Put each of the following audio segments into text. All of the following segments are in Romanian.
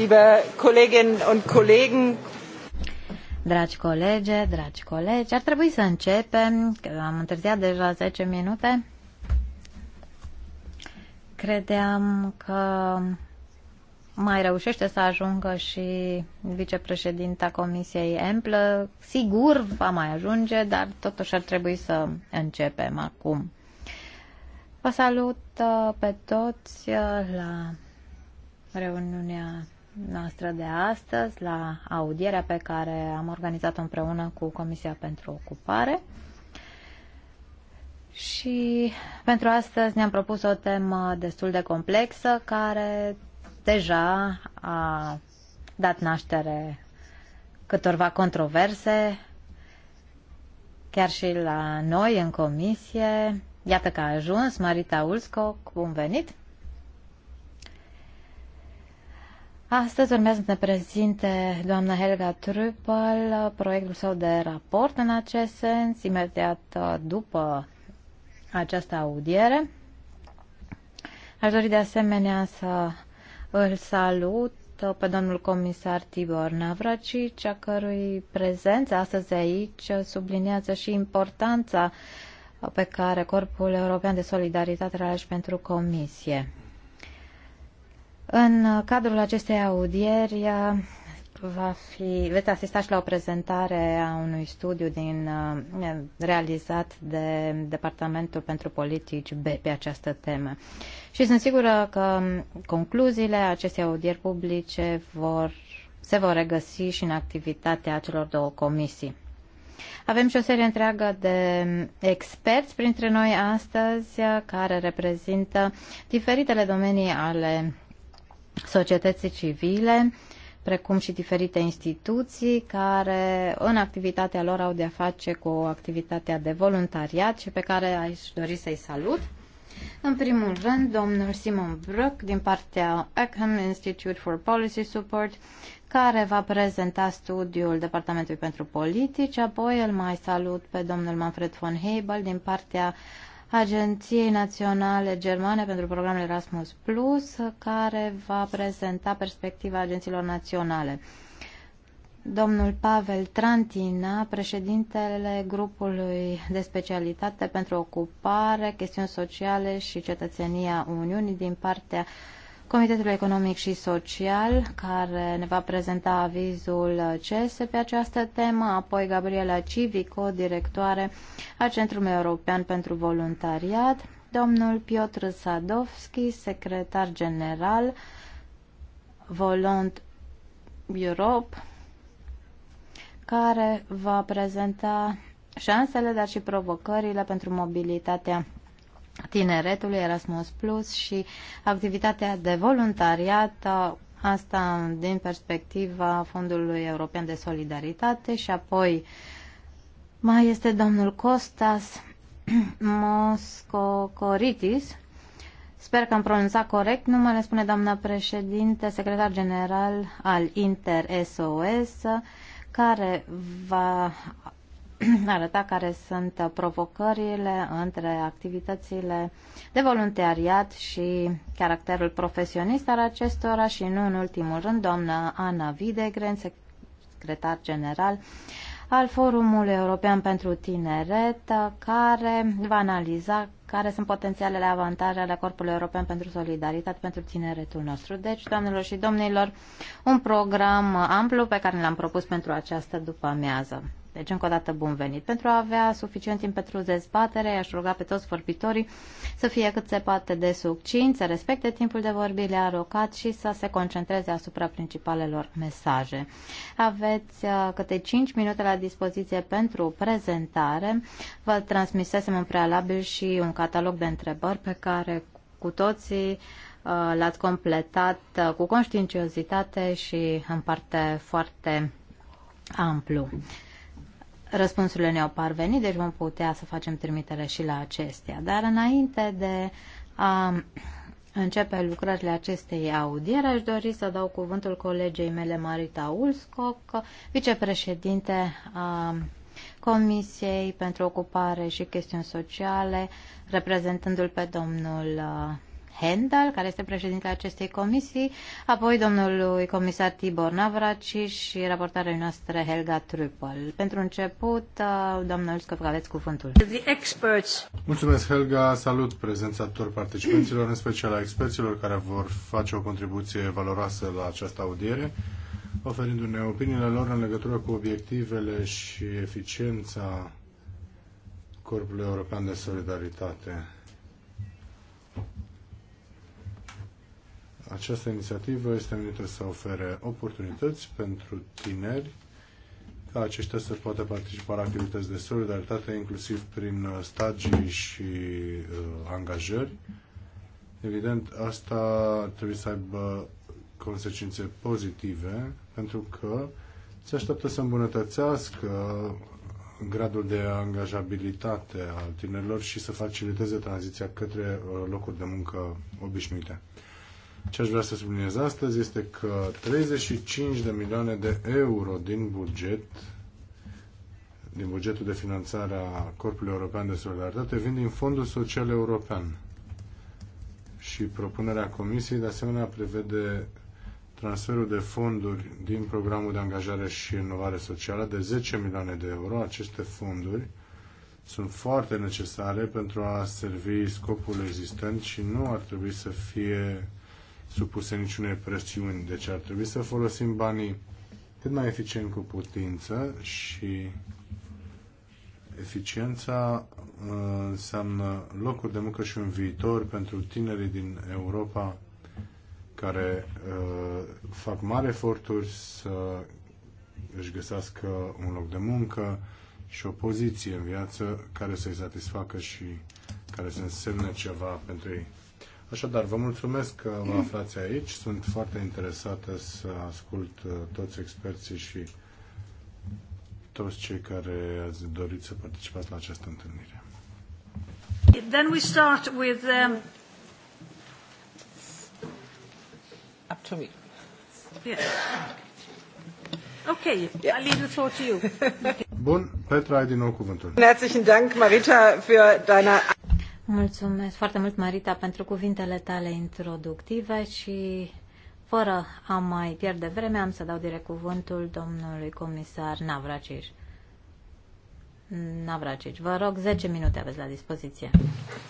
liebe Kolleginnen und Kollegen. Dragi colege, dragi colegi, ar trebui să începem, că am întârziat deja 10 minute. Credeam că mai reușește să ajungă și vicepreședinta Comisiei Emplă. Sigur va mai ajunge, dar totuși ar trebui să începem acum. Vă salut uh, pe toți uh, la reuniunea noastră de astăzi, la audierea pe care am organizat-o împreună cu Comisia pentru Ocupare. Și pentru astăzi ne-am propus o temă destul de complexă care deja a dat naștere câtorva controverse, chiar și la noi în comisie. Iată că a ajuns Marita Ulscoc, bun venit! Astăzi urmează să ne prezinte doamna Helga Trüppel proiectul său de raport în acest sens, imediat uh, după această audiere. Aș dori de asemenea să îl salut uh, pe domnul comisar Tibor Navracici, a cărui prezență astăzi aici subliniază și importanța pe care Corpul European de Solidaritate are pentru Comisie. În cadrul acestei audieri va fi, veți asista și la o prezentare a unui studiu din, uh, realizat de Departamentul pentru Politici B pe această temă. Și sunt sigură că concluziile acestei audieri publice vor, se vor regăsi și în activitatea celor două comisii. Avem și o serie întreagă de experți printre noi astăzi uh, care reprezintă diferitele domenii ale societății civile, precum și diferite instituții care în activitatea lor au de-a face cu activitatea de voluntariat și pe care aș dori să-i salut. În primul rând, domnul Simon Brook din partea Ackham Institute for Policy Support, care va prezenta studiul Departamentului pentru Politici, apoi îl mai salut pe domnul Manfred von Hebel din partea Agenției Naționale Germane pentru Programul Erasmus Plus, care va prezenta perspectiva agențiilor naționale. Domnul Pavel Trantina, președintele grupului de specialitate pentru ocupare, chestiuni sociale și cetățenia Uniunii din partea uh, Comitetul Economic și Social, care ne va prezenta avizul CES pe această temă, apoi Gabriela Civico, directoare a Centrului European pentru Voluntariat, domnul Piotr Sadovski, secretar general Volont Europe, care va prezenta șansele, dar și provocările pentru mobilitatea tineretului Erasmus Plus și activitatea de voluntariat asta din perspectiva Fondului European de Solidaritate și apoi mai este domnul Costas Moscocoritis. Sper că am pronunțat corect numele, spune doamna președinte, secretar general al Inter SOS, care va arăta care sunt provocările între activitățile de voluntariat și caracterul profesionist al acestora și nu în ultimul rând doamna Ana Videgren, secretar general al Forumului European pentru Tineret, care va analiza care sunt potențialele avantaje ale Corpului European pentru Solidaritate pentru tineretul nostru. Deci, doamnelor și domnilor, un program amplu pe care l-am propus pentru această după amiază. Deci, încă o dată, bun venit. Pentru a avea suficient timp pentru dezbatere, aș ruga pe toți vorbitorii să fie cât se poate de succint, să respecte timpul de vorbire alocat și să se concentreze asupra principalelor mesaje. Aveți uh, câte 5 minute la dispoziție pentru prezentare. Vă transmisesem în prealabil și un catalog de întrebări pe care cu toții uh, l-ați completat uh, cu conștiinciozitate și în parte foarte amplu. Răspunsurile ne-au parvenit, deci vom putea să facem trimitere și la acestea. Dar înainte de a începe lucrările acestei audiere, aș dori să dau cuvântul colegei mele Marita Ulscoc, vicepreședinte a Comisiei pentru Ocupare și Chestiuni Sociale, reprezentându-l pe domnul Hendal, care este președintele acestei comisii, apoi domnului comisar Tibor Navraci și raportarea noastră Helga Trupel. Pentru început, uh, domnul Scop, aveți cuvântul. The experts. Mulțumesc, Helga. Salut prezența participanților, în special a experților care vor face o contribuție valoroasă la această audiere oferindu-ne opiniile lor în legătură cu obiectivele și eficiența Corpului European de Solidaritate. Această inițiativă este menită să ofere oportunități pentru tineri ca aceștia să poată participa la activități de solidaritate, inclusiv prin uh, stagii și uh, angajări. Evident, asta trebuie să aibă consecințe pozitive, pentru că se așteaptă să îmbunătățească gradul de angajabilitate al tinerilor și să faciliteze tranziția către uh, locuri de muncă obișnuite. Ce aș vrea să subliniez astăzi este că 35 de milioane de euro din buget din bugetul de finanțare a Corpului European de Solidaritate vin din Fondul Social European. Și propunerea Comisiei, de asemenea, prevede transferul de fonduri din programul de angajare și inovare socială de 10 milioane de euro. Aceste fonduri sunt foarte necesare pentru a servi scopul existent și nu ar trebui să fie supuse niciunei presiuni. Deci ar trebui să folosim banii cât mai eficient cu putință și eficiența uh, înseamnă locuri de muncă și un viitor pentru tinerii din Europa care uh, fac mari eforturi să își găsească un loc de muncă și o poziție în viață care să-i satisfacă și care să însemne ceva pentru ei. Așadar, vă mulțumesc că vă aflați aici. Sunt foarte interesată să ascult uh, toți experții și toți cei care ați dorit să participați la această întâlnire. Then we start with um, up to me. Yeah. Okay, yeah. I leave the floor to you. Okay. Bun, Petra, ai din nou cuvântul. Herzlichen Dank, Marita, für deine Mulțumesc foarte mult, Marita, pentru cuvintele tale introductive și fără a mai pierde vreme, am să dau direct cuvântul domnului comisar Navraciș. Navraciș, vă rog, 10 minute aveți la dispoziție.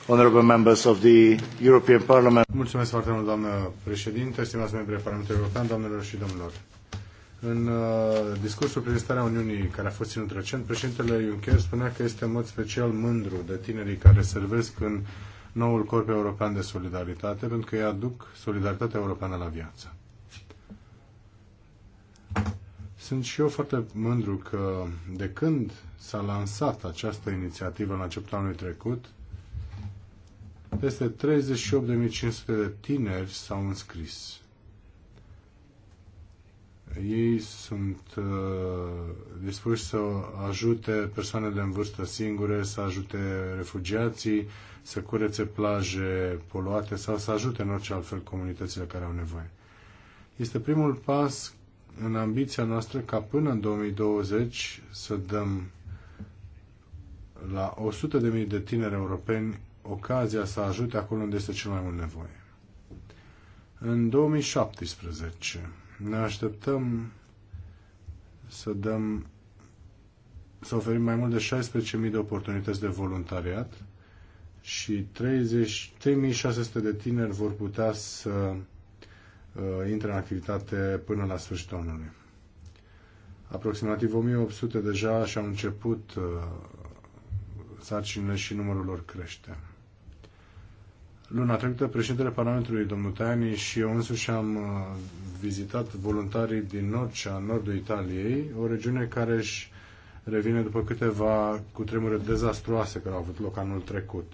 Honorable members of the European Parliament. Mulțumesc foarte mult, doamnă președinte, stimați membri ai Parlamentului European, doamnelor și domnilor. În uh, discursul privind starea Uniunii, care a fost ținut recent, președintele Juncker spunea că este în mod special mândru de tinerii care servesc în noul corp european de solidaritate, pentru că ei aduc solidaritatea europeană la viață. Sunt și eu foarte mândru că de când s-a lansat această inițiativă în începutul anului trecut, peste 38.500 de tineri s-au înscris. Ei sunt uh, dispuși să ajute persoanele în vârstă singure, să ajute refugiații, să curețe plaje poluate sau să ajute în orice altfel comunitățile care au nevoie. Este primul pas în ambiția noastră ca până în 2020 să dăm la 100.000 de tineri europeni ocazia să ajute acolo unde este cel mai mult nevoie. În 2017 ne așteptăm să dăm să oferim mai mult de 16.000 de oportunități de voluntariat și 30, 3.600 de tineri vor putea să uh, intre în activitate până la sfârșitul anului. Aproximativ 1.800 deja și-au început uh, sarcinile și numărul lor crește. Luna trecută, președintele Parlamentului, domnul Tajani, și eu însuși am uh, vizitat voluntarii din Norcea, nordul Italiei, o regiune care își revine după câteva cutremure dezastruoase care au avut loc anul trecut.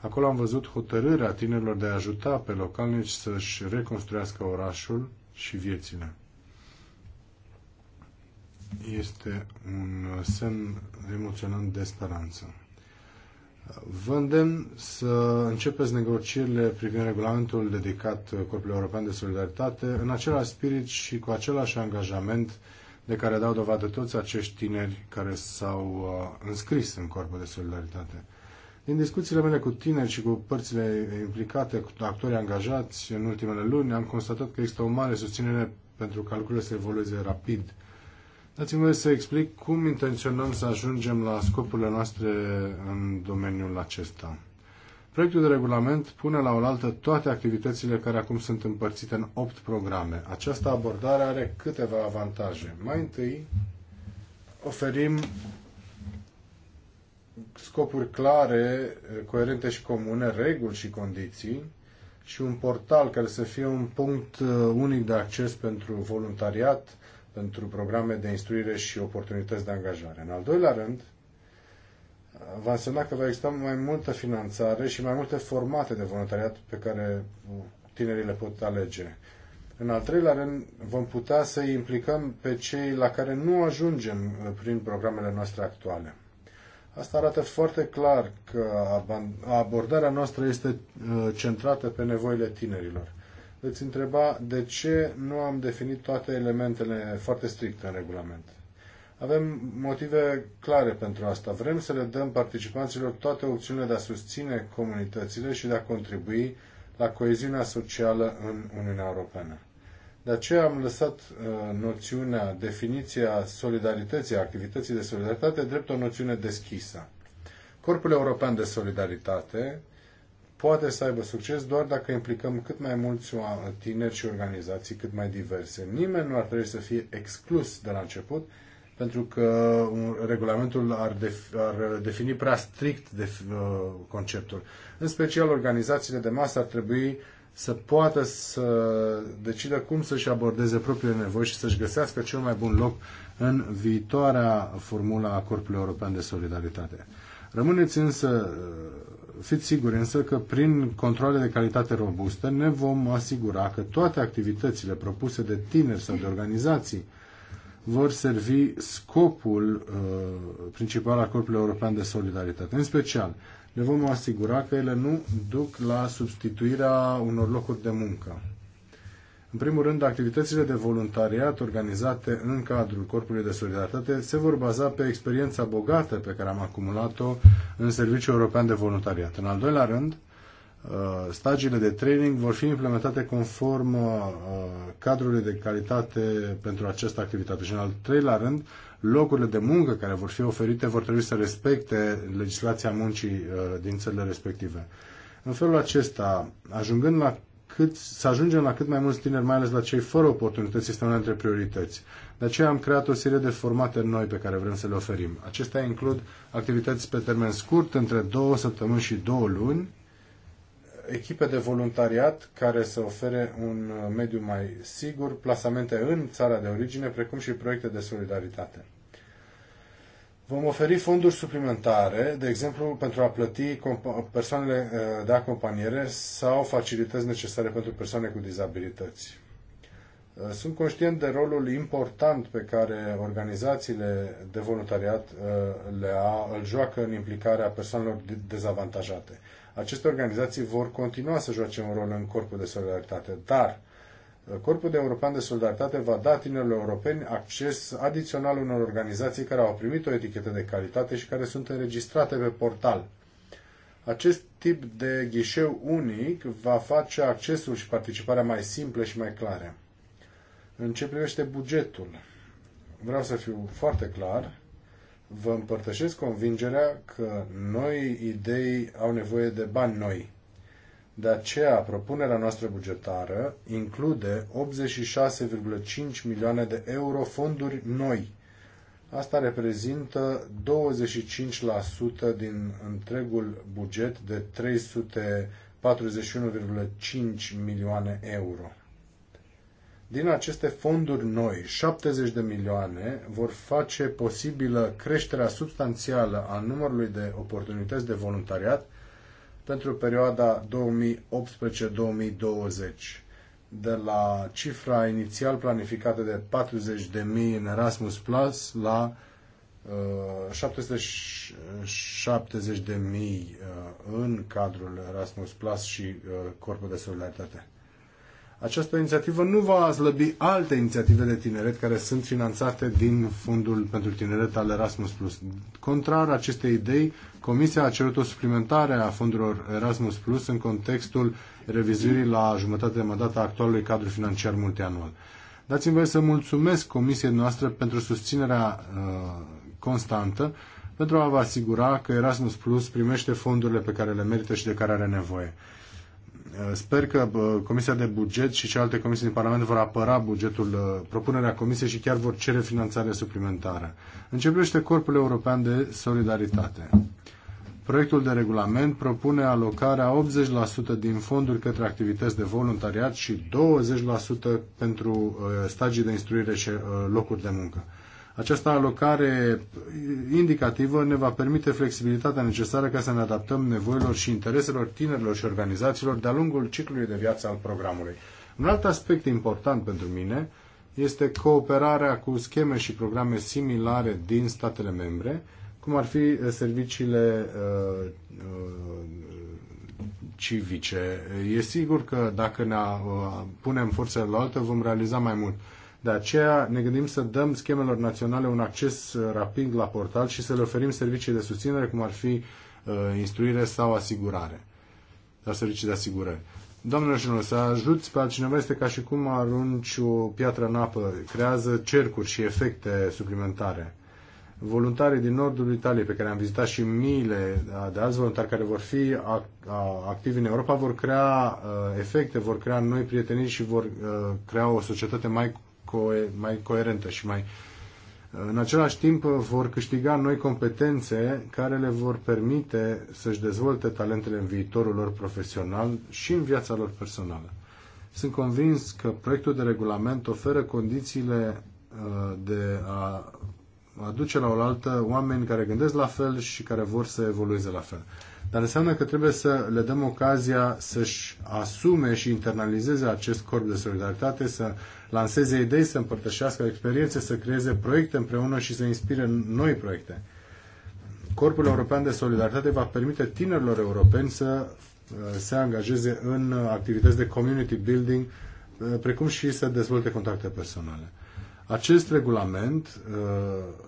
Acolo am văzut hotărârea tinerilor de a ajuta pe localnici să-și reconstruiască orașul și viețile. Este un semn emoționant de speranță. Vă îndemn să începeți negocierile privind regulamentul dedicat Corpului European de Solidaritate în același spirit și cu același angajament de care dau dovadă toți acești tineri care s-au uh, înscris în Corpul de Solidaritate. Din discuțiile mele cu tineri și cu părțile implicate, cu actorii angajați în ultimele luni, am constatat că există o mare susținere pentru ca lucrurile să evolueze rapid Dați-mi voie să explic cum intenționăm să ajungem la scopurile noastre în domeniul acesta. Proiectul de regulament pune la oaltă toate activitățile care acum sunt împărțite în 8 programe. Această abordare are câteva avantaje. Mai întâi, oferim scopuri clare, coerente și comune, reguli și condiții și un portal care să fie un punct uh, unic de acces pentru voluntariat, pentru programe de instruire și oportunități de angajare. În al doilea rând, va însemna că va exista mai multă finanțare și mai multe formate de voluntariat pe care tinerii le pot alege. În al treilea rând, vom putea să implicăm pe cei la care nu ajungem prin programele noastre actuale. Asta arată foarte clar că abordarea noastră este uh, centrată pe nevoile tinerilor veți întreba de ce nu am definit toate elementele foarte strict în regulament. Avem motive clare pentru asta. Vrem să le dăm participanților toate opțiunile de a susține comunitățile și de a contribui la coeziunea socială în Uniunea Europeană. De aceea am lăsat uh, noțiunea, definiția solidarității, activității de solidaritate, drept o noțiune deschisă. Corpul European de Solidaritate poate să aibă succes doar dacă implicăm cât mai mulți tineri și organizații cât mai diverse. Nimeni nu ar trebui să fie exclus de la început, pentru că regulamentul ar, def- ar defini prea strict de, uh, conceptul. În special, organizațiile de masă ar trebui să poată să decidă cum să-și abordeze propriile nevoi și să-și găsească cel mai bun loc în viitoarea formula a Corpului European de Solidaritate. Rămâneți însă uh, Fiți siguri însă că prin controle de calitate robustă ne vom asigura că toate activitățile propuse de tineri sau de organizații vor servi scopul uh, principal al Corpului European de Solidaritate. În special, ne vom asigura că ele nu duc la substituirea unor locuri de muncă. În primul rând, activitățile de voluntariat organizate în cadrul Corpului de Solidaritate se vor baza pe experiența bogată pe care am acumulat-o în Serviciul European de Voluntariat. În al doilea rând, uh, stagiile de training vor fi implementate conform uh, cadrului de calitate pentru această activitate. Și în al treilea rând, locurile de muncă care vor fi oferite vor trebui să respecte legislația muncii uh, din țările respective. În felul acesta, ajungând la cât, să ajungem la cât mai mulți tineri, mai ales la cei fără oportunități, este una dintre priorități. De aceea am creat o serie de formate noi pe care vrem să le oferim. Acestea includ activități pe termen scurt, între două săptămâni și două luni, echipe de voluntariat care să ofere un mediu mai sigur, plasamente în țara de origine, precum și proiecte de solidaritate. Vom oferi fonduri suplimentare, de exemplu, pentru a plăti persoanele eh, de acompaniere sau facilități necesare pentru persoane cu dizabilități. Eh, sunt conștient de rolul important pe care organizațiile de voluntariat eh, le a, îl joacă în implicarea persoanelor dezavantajate. Aceste organizații vor continua să joace un rol în corpul de solidaritate, dar Corpul de European de Solidaritate va da tinerilor europeni acces adițional unor organizații care au primit o etichetă de calitate și care sunt înregistrate pe portal. Acest tip de ghișeu unic va face accesul și participarea mai simple și mai clare. În ce privește bugetul, vreau să fiu foarte clar, vă împărtășesc convingerea că noi idei au nevoie de bani noi. De aceea, propunerea noastră bugetară include 86,5 milioane de euro fonduri noi. Asta reprezintă 25% din întregul buget de 341,5 milioane euro. Din aceste fonduri noi, 70 de milioane vor face posibilă creșterea substanțială a numărului de oportunități de voluntariat pentru perioada 2018-2020 de la cifra inițial planificată de 40.000 în Erasmus Plus la uh, 770.000 uh, în cadrul Erasmus Plus și uh, Corpul de Solidaritate această inițiativă nu va slăbi alte inițiative de tineret care sunt finanțate din Fondul pentru Tineret al Erasmus+. Contrar acestei idei, Comisia a cerut o suplimentare a fondurilor Erasmus+, în contextul revizuirii la jumătate de mandat a actualului cadru financiar multianual. Dați-mi voie să mulțumesc Comisiei noastre pentru susținerea uh, constantă pentru a vă asigura că Erasmus Plus primește fondurile pe care le merită și de care are nevoie. Eh, sper că Comisia de Buget și celelalte comisii din Parlament vor apăra bugetul, eh, propunerea Comisiei și chiar vor cere finanțare suplimentară. Începește Corpul European de Solidaritate. Proiectul de regulament propune alocarea 80% din fonduri către activități de voluntariat și 20% pentru eh, stagii de instruire și locuri de muncă. Această alocare indicativă ne va permite flexibilitatea necesară ca să ne adaptăm nevoilor și intereselor tinerilor și organizațiilor de-a lungul ciclului de viață al programului. Un alt aspect important pentru mine este cooperarea cu scheme și programe similare din statele membre, cum ar fi eh, serviciile uh, uh, civice. E sigur că dacă ne punem forțele la altă, vom realiza mai mult. De aceea ne gândim să dăm schemelor naționale un acces uh, rapid la portal și să le oferim servicii de susținere, cum ar fi uh, instruire sau asigurare, la servicii de asigurare. Domnule și să ajuți pe altcineva este ca și cum arunci o piatră în apă, creează cercuri și efecte suplimentare. Voluntarii din nordul Italiei, pe care am vizitat și miile de alți voluntari care vor fi activi în Europa, vor crea uh, efecte, vor crea noi prietenii și vor uh, crea o societate mai co- mai coerentă și mai. În același timp vor câștiga noi competențe care le vor permite să-și dezvolte talentele în viitorul lor profesional și în viața lor personală. Sunt convins că proiectul de regulament oferă condițiile uh, de a aduce la oaltă oameni care gândesc la fel și care vor să evolueze la fel dar înseamnă că trebuie să le dăm ocazia să-și asume și internalizeze acest corp de solidaritate, să lanseze idei, să împărtășească experiențe, să creeze proiecte împreună și să inspire noi proiecte. Corpul European de Solidaritate va permite tinerilor europeni să uh, se angajeze în uh, activități de community building, uh, precum și să dezvolte contacte personale. Acest regulament uh,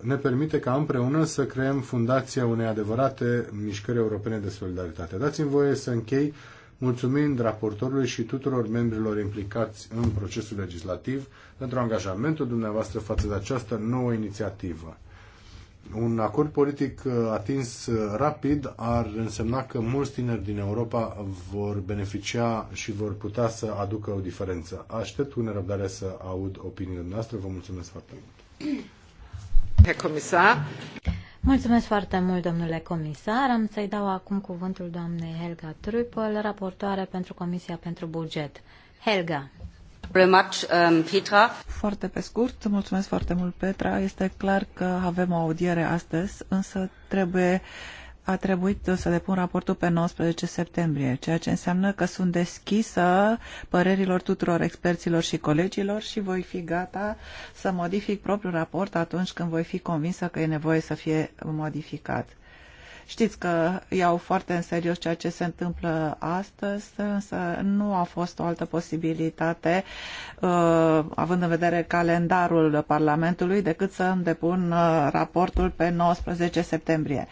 ne permite ca împreună să creăm fundația unei adevărate mișcări europene de solidaritate. Dați-mi voie să închei mulțumind raportorului și tuturor membrilor implicați în procesul legislativ pentru angajamentul dumneavoastră față de această nouă inițiativă. Un acord politic uh, atins uh, rapid ar însemna că mulți tineri din Europa vor beneficia și vor putea să aducă o diferență. Aștept cu nerăbdare să aud opiniile noastre. Vă mulțumesc foarte mult. Comisar. Mulțumesc foarte mult, domnule comisar. Am să-i dau acum cuvântul doamnei Helga Trupel, raportoare pentru Comisia pentru Buget. Helga. Um, Petra. Foarte pe scurt, mulțumesc foarte mult, Petra. Este clar că avem o audiere astăzi, însă trebuie a trebuit să depun raportul pe 19 septembrie, ceea ce înseamnă că sunt deschisă părerilor tuturor experților și colegilor și voi fi gata să modific propriul raport atunci când voi fi convinsă că e nevoie să fie modificat. Știți că iau foarte în serios ceea ce se întâmplă astăzi, însă nu a fost o altă posibilitate, uh, având în vedere calendarul Parlamentului, decât să îmi depun uh, raportul pe 19 septembrie.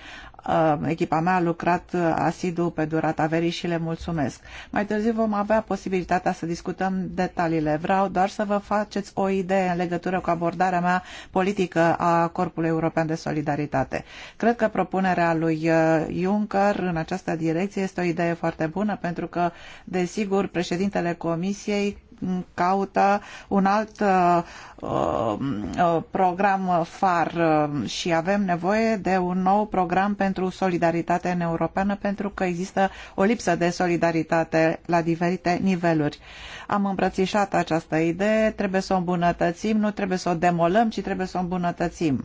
Uh, echipa mea a lucrat uh, asidu pe durata verii și le mulțumesc. Mai târziu vom avea posibilitatea să discutăm detaliile. Vreau doar să vă faceți o idee în legătură cu abordarea mea politică a Corpului European de Solidaritate. Cred că propunerea lui uh, Juncker în această direcție este o idee foarte bună pentru că, desigur, președintele Comisiei caută un alt uh, uh program far uh, și avem nevoie de un nou program pentru solidaritate în europeană pentru că există o lipsă de solidaritate la diferite niveluri. Am îmbrățișat această idee, trebuie să o îmbunătățim, nu trebuie să o demolăm, ci trebuie să o îmbunătățim.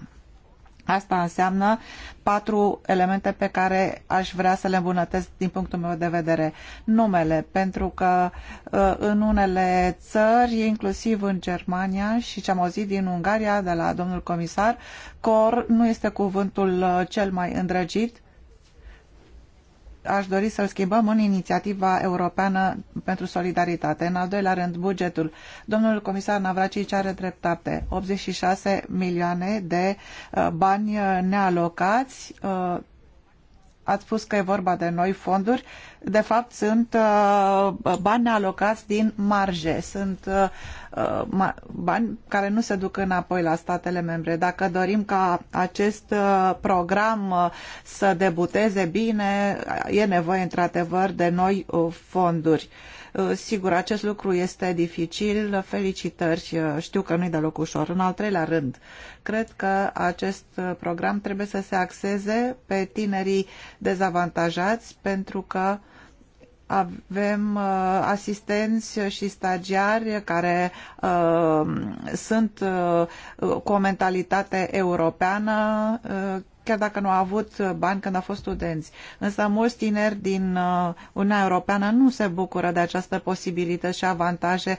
Asta înseamnă patru elemente pe care aș vrea să le îmbunătățesc din punctul meu de vedere. Numele, pentru că uh, în unele țări, inclusiv în Germania și ce am auzit din Ungaria de la domnul comisar, cor nu este cuvântul uh, cel mai îndrăgit aș dori să-l schimbăm în inițiativa europeană pentru solidaritate. În al doilea rând, bugetul. Domnul comisar Navracici are dreptate. 86 milioane de uh, bani uh, nealocați uh, ați spus că e vorba de noi fonduri, de fapt sunt uh, bani alocați din marge, sunt uh, uh, bani care nu se duc înapoi la statele membre. Dacă dorim ca acest program să debuteze bine, e nevoie într-adevăr de noi fonduri. Uh, Uh, sigur, acest lucru este dificil, felicitări, uh, știu că nu e deloc ușor. În al treilea rând, cred că acest uh, program trebuie să se axeze pe tinerii dezavantajați pentru că avem uh, asistenți și stagiari care uh, sunt uh, cu o mentalitate europeană, uh, chiar dacă nu au avut bani când au fost studenți. Însă mulți tineri din uh, Uniunea Europeană nu se bucură de această posibilitate și avantaje.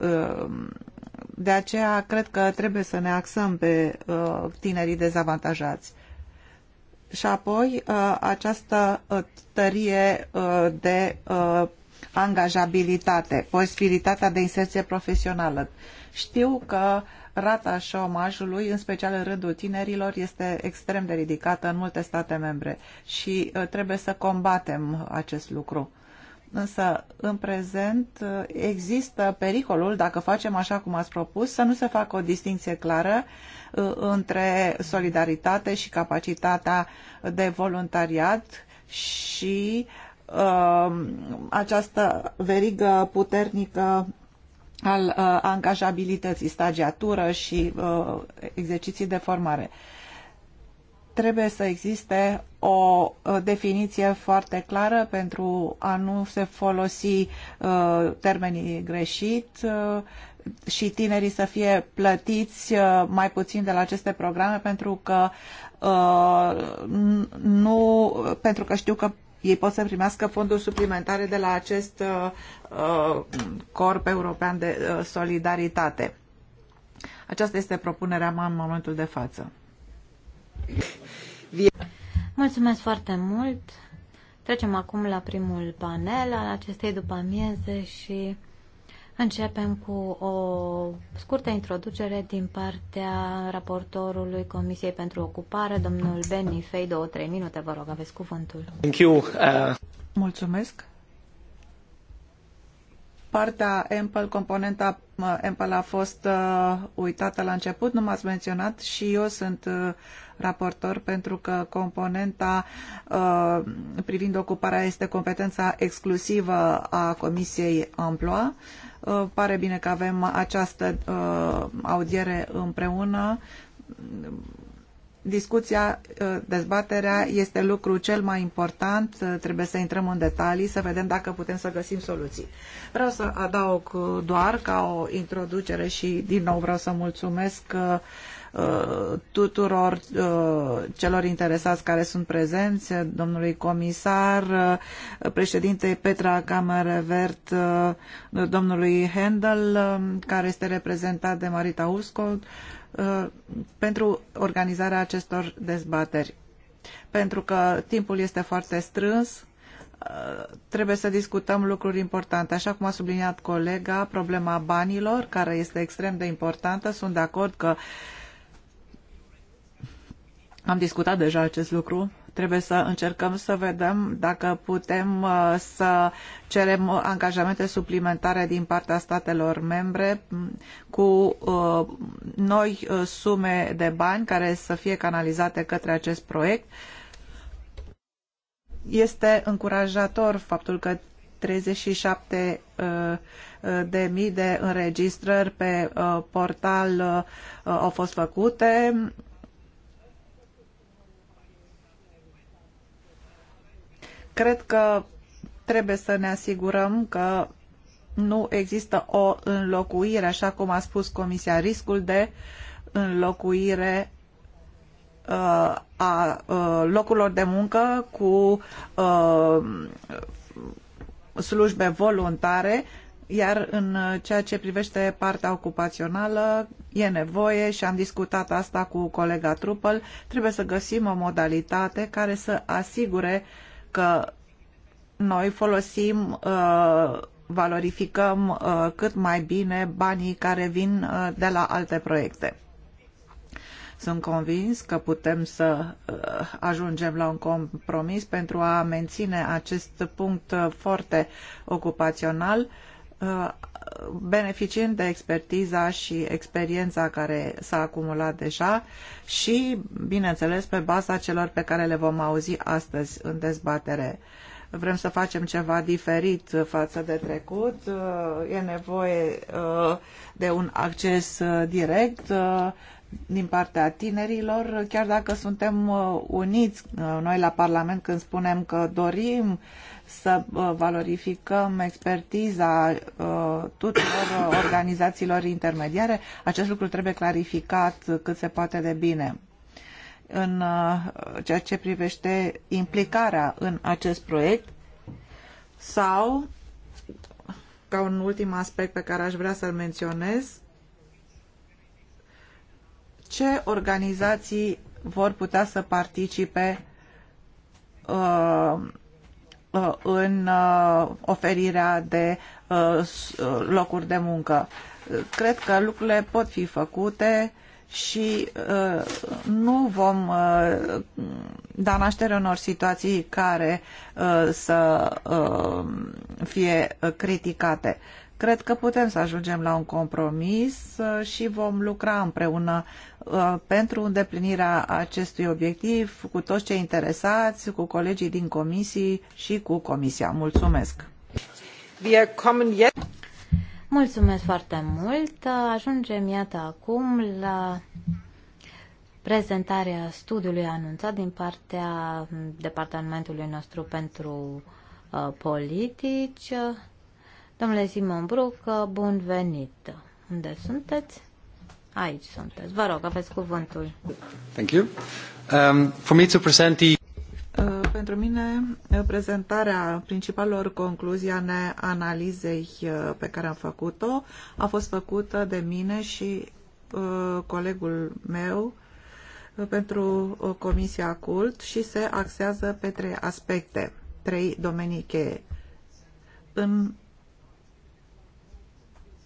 Uh, de aceea cred că trebuie să ne axăm pe uh, tinerii dezavantajați. Și apoi această tărie de angajabilitate, posibilitatea de inserție profesională. Știu că uh, Rata șomajului, în special în rândul tinerilor, este extrem de ridicată în multe state membre și uh, trebuie să combatem acest lucru. Însă, în prezent, uh, există pericolul, dacă facem așa cum ați propus, să nu se facă o distinție clară uh, între solidaritate și capacitatea de voluntariat și uh, această verigă puternică al uh, angajabilității, stagiatură și uh, exerciții de formare. Trebuie să existe o definiție foarte clară pentru a nu se folosi uh, termenii greșit uh, și tinerii să fie plătiți uh, mai puțin de la aceste programe pentru că uh, nu pentru că știu că ei pot să primească fonduri suplimentare de la acest uh, uh, corp european de uh, solidaritate. Aceasta este propunerea mea în momentul de față. Mulțumesc foarte mult! Trecem acum la primul panel al acestei după amieze și Începem cu o scurtă introducere din partea raportorului Comisiei pentru Ocupare, domnul Benny Fei, două, trei minute, vă rog, aveți cuvântul. Thank you. Uh... Mulțumesc. Partea Ample, componenta uh, Ample a fost uh, uitată la început, nu m-ați menționat și eu sunt uh, raportor pentru că componenta uh, privind ocuparea este competența exclusivă a Comisiei Amploa. Uh, Uh, pare bine că avem această uh, audiere împreună. Discuția, uh, dezbaterea este lucru cel mai important. Trebuie să intrăm în detalii, să vedem dacă putem să găsim soluții. Vreau să adaug doar ca o introducere și din nou vreau să mulțumesc Uh, tuturor uh, celor interesați care sunt prezenți, domnului comisar, uh, președintei Petra Camerevert, domnului Handel, care este reprezentat de Marita Uscol, pentru organizarea acestor dezbateri. Pentru că timpul este foarte strâns, trebuie să discutăm lucruri importante. Așa cum a subliniat colega, problema banilor, care este extrem de importantă. Sunt de acord că uh, am discutat deja acest lucru. Trebuie să încercăm să vedem dacă putem uh, să cerem angajamente suplimentare din partea statelor membre mm, cu uh, noi uh, sume de bani care să fie canalizate către acest proiect. Este încurajator faptul că 37 de mii de înregistrări pe portal au fost făcute Cred că trebuie să ne asigurăm că nu există o înlocuire, așa cum a spus Comisia, riscul de înlocuire uh, a uh, locurilor de muncă cu uh, slujbe voluntare, iar în ceea ce privește partea ocupațională e nevoie și am discutat asta cu colega Trupel, trebuie să găsim o modalitate care să asigure că noi folosim, uh, valorificăm uh, cât mai bine banii care vin uh, de la alte proiecte. Sunt convins că putem să ajungem la un compromis pentru a menține acest punct foarte ocupațional Uh, beneficiind de expertiza și experiența care s-a acumulat deja și, bineînțeles, pe baza celor pe care le vom auzi astăzi în dezbatere. Vrem să facem ceva diferit față de trecut, uh, e nevoie uh, de un acces direct din partea tinerilor, chiar dacă suntem uniți noi la Parlament când spunem că dorim să uh, valorificăm expertiza uh, tuturor uh, organizațiilor intermediare. Acest lucru trebuie clarificat cât se poate de bine în ceea ce privește implicarea în acest proiect sau, ca un ultim aspect pe care aș vrea să-l menționez, ce organizații vor putea să participe uh, Uh, în uh, oferirea de uh, locuri de muncă. Cred că lucrurile pot fi făcute și nu vom da naștere unor situații care să fie criticate. Cred că putem să ajungem la un compromis și vom lucra împreună Uh, pentru îndeplinirea acestui obiectiv cu toți cei interesați, cu colegii din comisii și cu comisia. Mulțumesc! Mulțumesc foarte mult! Ajungem, iată, acum la prezentarea studiului anunțat din partea departamentului nostru pentru uh, politici. Domnule Simon Bruc, bun venit! Unde sunteți? Aici sunteți. Vă rog, aveți cuvântul. Thank you. Um, for me to present the... Uh, pentru mine, uh, prezentarea principalelor concluzii ale analizei uh, pe care am făcut-o a fost făcută de mine și uh, colegul meu pentru Comisia CULT și se axează pe trei aspecte, trei domenii cheie. În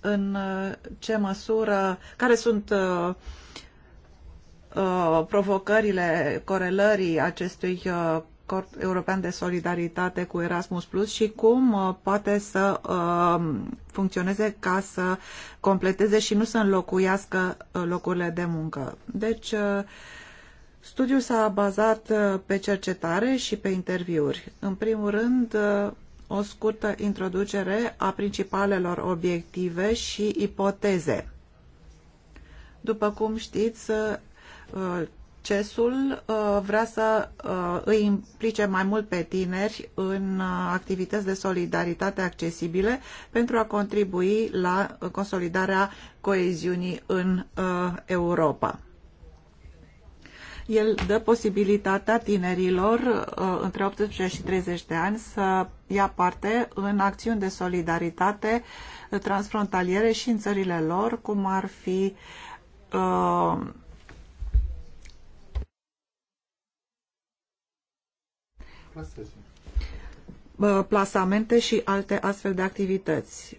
în uh, ce măsură, care sunt uh, uh, provocările corelării acestui Corp European de Solidaritate cu Erasmus Plus și cum poate să funcționeze ca să completeze și nu să înlocuiască locurile de muncă. Deci, studiul s-a bazat pe cercetare și pe interviuri. În primul rând, o scurtă introducere a principalelor obiective și ipoteze. După cum știți, uh, CES-ul uh, vrea să uh, îi implice mai mult pe tineri în activități de solidaritate accesibile pentru a contribui la consolidarea coeziunii în Europa. El dă posibilitatea tinerilor uh, între 18 și 30 de ani să ia parte în acțiuni de solidaritate uh, transfrontaliere și în țările lor, cum ar fi uh, uh plasamente și alte astfel de activități.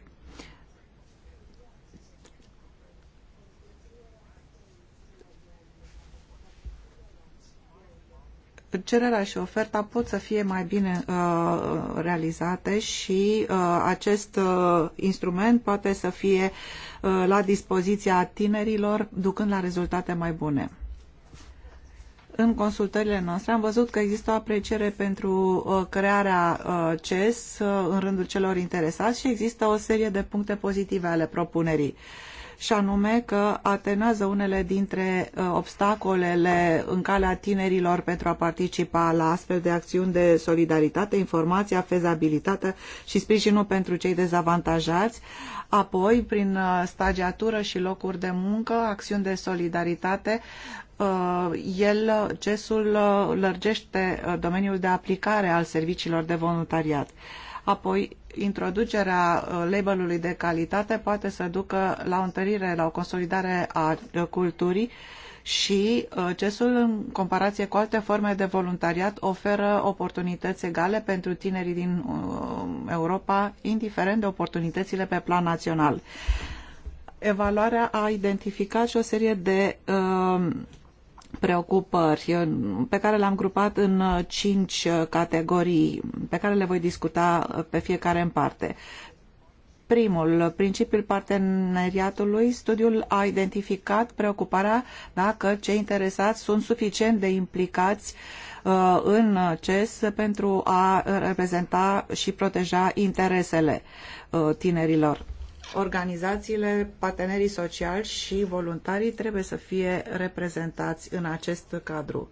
cererea și oferta pot să fie mai bine uh, realizate și uh, acest uh, instrument poate să fie uh, la dispoziția tinerilor, ducând la rezultate mai bune. În consultările noastre am văzut că există o apreciere pentru uh, crearea uh, CES uh, în rândul celor interesați și există o serie de puncte pozitive ale propunerii. Uh, și anume că atenează unele dintre uh, obstacolele în calea tinerilor pentru a participa la astfel de acțiuni de solidaritate, informația, fezabilitatea și sprijinul pentru cei dezavantajați, apoi prin uh, stagiatură și locuri de muncă, acțiuni de solidaritate, uh, el, CES-ul, lărgește domeniul de aplicare al serviciilor de voluntariat. Apoi, introducerea uh, labelului de calitate poate să ducă la o întărire, la o consolidare a uh, culturii și uh, CES-ul, în comparație cu alte forme de voluntariat, oferă oportunități egale pentru tinerii din Europa, indiferent de oportunitățile pe plan național. Evaluarea a identificat și o serie de uh, preocupări pe care le-am grupat în uh, cinci uh, categorii pe care le voi discuta uh, pe fiecare în parte. Primul, principiul parteneriatului, studiul a identificat preocuparea dacă cei interesați sunt suficient de implicați în CES pentru a reprezenta și proteja interesele tinerilor organizațiile, partenerii sociali și voluntarii trebuie să fie reprezentați în acest cadru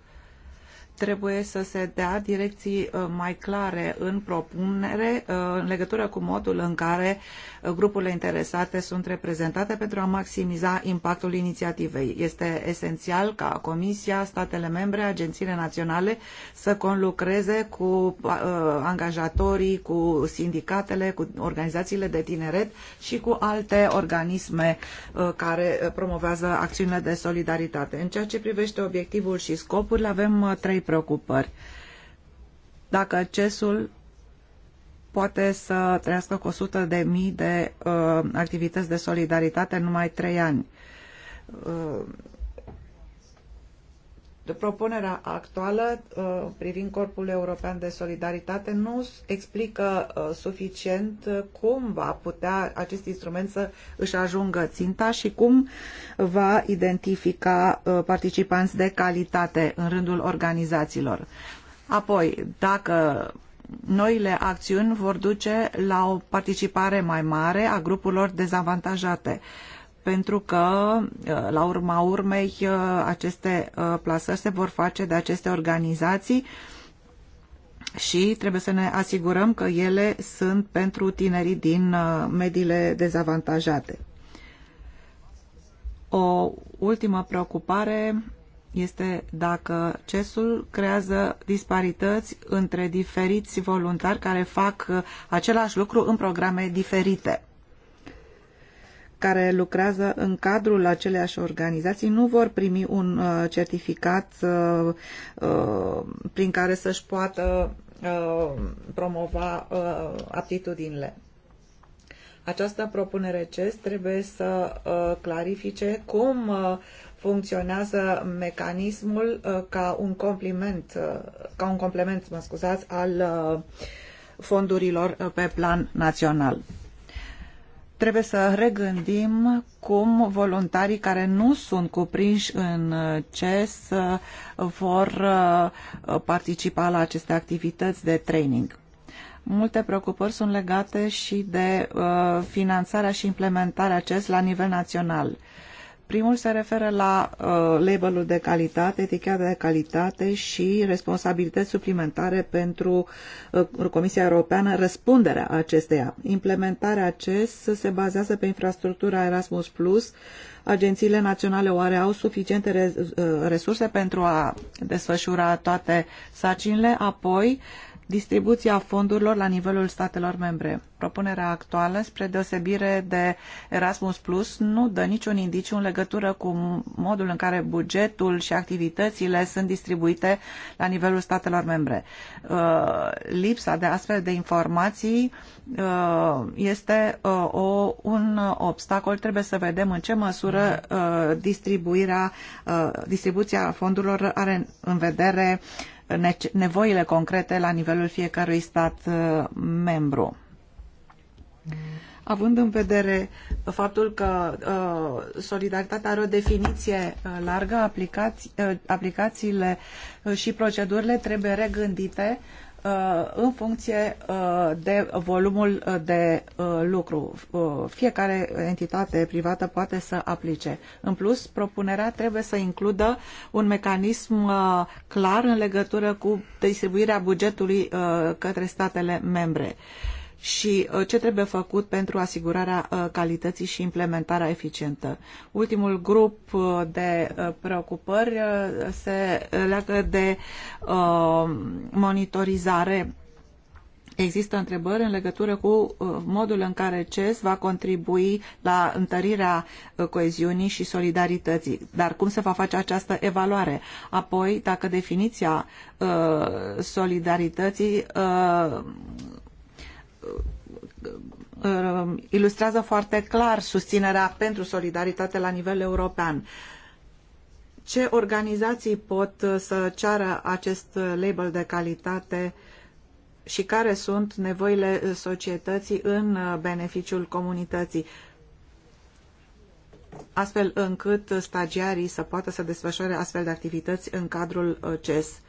trebuie să se dea direcții uh, mai clare în propunere uh, în legătură cu modul în care uh, grupurile interesate sunt reprezentate pentru a maximiza impactul inițiativei. Este esențial ca Comisia, statele membre, agențiile naționale să conlucreze cu angajatorii, cu sindicatele, cu organizațiile de tineret și cu alte organisme care promovează acțiunile de solidaritate. În ceea ce privește obiectivul și scopurile, avem trei preocupări. Dacă CES-ul poate să trăiască cu 100 de mii de uh, activități de solidaritate în numai 3 ani. Uh, de propunerea actuală uh, privind Corpul European de Solidaritate nu explică uh, suficient uh, cum va putea acest instrument să își ajungă ținta și cum va identifica participanți de calitate în rândul organizațiilor. Apoi, dacă noile acțiuni vor duce la o participare mai mare a grupurilor dezavantajate, pentru că, uh, la urma urmei, uh, aceste uh, plasări se vor face de aceste organizații și trebuie să ne asigurăm că ele sunt pentru tinerii din mediile dezavantajate. O ultimă preocupare este dacă CESul creează disparități între diferiți voluntari care fac același lucru în programe diferite care lucrează în cadrul aceleași organizații nu vor primi un uh, certificat uh, uh, prin care să-și poată promova aptitudinile. Această propunere CES trebuie să clarifice cum funcționează mecanismul ca un compliment, ca un complement, mă scuzați, al fondurilor pe plan național trebuie să regândim cum voluntarii care nu sunt cuprinși în CES vor uh, participa la aceste activități de training. Multe preocupări sunt legate și de uh, finanțarea și implementarea CES la nivel național Primul se referă la uh, labelul de calitate, eticheta de calitate și responsabilități suplimentare pentru uh, Comisia Europeană, răspunderea acesteia. Implementarea acest se bazează pe infrastructura Erasmus+, Plus. agențiile naționale oare au suficiente re uh, resurse pentru a desfășura toate sacinile, apoi uh, distribuția fondurilor la nivelul statelor membre. Propunerea actuală, spre deosebire de Erasmus Plus, nu dă niciun indiciu în legătură cu modul în care bugetul și activitățile sunt distribuite la nivelul statelor membre. Uh, lipsa de astfel de informații uh, este uh, o, un obstacol. Trebuie să vedem în ce măsură distribuirea, distribuția fondurilor are în vedere nevoile concrete la nivelul fiecărui stat uh, membru. Având în vedere faptul că uh, solidaritatea are o definiție uh, largă, aplicați, uh, aplicațiile uh, și procedurile trebuie regândite Uh, în funcție uh, de volumul uh, de lucru. Fiecare entitate privată poate să aplice. În plus, propunerea trebuie să includă un mecanism clar în legătură cu distribuirea bugetului către statele membre și uh, ce trebuie făcut pentru asigurarea uh, calității și implementarea eficientă. Ultimul grup uh, de preocupări se leagă de monitorizare Există întrebări în legătură cu modul în care CES va contribui la întărirea coeziunii și solidarității, dar cum se va face această evaluare? Apoi, dacă definiția solidarității Uh, ilustrează foarte clar susținerea pentru solidaritate la nivel european. Ce organizații pot uh, să ceară acest label de calitate și care sunt nevoile societății în uh, beneficiul comunității? astfel încât stagiarii să poată să desfășoare astfel de activități în cadrul CES.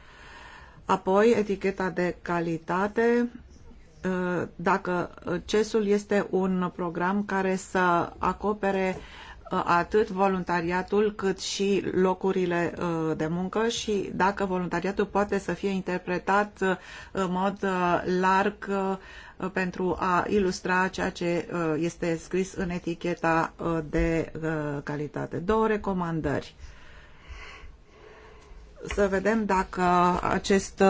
Apoi, eticheta de calitate Uh, dacă uh, CES-ul este un program care să acopere uh, atât voluntariatul cât și locurile de muncă și dacă voluntariatul poate să fie interpretat în mod larg pentru a ilustra ceea ce este scris în eticheta de calitate. Două recomandări să vedem dacă acest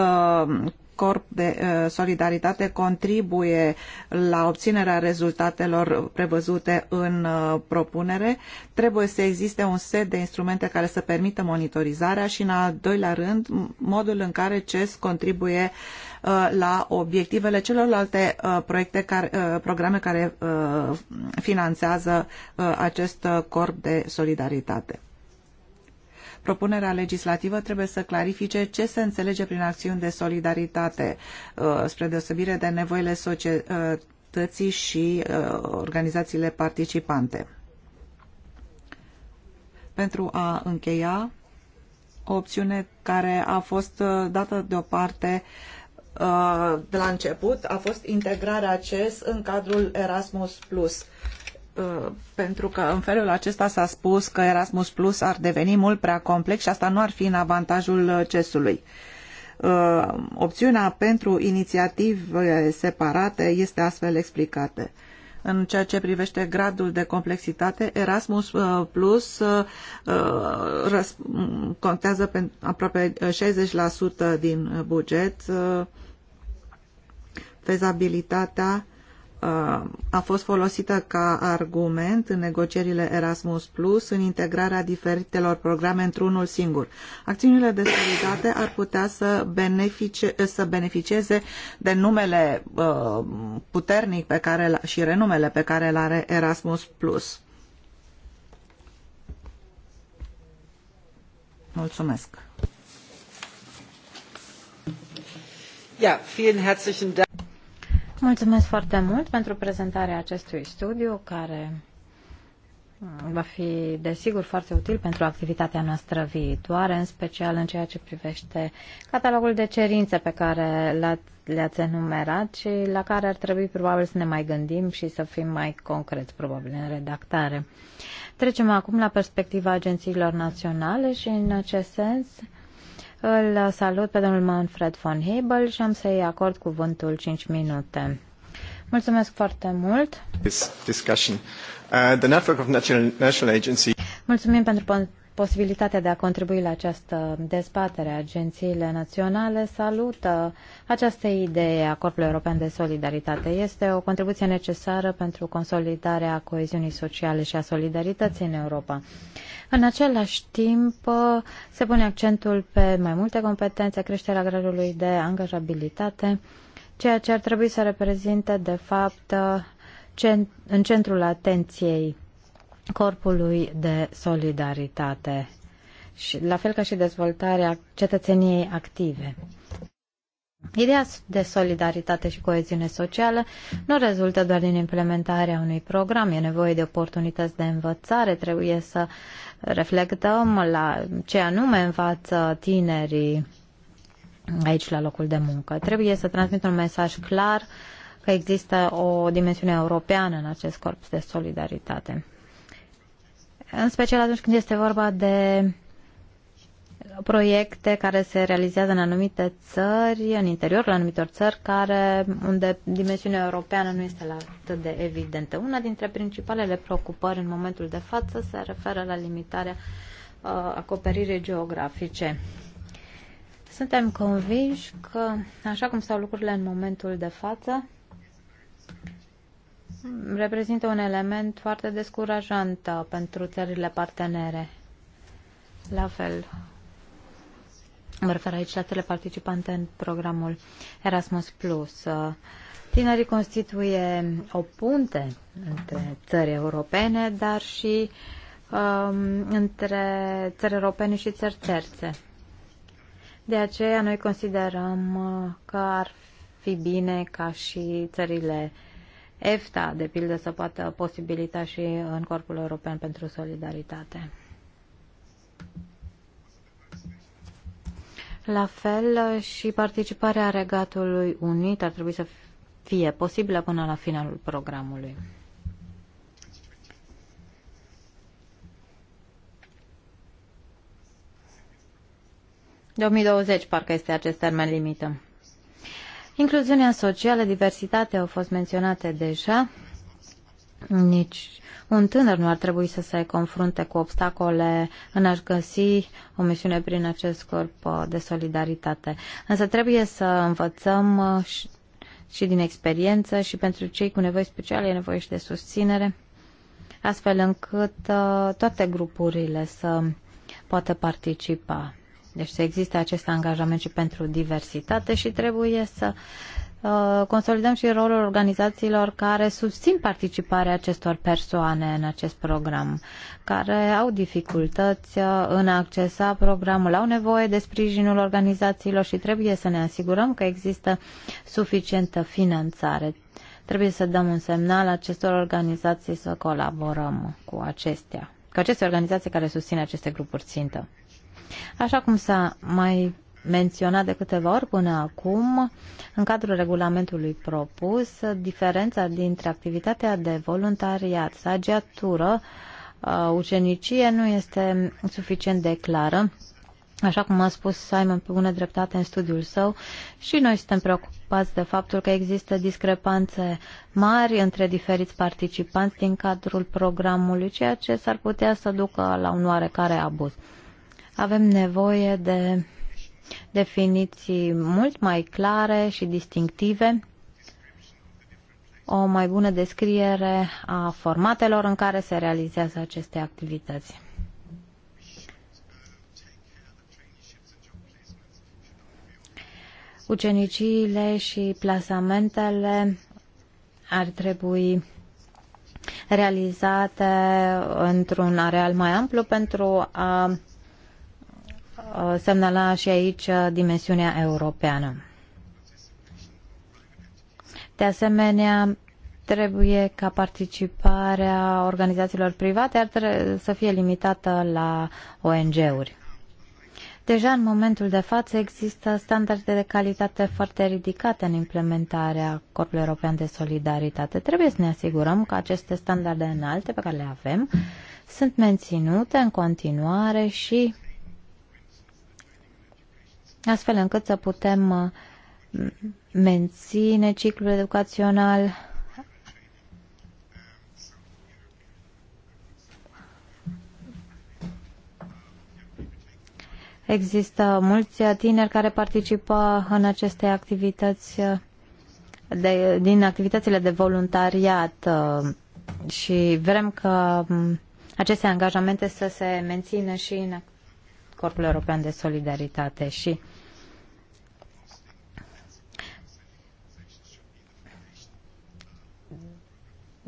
corp de uh, solidaritate contribuie la obținerea rezultatelor prevăzute în uh, propunere. Trebuie să existe un set de instrumente care să permită monitorizarea și, în al doilea rând, modul în care CES contribuie uh, la obiectivele celorlalte proiecte care, programe care finanțează acest corp de solidaritate. Propunerea legislativă trebuie să clarifice ce se înțelege prin acțiuni de solidaritate, uh, spre deosebire de nevoile societății și uh, organizațiile participante. Pentru a încheia, o opțiune care a fost uh, dată deoparte de la început a fost integrarea CES în cadrul Erasmus+. Uh, pentru că în felul acesta s-a spus că Erasmus Plus ar deveni mult prea complex și asta nu ar fi în avantajul uh, CES-ului. Uh, opțiunea pentru inițiative separate este astfel explicată în ceea ce privește gradul de complexitate, Erasmus Plus contează pentru aproape 60% din buget. Fezabilitatea a fost folosită ca argument în negocierile Erasmus Plus în integrarea diferitelor programe într-unul singur. Acțiunile de solidaritate ar putea să, beneficie, să beneficieze de numele uh, puternic pe care, și renumele pe care îl are Erasmus Plus. Mulțumesc. Ja, vielen herzlichen Dank. Mulțumesc foarte mult pentru prezentarea acestui studiu, care mm, va fi, desigur, foarte util pentru activitatea noastră viitoare, în special în ceea ce privește catalogul de cerințe pe care le-ați enumerat și la care ar trebui probabil să ne mai gândim și să fim mai concreți, probabil, în redactare. Trecem acum la perspectiva agențiilor naționale și, în acest sens, îl salut pe domnul Manfred von Hebel și am să-i acord cuvântul 5 minute. Mulțumesc foarte mult. This discussion. Uh, the network of national, national agency. Mulțumim pentru posibilitatea de a contribui la această dezbatere. Agențiile naționale salută această idee a Corpului European de Solidaritate. Este o contribuție necesară pentru consolidarea coeziunii sociale și a solidarității în Europa. În același timp, se pune accentul pe mai multe competențe, creșterea gradului de angajabilitate, ceea ce ar trebui să reprezinte, de fapt, în centrul atenției corpului de solidaritate și la fel ca și dezvoltarea cetățeniei active. Ideea de solidaritate și coeziune socială nu rezultă doar din implementarea unui program, e nevoie de oportunități de învățare, trebuie să reflectăm la ce anume învață tinerii aici la locul de muncă. Trebuie să transmit un mesaj clar că există o dimensiune europeană în acest corp de solidaritate în special atunci când este vorba de proiecte care se realizează în anumite țări, în interiorul anumitor țări, care, unde dimensiunea europeană nu este la atât de evidentă. Una dintre principalele preocupări în momentul de față se referă la limitarea uh, acoperirii geografice. Suntem convinși că, așa cum stau lucrurile în momentul de față, reprezintă un element foarte descurajant uh, pentru țările partenere. La fel, mă refer aici la țările participante în programul Erasmus+. Plus. Uh, Tinerii constituie o punte între țări europene, dar și um, între țări europene și țări terțe. De aceea noi considerăm uh, că ar fi bine ca și țările uh, EFTA, de pildă, să poată posibilita și în Corpul European pentru Solidaritate. La fel și participarea Regatului Unit ar trebui să fie posibilă până la finalul programului. De 2020 parcă este acest termen limită. Incluziunea socială, diversitatea au fost menționate deja. Nici un tânăr nu ar trebui să se confrunte cu obstacole în a-și găsi o misiune prin acest corp uh, de solidaritate. Însă trebuie să învățăm uh, și, și din experiență și pentru cei cu nevoi speciale e nevoie și de susținere, astfel încât uh, toate grupurile să poată participa. Deci să existe acest angajament și pentru diversitate și trebuie să uh, consolidăm și rolul organizațiilor care susțin participarea acestor persoane în acest program, care au dificultăți uh, în a accesa programul, au nevoie de sprijinul organizațiilor și trebuie să ne asigurăm că există suficientă finanțare. Trebuie să dăm un semnal acestor organizații să colaborăm cu acestea, cu aceste organizații care susțin aceste grupuri țintă. Așa cum s-a mai menționat de câteva ori până acum, în cadrul regulamentului propus, diferența dintre activitatea de voluntariat, sagiatură, uh, ucenicie nu este suficient de clară. Așa cum a spus Simon pe bună dreptate în studiul său, și noi suntem preocupați de faptul că există discrepanțe mari între diferiți participanți din cadrul programului, ceea ce s-ar putea să ducă la un oarecare abuz avem nevoie de definiții mult mai clare și distinctive, o mai bună descriere a formatelor în care se realizează aceste activități. Uceniciile și plasamentele ar trebui realizate într-un areal mai amplu pentru a semnala și aici uh, dimensiunea europeană. De asemenea, trebuie ca participarea organizațiilor private ar să fie limitată la ONG-uri. Deja în momentul de față există standarde de calitate foarte ridicate în implementarea Corpului European de Solidaritate. Trebuie să ne asigurăm că aceste standarde înalte pe care le avem sunt menținute în continuare și astfel încât să putem uh, menține ciclul educațional Există mulți tineri care participă în aceste activități uh, de, din activitățile de voluntariat uh, și vrem că um, aceste angajamente să se mențină și în Corpul European de Solidaritate și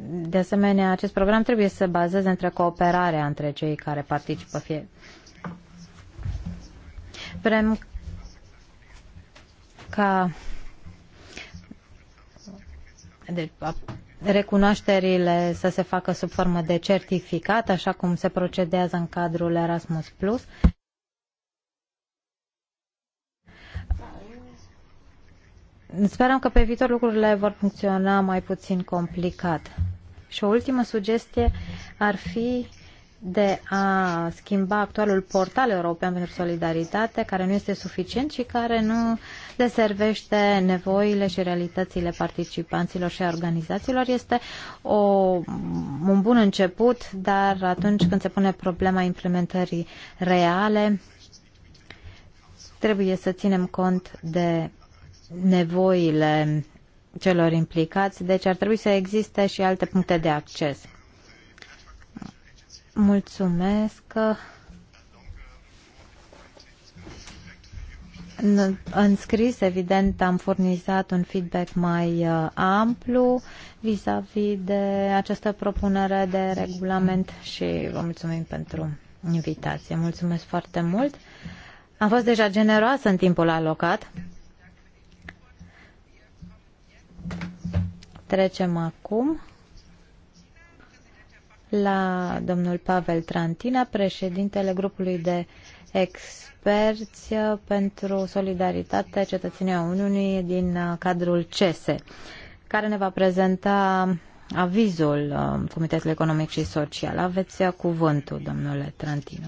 De asemenea, acest program trebuie să bazeze între cooperarea între cei care participă fie. Vrem ca deci, recunoașterile să se facă sub formă de certificat, așa cum se procedează în cadrul Erasmus+. sperăm că pe viitor lucrurile vor funcționa mai puțin complicat. Și o ultimă sugestie ar fi de a schimba actualul portal european pentru solidaritate, care nu este suficient și care nu deservește nevoile și realitățile participanților și a organizațiilor. Este o, un bun început, dar atunci când se pune problema implementării reale, trebuie să ținem cont de nevoile celor implicați, deci ar trebui să existe și alte puncte de acces. Mulțumesc. În, scris, evident, am furnizat un feedback mai uh, amplu vis-a-vis -vis de această propunere de regulament și vă mulțumim pentru invitație. Mulțumesc foarte mult. Am fost deja generoasă în timpul alocat. Trecem acum la domnul Pavel Trantina, președintele grupului de experți pentru solidaritate cetățenia Uniunii din uh, cadrul CESE, care ne va prezenta avizul uh, Comitetului Economic și Social. Aveți uh, cuvântul, domnule Trantina.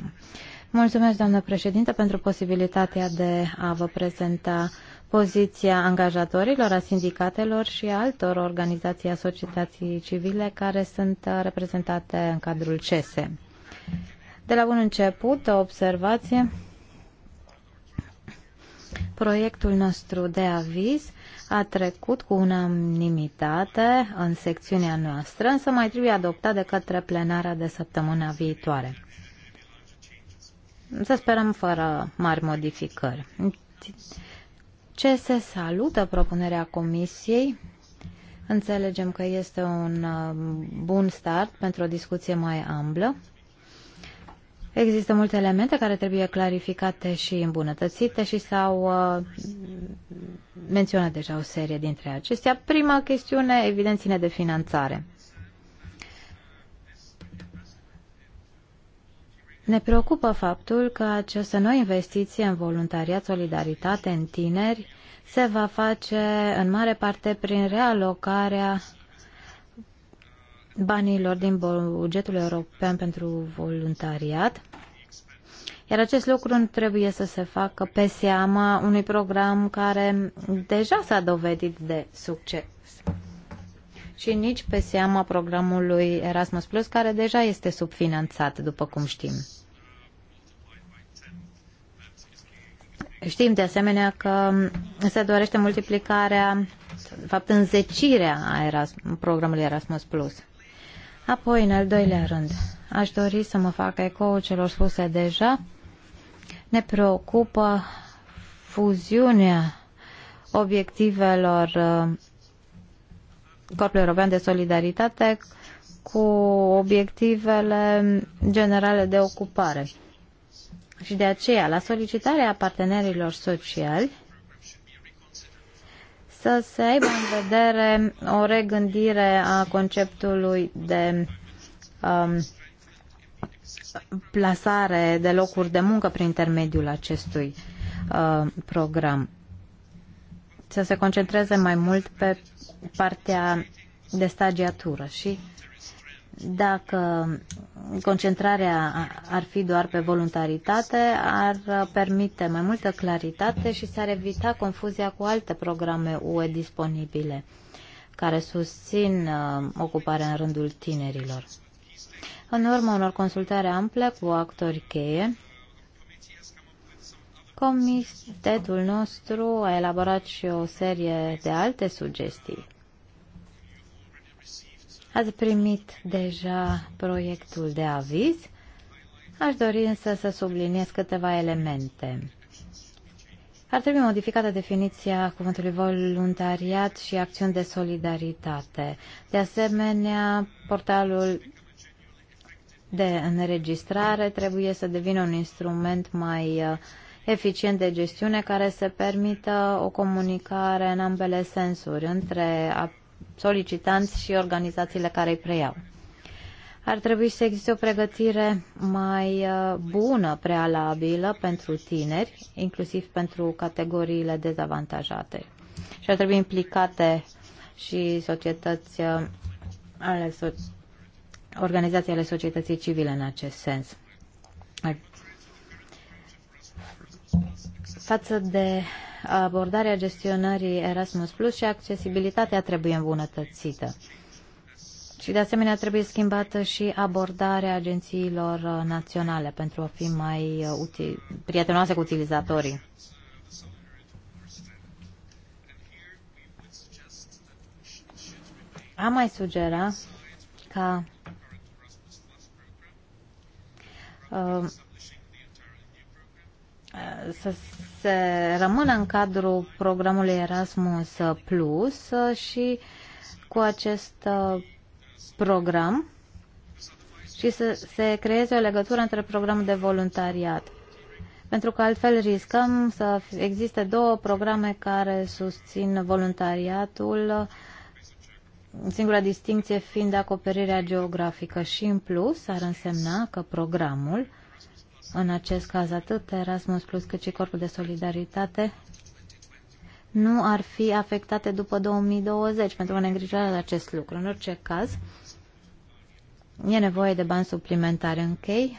Mulțumesc, doamnă președinte, pentru posibilitatea de a vă prezenta uh, poziția angajatorilor, a sindicatelor și a altor organizații a societății civile care sunt uh, reprezentate în cadrul CESE. De la bun început, o observație. Proiectul nostru de aviz a trecut cu unanimitate în secțiunea noastră, însă mai trebuie adoptat de către plenara de săptămâna viitoare. Să sperăm fără mari modificări ce se salută propunerea Comisiei. Înțelegem că este un uh, bun start pentru o discuție mai amplă. Există multe elemente care trebuie clarificate și îmbunătățite și s-au uh, menționat deja o serie dintre acestea. Prima chestiune, evident, ține de finanțare. Ne preocupă faptul că această nouă investiție în voluntariat, solidaritate, în tineri, se va face în mare parte prin realocarea banilor din bugetul european pentru voluntariat, iar acest lucru nu trebuie să se facă pe seama unui program care deja s-a dovedit de succes și nici pe seama programului Erasmus Plus, care deja este subfinanțat, după cum știm. Știm de asemenea că se dorește multiplicarea, de fapt înzecirea a Erasmus, programului Erasmus Plus. Apoi, în al doilea rând, aș dori să mă fac eco celor spuse deja. Ne preocupă fuziunea obiectivelor uh, Corpul European de Solidaritate cu obiectivele generale de ocupare. Și de aceea, la solicitarea partenerilor sociali, să se aibă în vedere o regândire a conceptului de um, plasare de locuri de muncă prin intermediul acestui uh, program să se concentreze mai mult pe partea de stagiatură și dacă concentrarea ar fi doar pe voluntaritate, ar permite mai multă claritate și s-ar evita confuzia cu alte programe UE disponibile care susțin uh, ocuparea în rândul tinerilor. În urma unor consultări ample cu actori cheie, Comitetul nostru a elaborat și o serie de alte sugestii. Ați primit deja proiectul de aviz. Aș dori însă să subliniez câteva elemente. Ar trebui modificată definiția cuvântului voluntariat și acțiuni de solidaritate. De asemenea, portalul de înregistrare trebuie să devină un instrument mai uh, eficient de gestiune care să permită o comunicare în ambele sensuri între solicitanți și organizațiile care îi preiau. Ar trebui să existe o pregătire mai uh, bună, prealabilă pentru tineri, inclusiv pentru categoriile dezavantajate. Și ar trebui implicate și societăți uh, ale so- organizațiile societății civile în acest sens. față de abordarea gestionării Erasmus Plus și accesibilitatea trebuie îmbunătățită. Și de asemenea trebuie schimbată și abordarea agențiilor naționale pentru a fi mai util, prietenoase cu utilizatorii. Am mai sugera ca uh, să se rămână în cadrul programului Erasmus Plus și cu acest uh, program și să se creeze o legătură între programul de voluntariat. Pentru că altfel riscăm să existe două programe care susțin voluntariatul, singura distinție fiind acoperirea geografică și în plus ar însemna că programul în acest caz atât Erasmus Plus cât și Corpul de Solidaritate nu ar fi afectate după 2020 pentru că ne îngrijorează de acest lucru. În orice caz, e nevoie de bani suplimentari. chei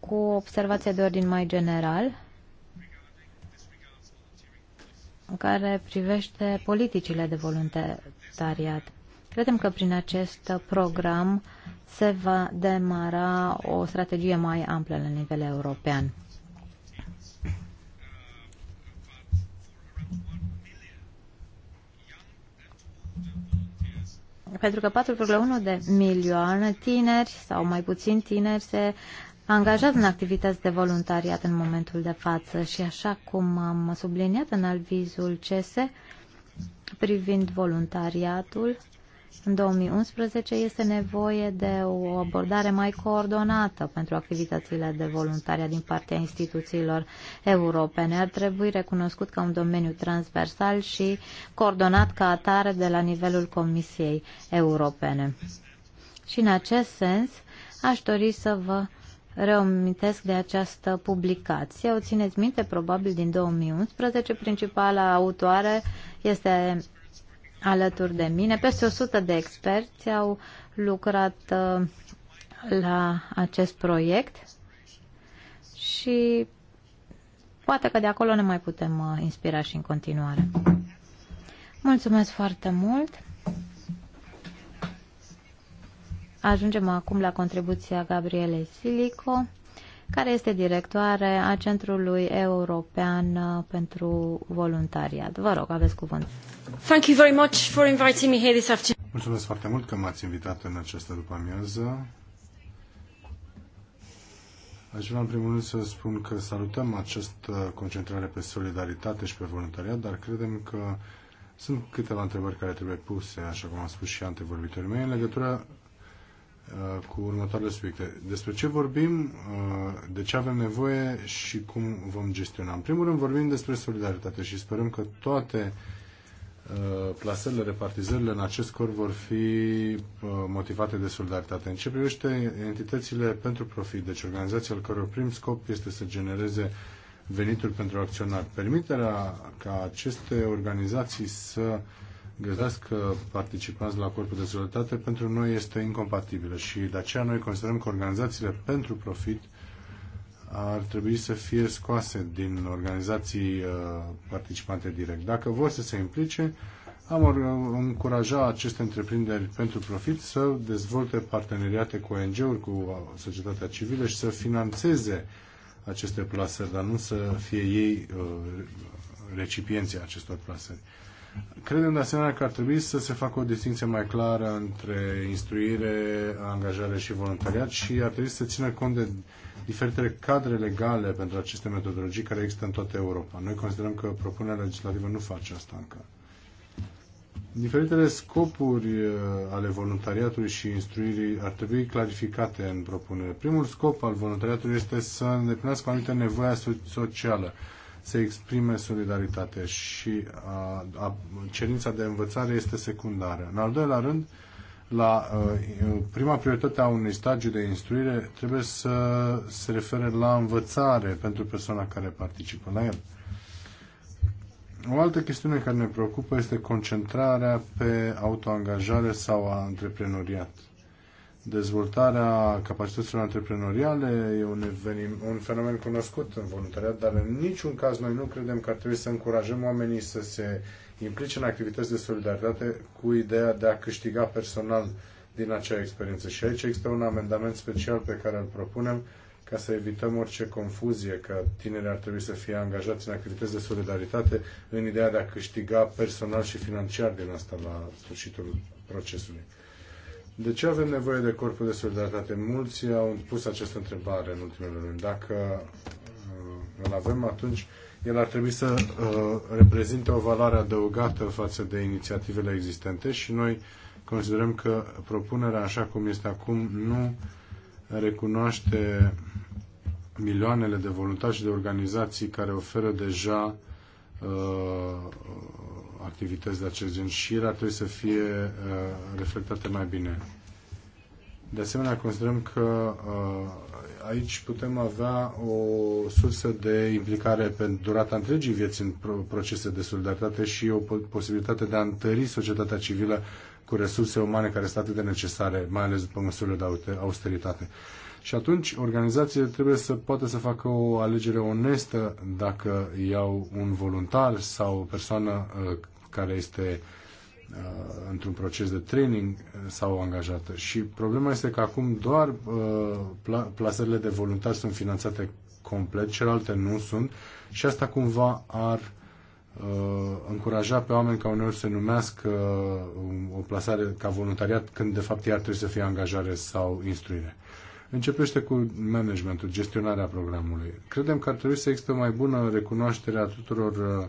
cu observația observație de ordin mai general care privește politicile de voluntariat. Credem că prin acest program se va demara o strategie mai amplă la nivel european. Pentru că 4,1 de milioane tineri sau mai puțin tineri se angajează în activități de voluntariat în momentul de față și așa cum am subliniat în avizul CESE privind voluntariatul, în 2011 este nevoie de o abordare mai coordonată pentru activitățile de voluntariat din partea instituțiilor europene. Ar trebui recunoscut ca un domeniu transversal și coordonat ca atare de la nivelul Comisiei Europene. Și în acest sens aș dori să vă reamintesc de această publicație. O țineți minte, probabil din 2011. Principala autoare este alături de mine. Peste 100 de experți au lucrat uh, la acest proiect și poate că de acolo ne mai putem uh, inspira și în continuare. Mulțumesc foarte mult! Ajungem acum la contribuția Gabrielei Silico care este directoare a Centrului European uh, pentru Voluntariat. Vă rog, aveți cuvânt. Thank you very much for inviting me here this afternoon. Mulțumesc foarte mult că m-ați invitat în această după-amiază. Aș vrea în primul rând să spun că salutăm această concentrare pe solidaritate și pe voluntariat, dar credem că sunt câteva întrebări care trebuie puse, așa cum am spus și antevorbitorii mei, în legătură Uh, cu următoarele subiecte. Despre ce vorbim, uh, de ce avem nevoie și cum vom gestiona. În primul rând vorbim despre solidaritate și sperăm că toate uh, plasările, repartizările în acest cor vor fi motivate de solidaritate. În ce privește entitățile pentru profit, deci organizația al căror prim scop este să genereze venituri pentru acționari, permiterea ca aceste organizații să uh, grezați că participați la corpul de sănătate pentru noi este incompatibilă și de aceea noi considerăm că organizațiile pentru profit ar trebui să fie scoase din organizații uh, participante direct. Dacă vor să se implice, am încuraja aceste întreprinderi pentru profit să dezvolte parteneriate cu ONG-uri, cu societatea civilă și să financeze aceste plasări, dar nu să fie ei uh, recipienții acestor plasări. Credem de asemenea că ar trebui să se facă o distinție mai clară între instruire, angajare și voluntariat și ar trebui să țină cont de diferitele cadre legale pentru aceste metodologii care există în toată Europa. Noi considerăm că propunerea legislativă nu face asta încă. Diferitele scopuri uh, ale voluntariatului și instruirii ar trebui clarificate în propunere. Primul scop al voluntariatului este să îndeplinească o anumită nevoie socială să exprime solidaritate și a, a, cerința de învățare este secundară. În al doilea rând, la a, prima prioritate a unui stagiu de instruire trebuie să se refere la învățare pentru persoana care participă la el. O altă chestiune care ne preocupă este concentrarea pe autoangajare sau a antreprenoriat dezvoltarea capacităților antreprenoriale e un, evenim, un fenomen cunoscut în voluntariat, dar în niciun caz noi nu credem că ar trebui să încurajăm oamenii să se implice în activități de solidaritate cu ideea de a câștiga personal din acea experiență. Și aici există un amendament special pe care îl propunem ca să evităm orice confuzie că tinerii ar trebui să fie angajați în activități de solidaritate în ideea de a câștiga personal și financiar din asta la sfârșitul procesului. De ce avem nevoie de corpul de solidaritate? Mulți au pus această întrebare în ultimele luni. Dacă uh, îl avem, atunci el ar trebui să uh, reprezinte o valoare adăugată față de inițiativele existente și noi considerăm că propunerea așa cum este acum nu recunoaște milioanele de voluntari și de organizații care oferă deja uh, activități de acest gen și ele ar trebui să fie uh, reflectate mai bine. De asemenea, considerăm că uh, aici putem avea o sursă de implicare pentru durata întregii vieți în procese de solidaritate și o posibilitate de a întări societatea civilă cu resurse umane care sunt atât de necesare, mai ales după măsurile de austeritate. Și atunci organizațiile trebuie să poată să facă o alegere onestă dacă iau un voluntar sau o persoană uh, care este uh, într-un proces de training uh, sau angajată. Și problema este că acum doar plasările de voluntari sunt finanțate complet, celelalte nu sunt și asta cumva ar încuraja pe oameni ca uneori să numească o plasare ca voluntariat când de fapt ea trebuie să fie angajare sau instruire. Începește cu managementul, gestionarea programului. Credem că ar trebui să existe o mai bună recunoaștere a tuturor uh,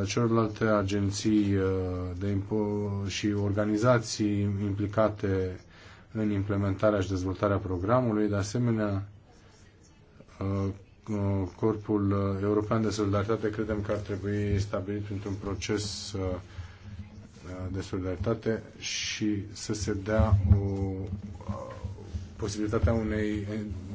uh, celorlalte agenții uh, de impo- și organizații implicate în implementarea și dezvoltarea programului. De asemenea, uh, uh Corpul European de Solidaritate credem că ar trebui stabilit într un proces uh, de solidaritate și să se dea o posibilitatea unei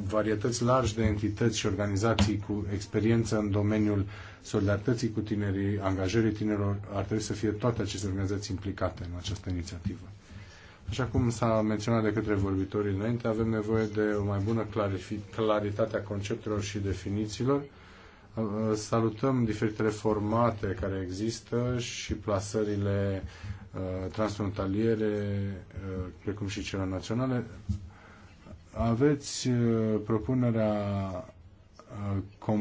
varietăți largi de entități și organizații cu experiență în domeniul solidarității cu tinerii, angajării tinerilor, ar trebui să fie toate aceste organizații implicate în această inițiativă. Așa cum s-a menționat de către vorbitorii înainte, avem nevoie de o mai bună claritate a conceptelor și definițiilor. Salutăm diferitele formate care există și plasările uh, transfrontaliere, uh, precum și cele naționale. Aveți uh, propunerea uh,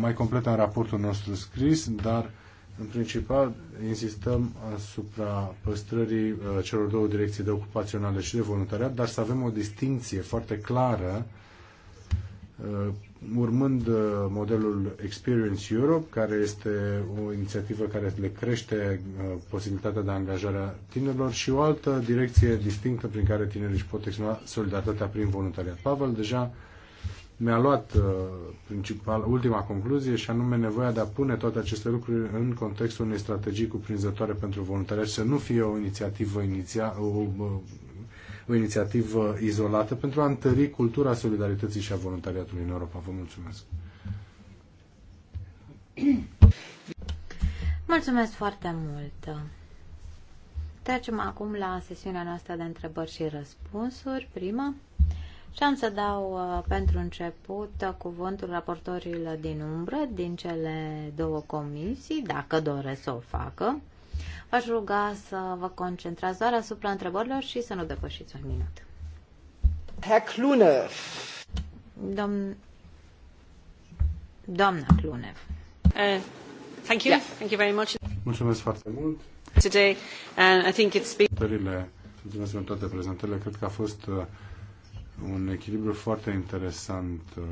mai completă în raportul nostru scris, dar în principal insistăm asupra păstrării uh, celor două direcții de ocupaționale și de voluntariat, dar să avem o distinție foarte clară urmând uh, modelul Experience Europe, care este o inițiativă care le crește uh, posibilitatea de angajare a tinerilor și o altă direcție distinctă prin care tinerii își pot exprima solidaritatea prin voluntariat. Pavel deja mi-a luat uh, principal, ultima concluzie și anume nevoia de a pune toate aceste lucruri în contextul unei strategii cuprinzătoare pentru voluntariat și să nu fie o inițiativă iniția, o o inițiativă izolată pentru a întări cultura solidarității și a voluntariatului în Europa. Vă mulțumesc! Mulțumesc foarte mult! Trecem acum la sesiunea noastră de întrebări și răspunsuri. Prima. Și am să dau uh, pentru început uh, cuvântul raportorilor din umbră, din cele două comisii, dacă doresc să o facă. Aș ruga să vă concentrați doar asupra întrebărilor și să nu depășiți un minut. Herr Clune. Domn... Doamna Clune. Uh, thank you. Yeah. Thank you very much. Mulțumesc foarte mult. Today, and I think it's been... Mulțumesc pentru toate prezentările. Cred că a fost uh, un echilibru foarte interesant uh,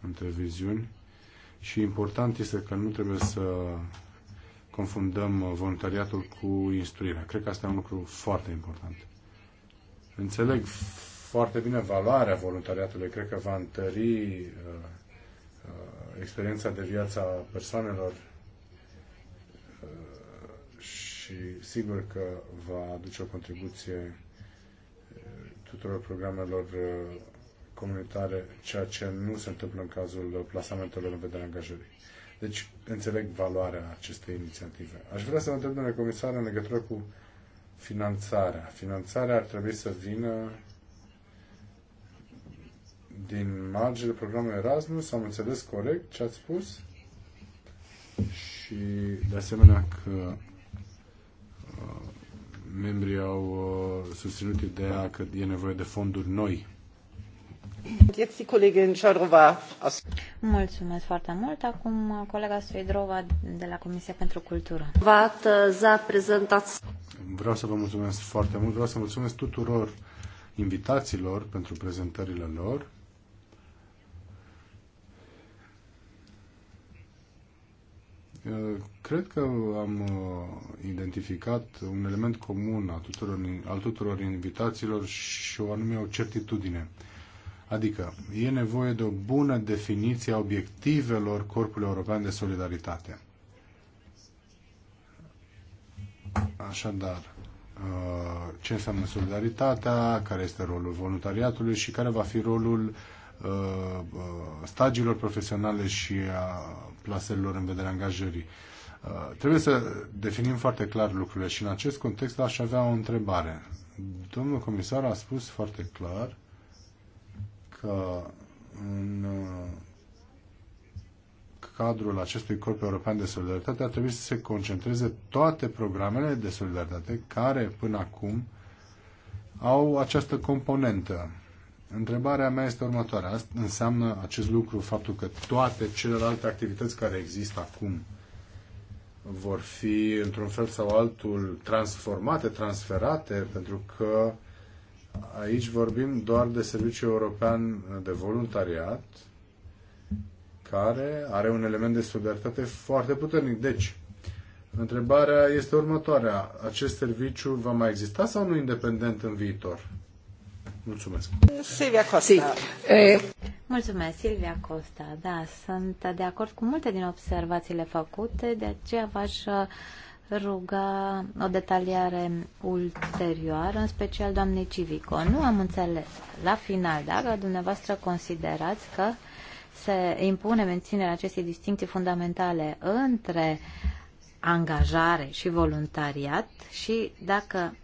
între viziuni și important este că nu trebuie să confundăm voluntariatul cu instruirea. Cred că asta e un lucru foarte important. Înțeleg foarte bine valoarea voluntariatului. Cred că va întări uh, uh, experiența de viață a persoanelor uh, și sigur că va aduce o contribuție uh, tuturor programelor uh, comunitare, ceea ce nu se întâmplă în cazul plasamentelor în vederea angajării. Deci, înțeleg valoarea acestei inițiative. Aș vrea să vă întreb, domnule comisar, în legătură cu finanțarea. Finanțarea ar trebui să vină din marginile programului Erasmus, am înțeles corect ce ați spus și de asemenea că uh, membrii au uh, susținut ideea că e nevoie de fonduri noi Mulțumesc foarte mult. Acum colega Suidrova de la Comisia pentru Cultură. Uh, Vreau să vă mulțumesc foarte mult. Vreau să mulțumesc tuturor invitațiilor pentru prezentările lor. Uh, cred că am uh, identificat un element comun tuturor, al tuturor invitațiilor și o anume o certitudine. Adică e nevoie de o bună definiție a obiectivelor Corpului European de Solidaritate. Așadar, uh, ce înseamnă solidaritatea, care este rolul voluntariatului și care va fi rolul uh, uh, stagiilor profesionale și a plaselor în vederea angajării. Trebuie să definim foarte clar lucrurile și în acest context aș avea o întrebare. Domnul comisar a spus foarte clar că în uh, cadrul acestui corp european de solidaritate ar trebui să se concentreze toate programele de solidaritate care până acum au această componentă. Întrebarea mea este următoarea. Asta înseamnă acest lucru faptul că toate celelalte activități care există acum vor fi într-un fel sau altul transformate, transferate, pentru că Aici vorbim doar de serviciu European de Voluntariat, care are un element de solidaritate foarte puternic. Deci, întrebarea este următoarea. Acest serviciu va mai exista sau nu independent în viitor? Mulțumesc. Silvia Costa. Eh. Mulțumesc, Silvia Costa. Da, sunt de acord cu multe din observațiile făcute, de aceea v-aș ruga o detaliare ulterioară, în special doamnei Civico. Nu am înțeles la final dacă dumneavoastră considerați că se impune menținerea acestei distincții fundamentale între angajare și voluntariat și dacă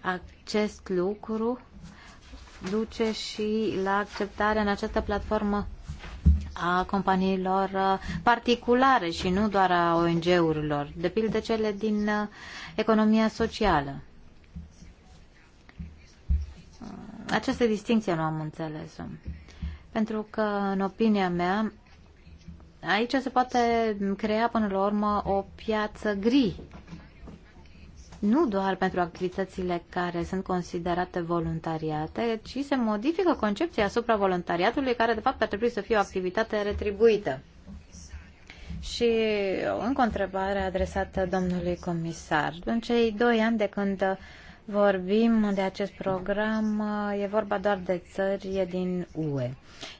acest lucru duce și la acceptarea în această platformă a companiilor uh, particulare și nu doar a ONG-urilor, de pildă cele din uh, economia socială. Uh, această distinție nu am înțeles-o. Pentru că, în opinia mea, aici se poate crea până la urmă o piață gri nu doar pentru activitățile care sunt considerate voluntariate, ci se modifică concepția asupra voluntariatului, care de fapt ar trebui să fie o activitate retribuită. Și încă o întrebare adresată domnului comisar. În cei doi ani de când vorbim de acest program, e vorba doar de țări din UE.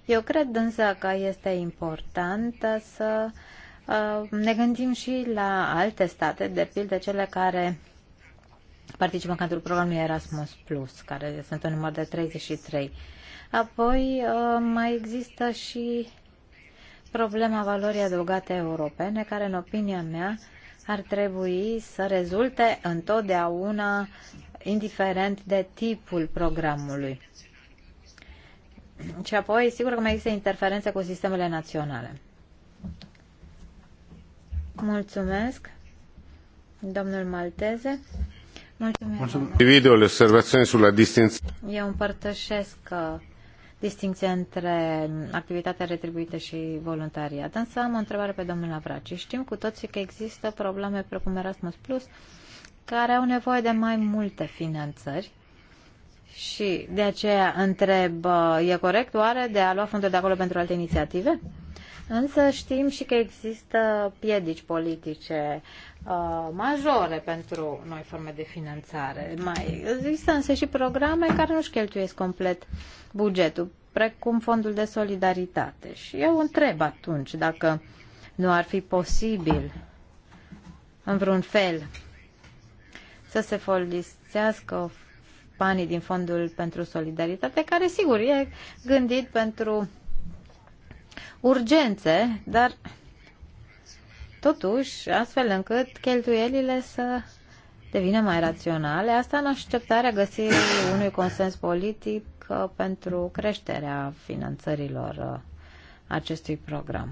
Eu cred însă că este important să uh, ne gândim și la alte state, de pildă cele care participă în cadrul programului Erasmus+, Plus, care sunt în număr de 33. Apoi uh, mai există și problema valorii adăugate europene, care, în opinia mea, ar trebui să rezulte întotdeauna, indiferent de tipul programului. Și apoi, sigur că mai există interferențe cu sistemele naționale. Mulțumesc, domnul Malteze. Mulțumesc. Mulțumesc. observațiuni sulla distinție. Eu împărtășesc uh, distinția între um, activitatea retribuită și voluntariat. Însă am o întrebare pe domnul Avraci. Știm cu toții că există probleme precum Erasmus Plus care au nevoie de mai multe finanțări și de aceea întreb, uh, e corect oare de a lua fonduri de acolo pentru alte inițiative? Însă știm și că există piedici politice Uh, majore pentru noi forme de finanțare. Mai există însă și programe care nu-și cheltuiesc complet bugetul, precum Fondul de Solidaritate. Și eu întreb atunci dacă nu ar fi posibil în vreun fel să se folosească banii din Fondul pentru Solidaritate, care sigur e gândit pentru urgențe, dar totuși astfel încât cheltuielile să devină mai raționale, asta în așteptarea găsirii unui consens politic uh, pentru creșterea finanțărilor uh, acestui program.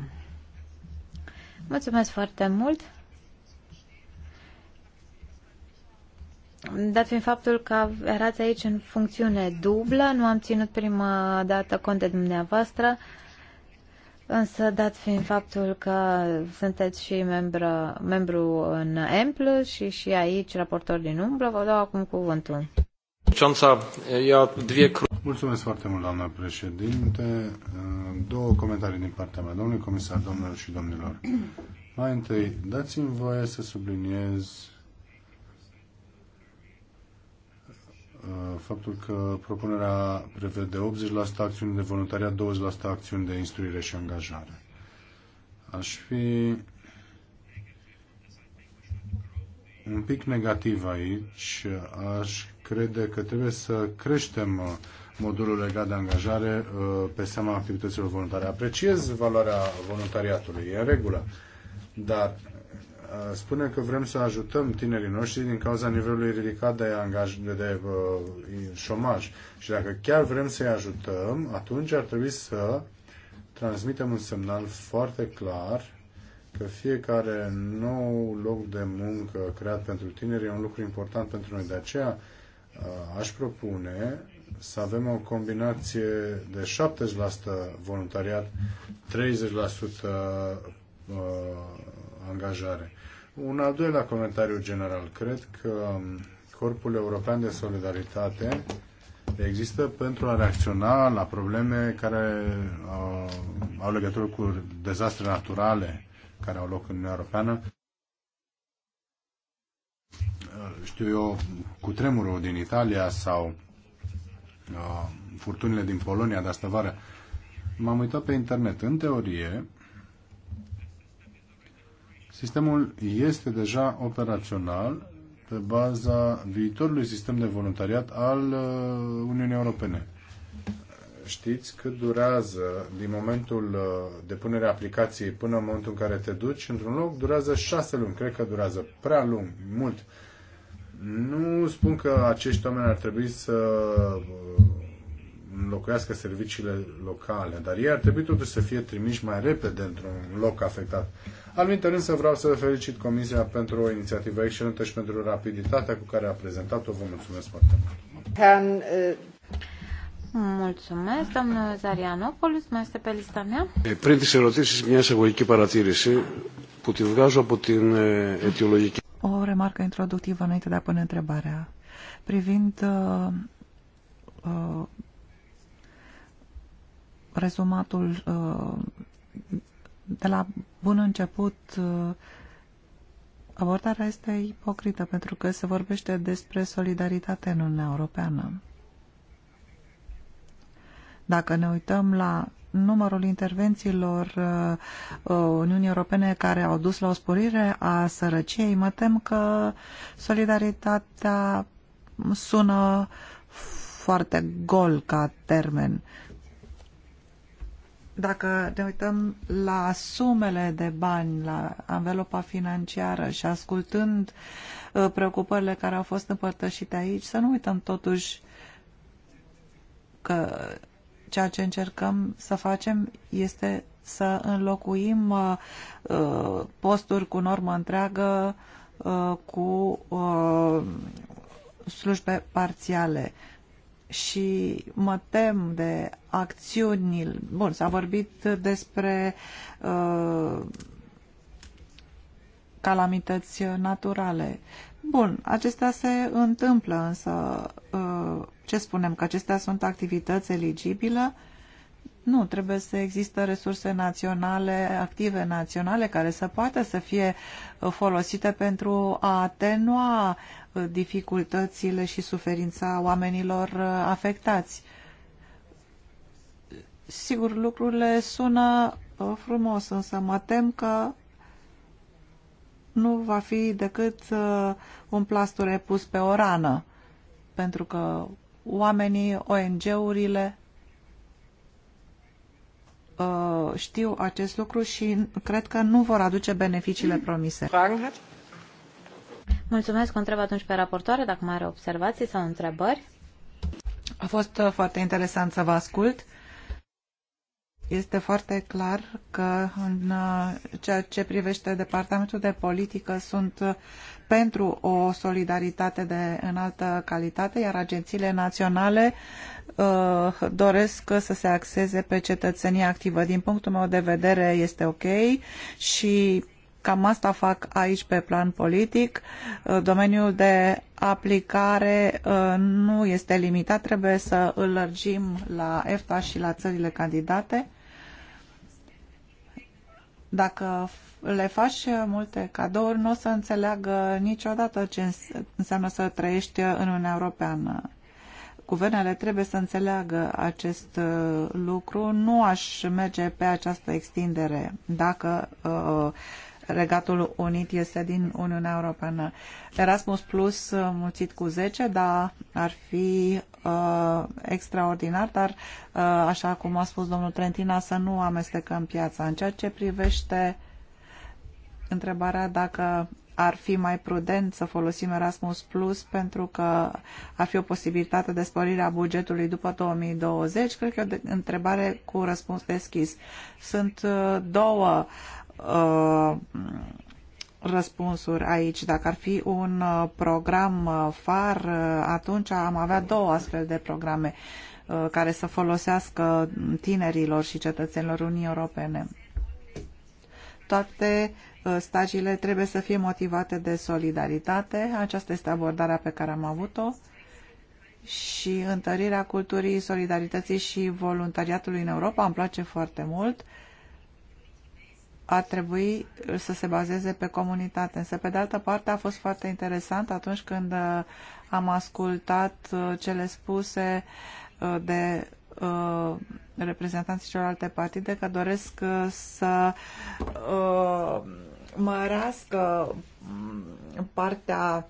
Mulțumesc foarte mult! Dat fiind faptul că erați aici în funcțiune dublă, nu am ținut prima dată cont de dumneavoastră, Însă, dat fiind faptul că sunteți și membră, membru în EMPL și și aici raportor din umbră, vă dau acum cuvântul. Mulțumesc foarte mult, doamna președinte. Două comentarii din partea mea, domnule comisar, domnilor și domnilor. Mai întâi, dați-mi voie să subliniez Uh, faptul că propunerea prevede 80% acțiuni de voluntariat, 20% acțiuni de instruire și angajare. Aș fi un pic negativ aici. Aș crede că trebuie să creștem uh, modulul legat de angajare uh, pe seama activităților voluntare. Apreciez valoarea voluntariatului, e în regulă, dar spune că vrem să ajutăm tinerii noștri din cauza nivelului ridicat de, angaj, de, de uh, șomaj. Și dacă chiar vrem să-i ajutăm, atunci ar trebui să transmitem un semnal foarte clar că fiecare nou loc de muncă creat pentru tineri e un lucru important pentru noi. De aceea uh, aș propune să avem o combinație de 70% voluntariat, 30% uh, angajare. Un al doilea comentariu general. Cred că Corpul European de Solidaritate există pentru a reacționa la probleme care uh, au legătură cu dezastre naturale care au loc în Uniunea Europeană. Uh, știu eu, cu tremurul din Italia sau uh, furtunile din Polonia de astă vară, m-am uitat pe internet. În teorie, Sistemul este deja operațional pe baza viitorului sistem de voluntariat al uh, Uniunii Europene. Știți cât durează din momentul uh, depunerea aplicației până în momentul în care te duci într-un loc? Durează șase luni. Cred că durează prea lung, mult. Nu spun că acești oameni ar trebui să uh, înlocuiască serviciile locale, dar ei ar trebui totuși să fie trimiși mai repede într-un loc afectat. Alminter însă vreau să felicit Comisia pentru o inițiativă excelentă și pentru rapiditatea cu care a prezentat-o. Vă mulțumesc foarte mult! Can, uh... Mulțumesc, domnul Zarianopoulos. Mai este pe lista mea. Πριν τις ερωτήσεις, μια εισαγωγική παρατήρηση που τη βγάζω από την αιτιολογική. O remarcă introductivă înainte de a pune întrebarea. Privind uh, uh, rezumatul uh, de la bun început abordarea este ipocrită pentru că se vorbește despre solidaritate în Uniunea Europeană. Dacă ne uităm la numărul intervențiilor uh, Uniunii Europene care au dus la o sporire a sărăciei, mă tem că solidaritatea sună foarte gol ca termen. Uh, dacă ne uităm la sumele de bani, la anvelopa financiară și ascultând uh, preocupările care au fost împărtășite aici, să nu uităm totuși că ceea ce încercăm să facem este să înlocuim uh, uh, posturi cu normă întreagă cu slujbe parțiale și mă tem de acțiunile. Bun, s-a vorbit despre uh, calamități naturale. Bun, acestea se întâmplă, însă uh, ce spunem, că acestea sunt activități eligibile? Uh, nu, trebuie să există resurse naționale, active naționale, care să poată să fie uh, folosite pentru a atenua uh, dificultățile și suferința oamenilor uh, afectați. Sigur, lucrurile sună frumos, însă mă tem că nu va fi decât un plasture pus pe o rană, pentru că oamenii, ONG-urile, Uh, știu acest lucru și cred că nu vor aduce beneficiile promise. Mulțumesc, o întreb atunci pe raportoare dacă mai are observații sau întrebări. A fost uh, foarte interesant să vă ascult. Este foarte clar că în uh, ceea ce privește Departamentul de Politică sunt pentru o solidaritate de înaltă calitate, iar agențiile naționale uh, Uh, doresc să se axeze pe cetățenia activă. Din punctul meu de vedere este ok și cam asta fac aici pe plan politic. Uh, domeniul de aplicare uh, nu este limitat, trebuie să îl lărgim la EFTA și la țările candidate. Dacă le faci multe cadouri, nu o să înțeleagă niciodată ce înseamnă să trăiești în Uniunea Europeană. Guvernele trebuie să înțeleagă acest uh, lucru. Nu aș merge pe această extindere dacă uh, Regatul Unit este din Uniunea Europeană. Erasmus Plus uh, mulțit cu 10, da, ar fi uh, extraordinar, dar uh, așa cum a spus domnul Trentina, să nu amestecăm piața. În ceea ce privește întrebarea dacă ar fi mai prudent să folosim Erasmus Plus pentru că ar fi o posibilitate de sporire a bugetului după 2020? Cred că e o întrebare cu răspuns deschis. Sunt uh, două uh, răspunsuri aici. Dacă ar fi un uh, program far, atunci am avea două astfel de programe care să folosească tinerilor și cetățenilor Uniunii Europene. Toate Uh, stagiile trebuie să fie motivate de solidaritate. Aceasta este abordarea pe care am avut-o și întărirea culturii solidarității și voluntariatului în Europa îmi place foarte mult. Ar trebui să se bazeze pe comunitate. Însă, pe de altă parte, a fost foarte interesant atunci când uh, am ascultat uh, cele spuse de reprezentanții celorlalte partide că doresc să uh, mărească mm, partea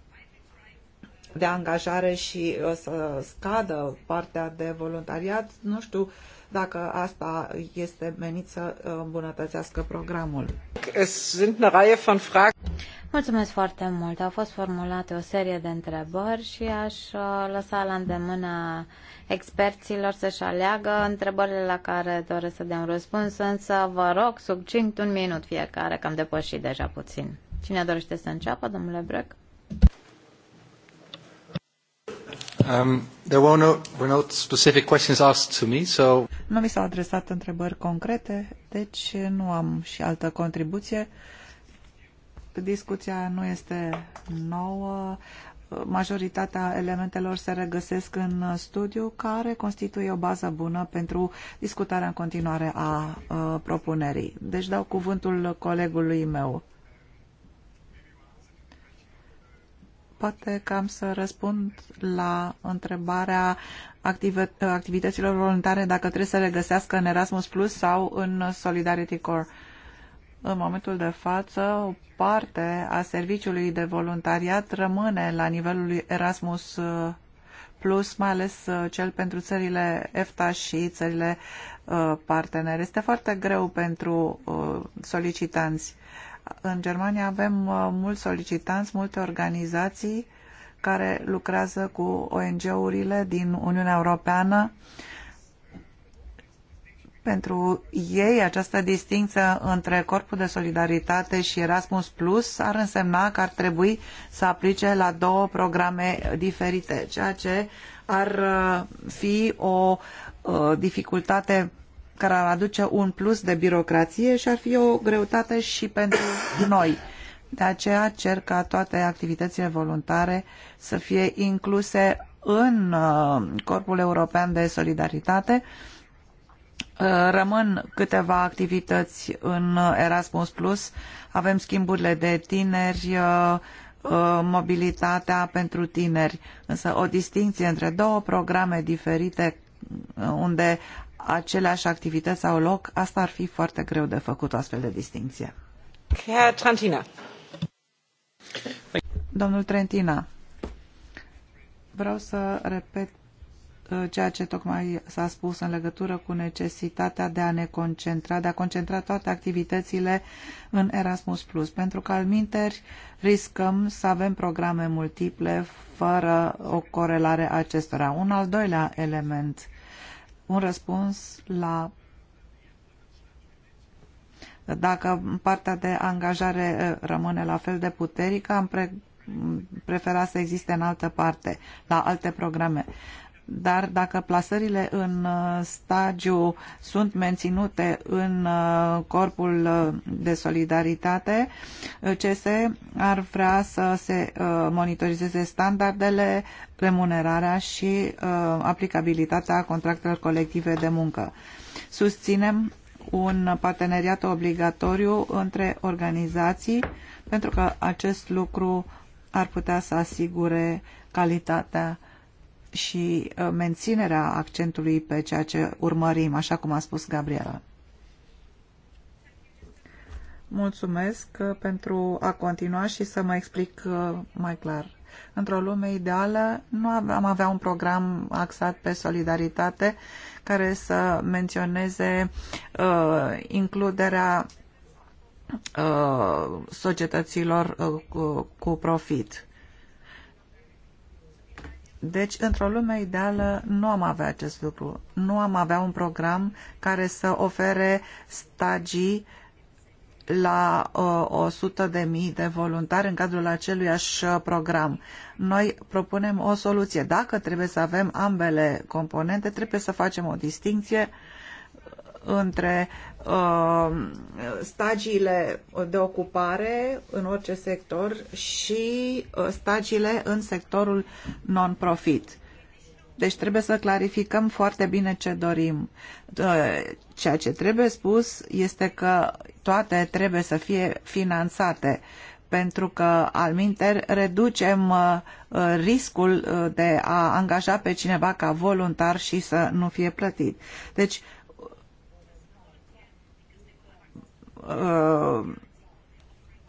de angajare și uh, să scadă partea de voluntariat, nu știu dacă asta este menit să îmbunătățească programul. Mulțumesc foarte mult. Au fost formulate o serie de întrebări și aș uh, lăsa la îndemâna experților să-și aleagă întrebările la care doresc să dea un răspuns, însă vă rog, succint un minut fiecare, că am depășit deja puțin. Cine dorește să înceapă, domnule Brec? Um, there were no, were no specific questions asked to me, so... Nu mi s-au adresat întrebări concrete, deci nu am și altă contribuție. Discuția nu este nouă. Majoritatea elementelor se regăsesc în studiu, care constituie o bază bună pentru discutarea în continuare a, a uh, propunerii. Deci dau cuvântul colegului meu. poate că am să răspund la întrebarea activităților voluntare dacă trebuie să le găsească în Erasmus Plus sau în Solidarity Corps. În momentul de față, o parte a serviciului de voluntariat rămâne la nivelul Erasmus uh, Plus, mai ales uh, cel pentru țările EFTA și țările uh, partenere. Este foarte greu pentru solicitanți în Germania avem uh, mulți solicitanți, multe organizații care lucrează cu ONG-urile din Uniunea Europeană. Pentru ei, această distință între Corpul de Solidaritate și Erasmus Plus ar însemna că ar trebui să aplice la două programe diferite, ceea ce ar uh, fi o uh, dificultate care ar aduce un plus de birocrație și ar fi o greutate și pentru noi. De aceea cer ca toate activitățile voluntare să fie incluse în uh, Corpul European de Solidaritate. Uh, rămân câteva activități în Erasmus+. Plus. Avem schimburile de tineri, uh, mobilitatea pentru tineri, însă o distinție între două programe diferite unde aceleași activități au loc, asta ar fi foarte greu de făcut o astfel de distinție. Trantina. Domnul Trentina, vreau să repet uh, ceea ce tocmai s-a spus în legătură cu necesitatea de a ne concentra, de a concentra toate activitățile în Erasmus+, Plus, pentru că al minteri riscăm să avem programe multiple fără o corelare a acestora. Un al doilea element un răspuns la dacă partea de angajare eh, rămâne la fel de puternică, am pre prefera să existe în altă parte, la alte programe dar dacă plasările în uh, stagiu sunt menținute în uh, corpul uh, de solidaritate, CS ar vrea să se monitorizeze standardele, remunerarea și aplicabilitatea contractelor colective de muncă. Susținem un parteneriat obligatoriu între organizații pentru că acest lucru ar putea să asigure calitatea uh, și uh, menținerea accentului pe ceea ce urmărim, așa cum a spus Gabriela. Mulțumesc uh, pentru a continua și să mă explic uh, mai clar. Într-o lume ideală nu am avea un program axat pe solidaritate care să menționeze uh, includerea uh, societăților uh, cu profit. Deci, într-o lume ideală, nu am avea acest lucru. Nu am avea un program care să ofere stagii la uh, o sută de mii de voluntari în cadrul acelui aș uh, program. Noi propunem o soluție. Dacă trebuie să avem ambele componente, trebuie să facem o distinție uh, între uh, stagiile de ocupare în orice sector și uh, stagiile în sectorul non-profit. Deci trebuie să clarificăm foarte bine ce dorim. Uh, ceea ce trebuie spus este că toate trebuie să fie finanțate pentru că minter reducem riscul de a angaja pe cineva ca voluntar și să nu fie plătit. Deci uh,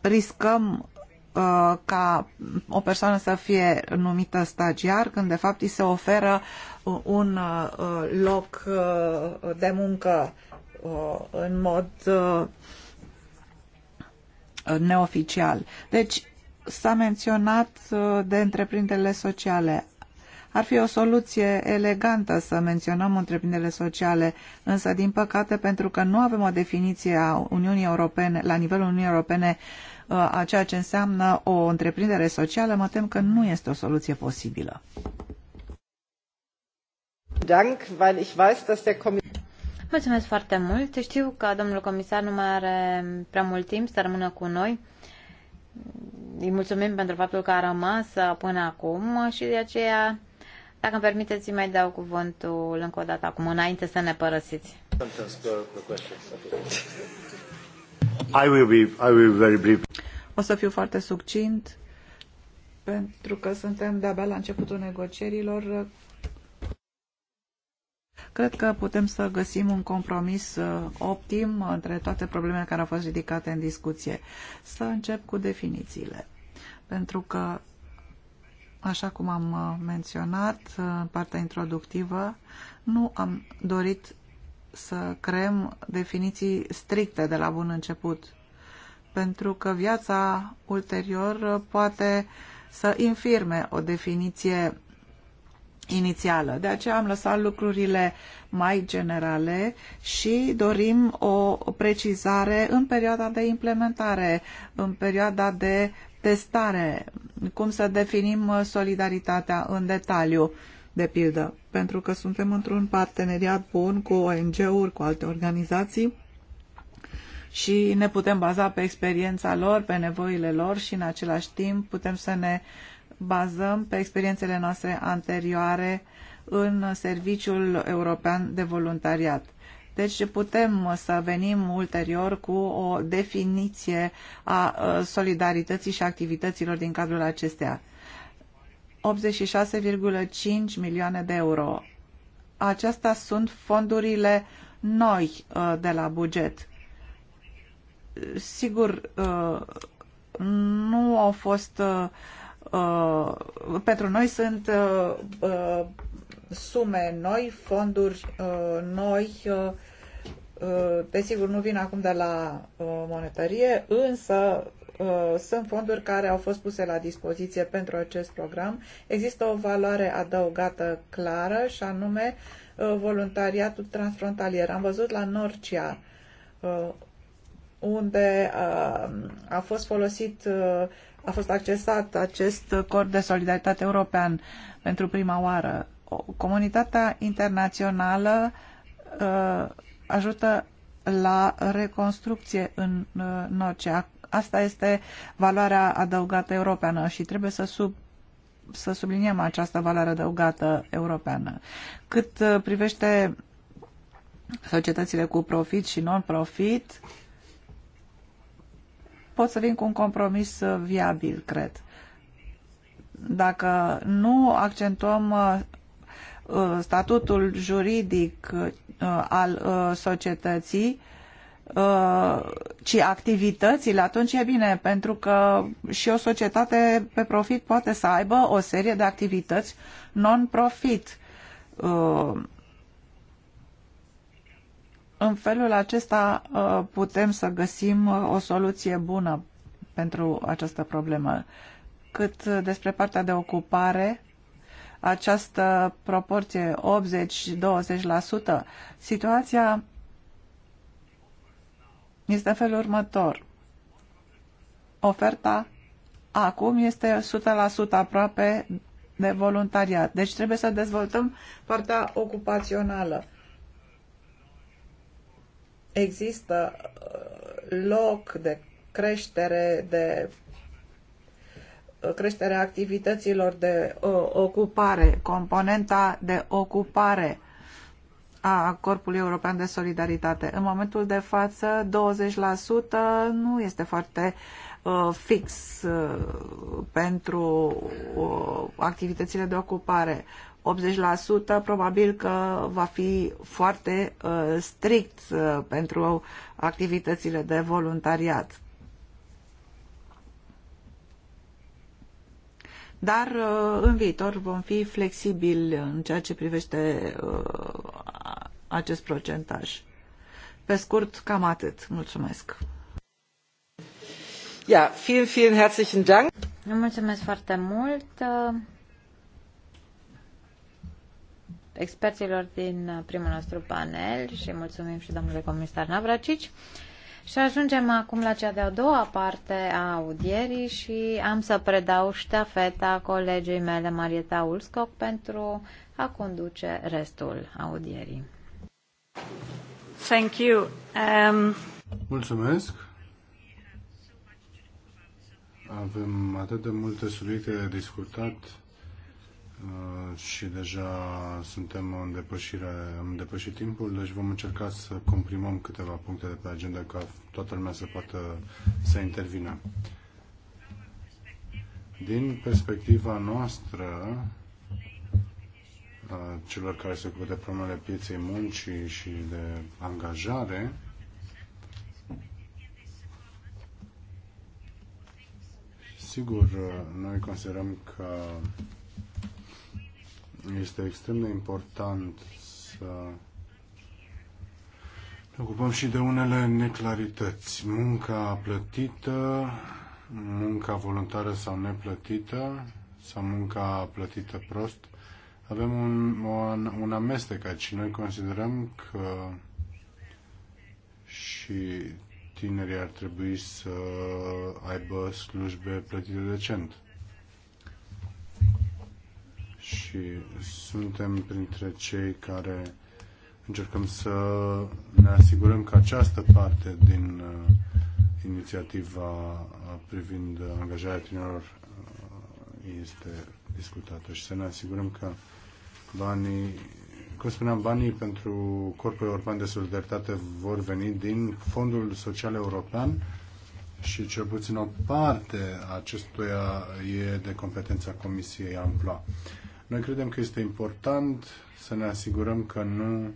riscăm uh, ca o persoană să fie numită stagiar când de fapt îi se oferă uh, un uh, loc uh, de muncă uh, în mod uh, neoficial. Deci s-a menționat uh, de întreprinderile sociale. Ar fi o soluție elegantă să menționăm întreprinderile sociale, însă, din păcate, pentru că nu avem o definiție a Uniunii Europene, la nivelul Uniunii Europene, uh, a ceea ce înseamnă o întreprindere socială, mă tem că nu este o soluție posibilă. Mulțumesc foarte mult. Știu că domnul comisar nu mai are prea mult timp să rămână cu noi. Îi mulțumim pentru faptul că a rămas uh, până acum și de aceea dacă îmi permiteți, mai dau cuvântul încă o dată acum, înainte să ne părăsiți. I will be, I will be very brief. O să fiu foarte succint, pentru că suntem de-abia la începutul negocierilor. Cred că putem să găsim un compromis uh, optim între toate problemele care au fost ridicate în discuție. Să încep cu definițiile, pentru că Așa cum am uh, menționat uh, în partea introductivă, nu am dorit să creăm definiții stricte de la bun început, pentru că viața ulterior uh, poate să infirme o definiție inițială. De aceea am lăsat lucrurile mai generale și dorim o precizare în perioada de implementare, în perioada de testare, cum să definim uh, solidaritatea în detaliu, de pildă, pentru că suntem într-un parteneriat bun cu ONG-uri, cu alte organizații și ne putem baza pe experiența lor, pe nevoile lor și în același timp putem să ne bazăm pe experiențele noastre anterioare în Serviciul European de Voluntariat. Deci putem să venim ulterior cu o definiție a solidarității și activităților din cadrul acestea. 86,5 milioane de euro. Acestea sunt fondurile noi de la buget. Sigur, nu au fost pentru noi sunt sume noi, fonduri uh, noi, uh, uh, desigur nu vin acum de la monetărie, însă sunt fonduri care au fost puse la dispoziție pentru acest program. Există o valoare adăugată clară și anume voluntariatul transfrontalier. Am văzut la Norcia unde a fost folosit, a fost accesat acest cord de solidaritate european pentru prima oară comunitatea internațională uh, ajută la reconstrucție în uh, Norcia. Asta este valoarea adăugată europeană și trebuie să sub să subliniem această valoare adăugată europeană. Cât uh, privește societățile cu profit și non-profit, pot să vin cu un compromis viabil, cred. Dacă nu accentuăm Uh, statutul juridic uh, al uh, societății, ci activitățile, atunci e bine, pentru că și o societate pe profit poate să aibă o serie de activități non-profit. În felul acesta putem să găsim o soluție bună pentru această problemă. Cât despre partea de ocupare, această proporție 80-20%. Situația este în felul următor. Oferta acum este 100% aproape de voluntariat. Deci trebuie să dezvoltăm partea ocupațională. Există uh, loc de creștere, de creșterea activităților de ocupare, componenta de ocupare a Corpului European de Solidaritate. În momentul de față, 20% nu este foarte uh, fix uh, pentru uh, activitățile de ocupare. 80% probabil că va fi foarte strict pentru activitățile de voluntariat. dar uh, în viitor vom fi flexibili în ceea ce privește uh, acest procentaj. Pe scurt, cam atât. Mulțumesc. Ja, vielen, vielen herzlichen Dank. Mulțumesc foarte mult uh, experților din primul nostru panel și mulțumim și domnului comisar Navracici. Și ajungem acum la cea de-a doua parte a audierii și am să predau ștafeta colegii mele, Marieta Ulscoc, pentru a conduce restul audierii. Thank you. Um... Mulțumesc. Avem atât de multe subiecte de discutat Uh, și deja suntem în depășire, am depășit timpul, deci vom încerca să comprimăm câteva puncte de pe agenda ca toată lumea să poată să intervină. Din perspectiva noastră, uh, celor care se ocupă de problemele pieței muncii și de angajare, sigur, uh, noi considerăm că este extrem de important să ne ocupăm și de unele neclarități. Munca plătită, munca voluntară sau neplătită, sau munca plătită prost, avem un, un, un amestec aici. Noi considerăm că și tinerii ar trebui să aibă slujbe plătite decent și suntem printre cei care încercăm să ne asigurăm că această parte din uh, inițiativa uh, privind angajarea tinerilor uh, este discutată și să ne asigurăm că banii, cum spuneam, banii pentru Corpul European de Solidaritate vor veni din Fondul Social European și cel puțin o parte a acestuia e de competența Comisiei Amploa. Noi credem că este important să ne asigurăm că nu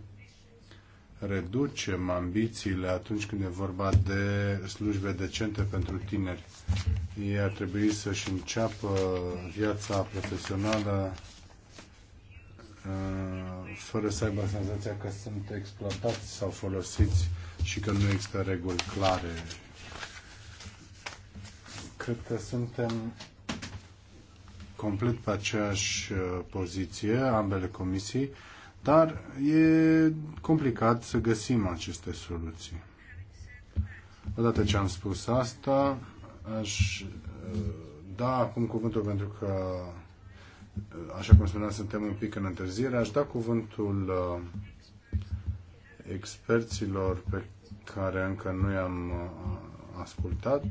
reducem ambițiile atunci când e vorba de slujbe decente pentru tineri. Ei ar trebui să-și înceapă viața profesională uh, fără să aibă senzația că sunt exploatați sau folosiți și că nu există reguli clare. Cred că suntem complet pe aceeași uh, poziție, ambele comisii, dar e complicat să găsim aceste soluții. Odată ce am spus asta, aș uh, da acum cuvântul pentru că, uh, așa cum spuneam, suntem un pic în întârziere, aș da cuvântul experților pe care încă nu i-am ascultat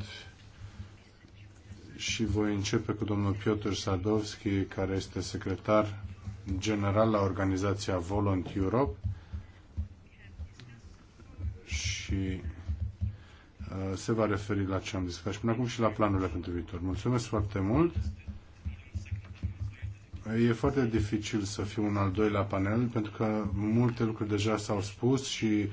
și voi începe cu domnul Piotr Sadovski, care este secretar general la organizația Volunt Europe și uh, se va referi la ce am discutat și până acum și la planurile pentru viitor. Mulțumesc foarte mult! E foarte dificil să fiu un al doilea panel, pentru că multe lucruri deja s-au spus și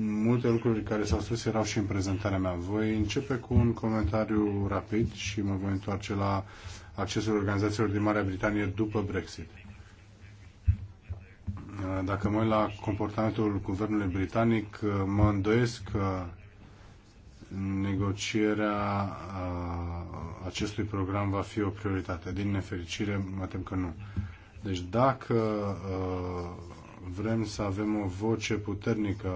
Multe lucruri care s-au spus erau și în prezentarea mea. Voi începe cu un comentariu rapid și mă voi întoarce la accesul organizațiilor din Marea Britanie după Brexit. Dacă mă uit la comportamentul guvernului britanic, mă îndoiesc că negocierea acestui program va fi o prioritate. Din nefericire, mă tem că nu. Deci dacă vrem să avem o voce puternică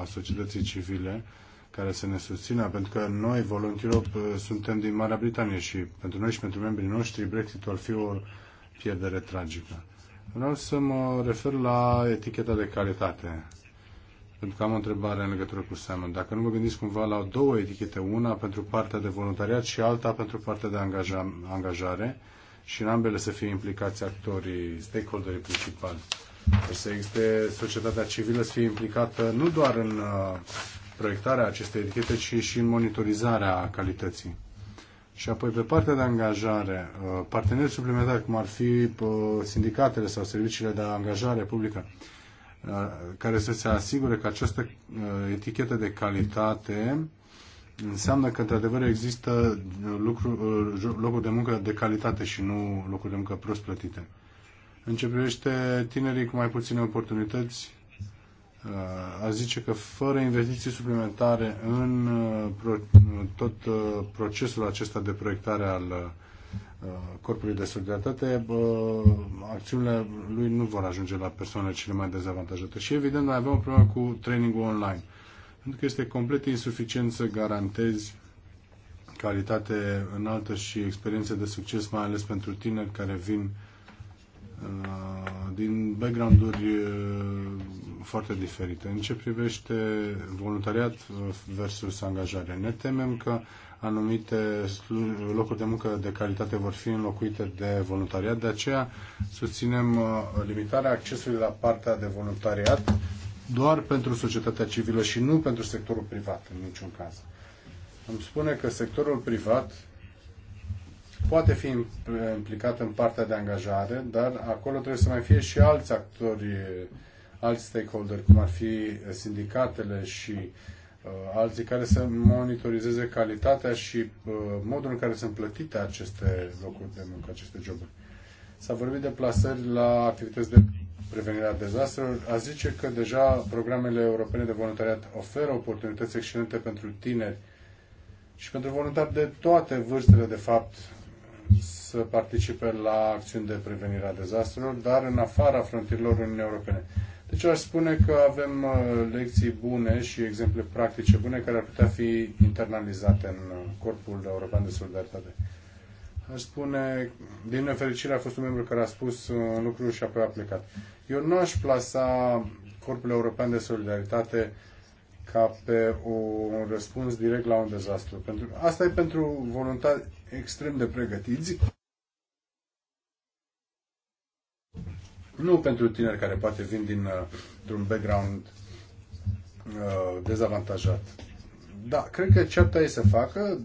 a societății civile care să ne susțină, pentru că noi, Volunteer uh, suntem din Marea Britanie și pentru noi și pentru membrii noștri Brexitul ar fi o pierdere tragică. Vreau să mă refer la eticheta de calitate. Pentru că am o întrebare în legătură cu Simon. Dacă nu vă gândiți cumva la două etichete, una pentru partea de voluntariat și alta pentru partea de angaja, angajare, și în ambele să fie implicați actorii, stakeholderii principali. Deci să existe societatea civilă să fie implicată nu doar în uh, proiectarea acestei etichete, ci și în monitorizarea calității. Și apoi, pe partea de angajare, uh, parteneri suplimentari, cum ar fi uh, sindicatele sau serviciile de angajare publică, care să se asigure că această etichetă de calitate înseamnă că, într-adevăr, există lucru, locuri de muncă de calitate și nu locuri de muncă prost plătite. În ce privește tinerii cu mai puține oportunități, uh, a zice că fără investiții suplimentare în uh, tot uh, procesul acesta de proiectare al Corpului de Solidaritate, acțiunile lui nu vor ajunge la persoanele cele mai dezavantajate. Și evident, noi avem o problemă cu trainingul online, pentru că este complet insuficient să garantezi calitate înaltă și experiențe de succes, mai ales pentru tineri care vin Uh, din background-uri uh, foarte diferite. În ce privește voluntariat uh, versus angajare, ne temem că anumite locuri de muncă de calitate vor fi înlocuite de voluntariat, de aceea susținem limitarea accesului la partea de voluntariat doar pentru societatea civilă și nu pentru sectorul privat în niciun caz. Îmi spune că sectorul privat poate fi implicat în partea de angajare, dar acolo trebuie să mai fie și alți actori, alți stakeholder, cum ar fi sindicatele și uh, alții care să monitorizeze calitatea și uh, modul în care sunt plătite aceste locuri de muncă, aceste joburi. S-a vorbit de plasări la activități de prevenire a dezastrelor. A zice că deja programele europene de voluntariat oferă oportunități excelente pentru tineri și pentru voluntari de toate vârstele, de fapt, să participe la acțiuni de prevenire a dezastrelor, dar în afara frontierilor Uniunii Europene. Deci aș spune că avem uh, lecții bune și exemple practice bune care ar putea fi internalizate în uh, Corpul European de Solidaritate. Aș spune, din nefericire a fost un membru care a spus uh, un lucru și apoi a plecat. Eu nu aș plasa Corpul European de Solidaritate ca pe o, un răspuns direct la un dezastru. Pentru, asta e pentru voluntari extrem de pregătiți. Nu pentru tineri care poate vin din un uh, background uh, dezavantajat. Da, cred că ce ar să facă,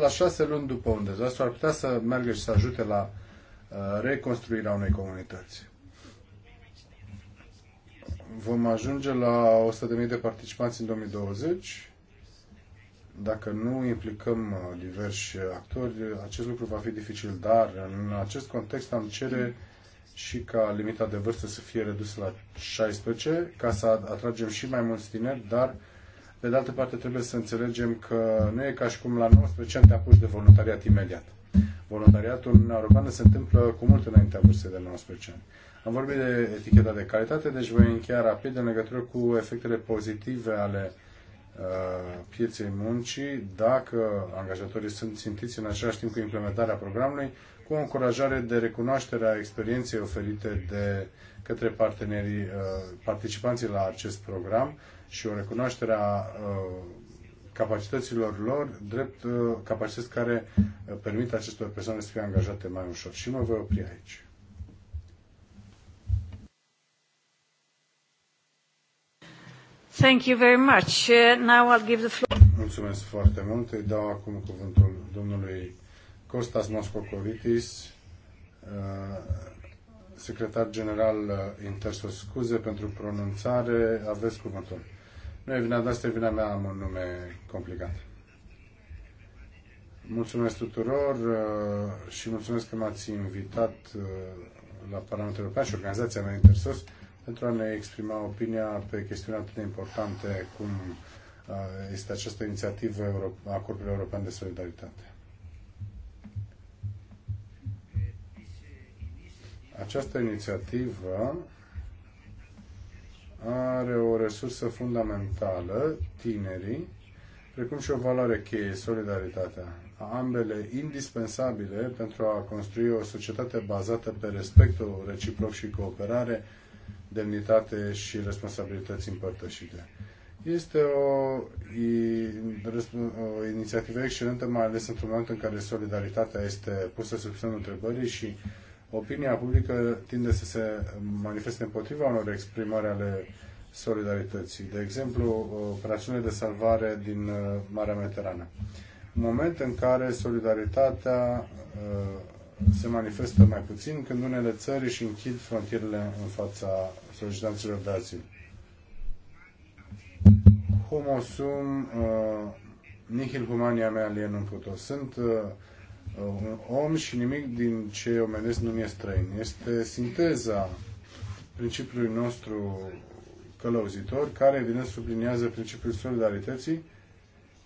la șase luni după un dezastru, ar putea să meargă și să ajute la uh, reconstruirea unei comunități vom ajunge la 100.000 de participanți în 2020. Dacă nu implicăm uh, diversi actori, acest lucru va fi dificil, dar în acest context am cere și ca limita de vârstă să fie redusă la 16, ca să atragem și mai mulți tineri, dar pe de altă parte trebuie să înțelegem că nu e ca și cum la 19 ani te apuci de voluntariat imediat. Voluntariatul în Europeană se întâmplă cu mult înaintea vârstei de 19 ani. Am vorbit de eticheta de calitate, deci voi încheia rapid în legătură cu efectele pozitive ale uh, pieței muncii, dacă angajatorii sunt țintiți în același timp cu implementarea programului, cu o încurajare de recunoaștere a experienței oferite de către partenerii, uh, participanții la acest program și o recunoaștere a uh, capacităților lor, drept uh, capacități care uh, permit acestor persoane să fie angajate mai ușor. Și mă voi opri aici. Thank you very much. Uh, now I'll give the floor. Mulțumesc foarte mult. Îi dau acum cuvântul domnului Costas Moscocoritis, uh, secretar general uh, intersos scuze pentru pronunțare. Aveți cuvântul. Nu e vina asta, e vina mea, am un nume complicat. Mulțumesc tuturor și mulțumesc că m-ați invitat la Parlamentul European și organizația mea Intersos pentru a ne exprima opinia pe chestiuni atât de importante cum uh, este această inițiativă a Corpului European de Solidaritate. Această inițiativă are o resursă fundamentală, tinerii, precum și o valoare cheie, solidaritatea, ambele indispensabile pentru a construi o societate bazată pe respectul reciproc și cooperare, demnitate și responsabilități împărtășite. Este o, o inițiativă excelentă, mai ales într-un moment în care solidaritatea este pusă sub semnul întrebării și opinia publică tinde să se manifeste împotriva unor exprimări ale solidarității. De exemplu, operațiunile de salvare din uh, Marea Mediterană. Moment în care solidaritatea uh, se manifestă mai puțin când unele țări își închid frontierele în fața solicitanților de azil. Homo uh, nihil humania mea alienum puto. Sunt uh, uh, un om și nimic din ce omenesc nu mi-e străin. Este sinteza principiului nostru călăuzitor, care, evident, sublinează principiul solidarității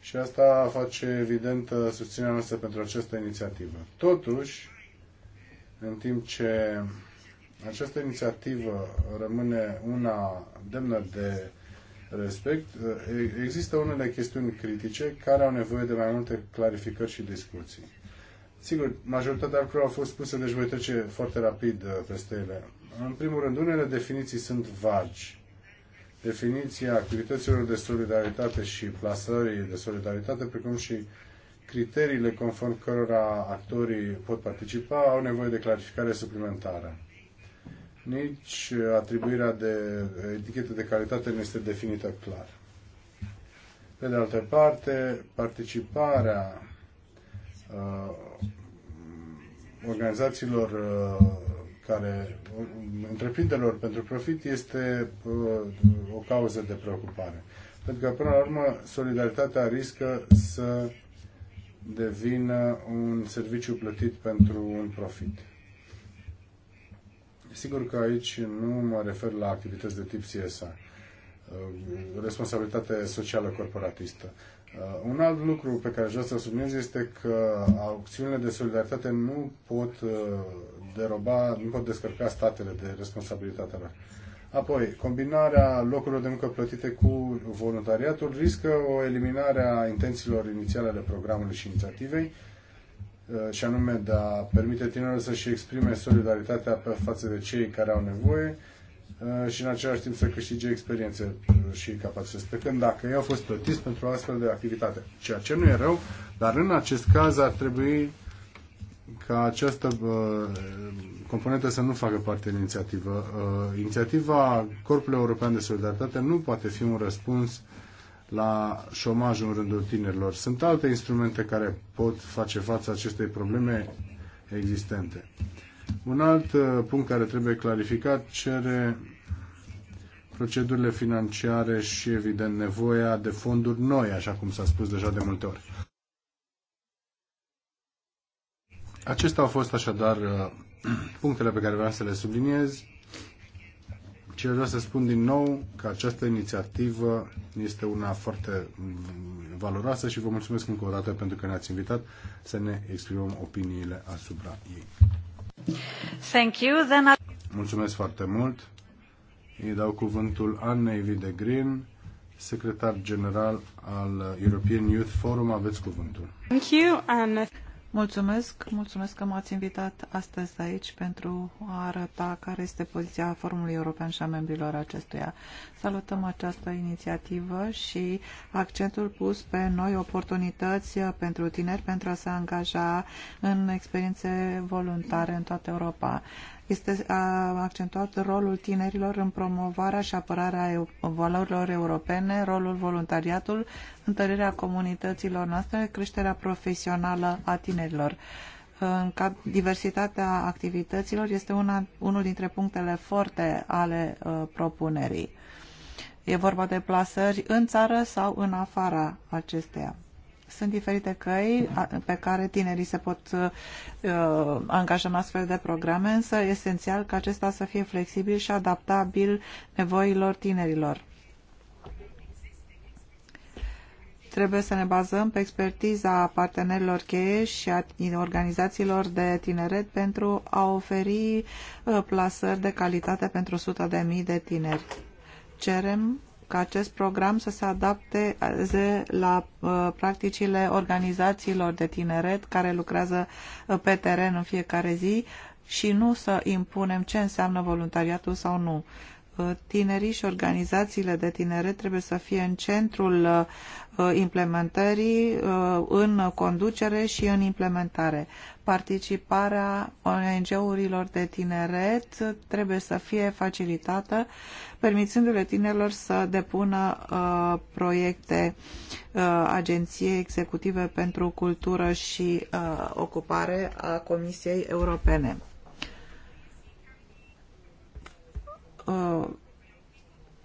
și asta face evident susținerea noastră pentru această inițiativă. Totuși, în timp ce această inițiativă rămâne una demnă de respect. Există unele chestiuni critice care au nevoie de mai multe clarificări și discuții. Sigur, majoritatea lucrurilor au fost spuse, deci voi trece foarte rapid uh, peste ele. În primul rând, unele definiții sunt vagi. Definiția activităților de solidaritate și plasării de solidaritate, precum și criteriile conform cărora actorii pot participa, au nevoie de clarificare suplimentară nici atribuirea de etichete de calitate nu este definită clar. Pe de altă parte, participarea uh, organizațiilor uh, care, întreprinderilor pentru profit este uh, o cauză de preocupare. Pentru că, până la urmă, solidaritatea riscă să devină un serviciu plătit pentru un profit. Sigur că aici nu mă refer la activități de tip CSA, uh, responsabilitate socială corporatistă. Uh, un alt lucru pe care aș vrea să subliniez este că acțiunile de solidaritate nu pot uh, deroba, nu pot descărca statele de responsabilitatea lor. Apoi, combinarea locurilor de muncă plătite cu voluntariatul riscă o eliminare a intențiilor inițiale ale programului și inițiativei, Uh, și anume de a permite tinerilor să-și exprime solidaritatea pe față de cei care au nevoie uh, și în același timp să câștige experiențe și capacități. Pe când dacă ei au fost plătiți pentru o astfel de activitate, ceea ce nu e rău, dar în acest caz ar trebui ca această uh, componentă să nu facă parte din inițiativă. Uh, inițiativa Corpului European de Solidaritate nu poate fi un răspuns uh, la șomajul în rândul tinerilor. Sunt alte instrumente care pot face față acestei probleme existente. Un alt uh, punct care trebuie clarificat cere procedurile financiare și, evident, nevoia de fonduri noi, așa cum s-a spus deja de multe ori. Acestea au fost așadar uh, punctele pe care vreau să le subliniez ci vreau să spun din nou că această inițiativă este una foarte valoroasă și vă mulțumesc încă o dată pentru că ne-ați invitat să ne exprimăm opiniile asupra ei. Thank you. Then I... Mulțumesc foarte mult. Îi dau cuvântul Annei Green, secretar general al European Youth Forum. Aveți cuvântul. Thank you, Anne. Mulțumesc, mulțumesc că m-ați invitat astăzi aici pentru a arăta care este poziția Forumului European și a membrilor acestuia. Salutăm această inițiativă și accentul pus pe noi oportunități pentru tineri pentru a se angaja în experiențe voluntare în toată Europa este accentuat rolul tinerilor în promovarea și apărarea valorilor europene, rolul voluntariatul, întărirea comunităților noastre, creșterea profesională a tinerilor. Diversitatea activităților este una, unul dintre punctele forte ale ă, propunerii. E vorba de plasări în țară sau în afara acesteia. Sunt diferite căi pe care tinerii se pot uh, angaja în astfel de programe, însă esențial ca acesta să fie flexibil și adaptabil nevoilor tinerilor. Trebuie să ne bazăm pe expertiza partenerilor cheie și a organizațiilor de tineret pentru a oferi uh, plasări de calitate pentru 100.000 de tineri. Cerem ca acest program să se adapteze la uh, practicile organizațiilor de tineret care lucrează uh, pe teren în fiecare zi și nu să impunem ce înseamnă voluntariatul sau nu tinerii și organizațiile de tineret trebuie să fie în centrul uh, implementării, uh, în conducere și în implementare. Participarea ONG-urilor de tineret trebuie să fie facilitată, permițându-le tinerilor să depună uh, proiecte Agenției Executive pentru Cultură și Ocupare a Comisiei Europene. Uh,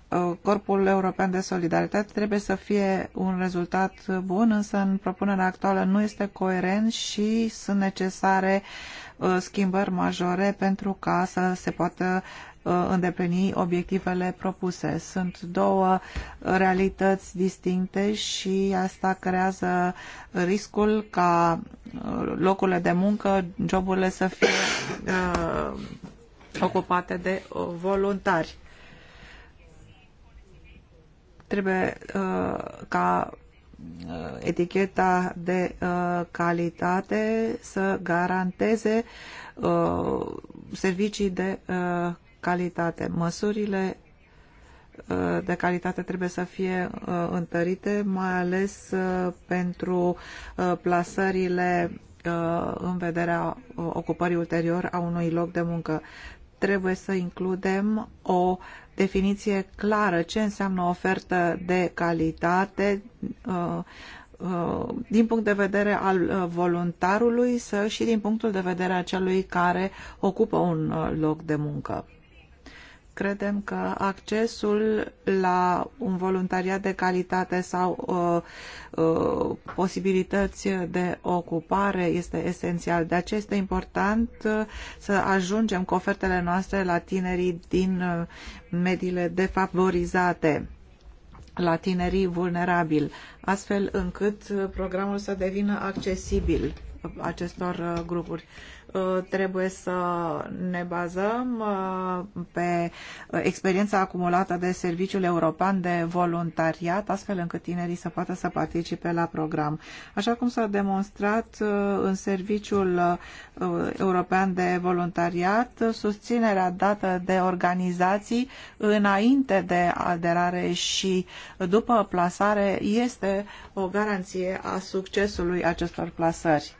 uh, Corpul European de Solidaritate trebuie să fie un rezultat bun, însă în propunerea actuală nu este coerent și sunt necesare uh, schimbări majore pentru ca să se poată îndeplini obiectivele propuse. Sunt două realități distincte și asta creează riscul ca locurile de muncă, joburile să fie ocupate de uh, voluntari. Trebuie uh, ca uh, eticheta de uh, calitate să garanteze uh, servicii de uh, calitate. Măsurile uh, de calitate trebuie să fie întărite, mai ales pentru plasările în vederea ocupării ulterior a unui loc de muncă trebuie să includem o definiție clară ce înseamnă ofertă de calitate uh, uh, din punct de vedere al uh, voluntarului și din punctul de vedere al celui care ocupă un loc de muncă. Credem că accesul la un voluntariat de calitate sau uh, uh, posibilități de ocupare este esențial. De aceea este important uh, să ajungem cu ofertele noastre la tinerii din uh, mediile defavorizate la tinerii vulnerabili, astfel încât uh, programul să devină accesibil uh, acestor uh, grupuri. Uh, trebuie să ne bazăm uh, pe uh, experiența acumulată de Serviciul European de Voluntariat, astfel încât tinerii să poată să participe la program. Așa cum s-a demonstrat în Serviciul European de Voluntariat, susținerea dată de organizații înainte de aderare și după plasare este o garanție a succesului acestor plasări.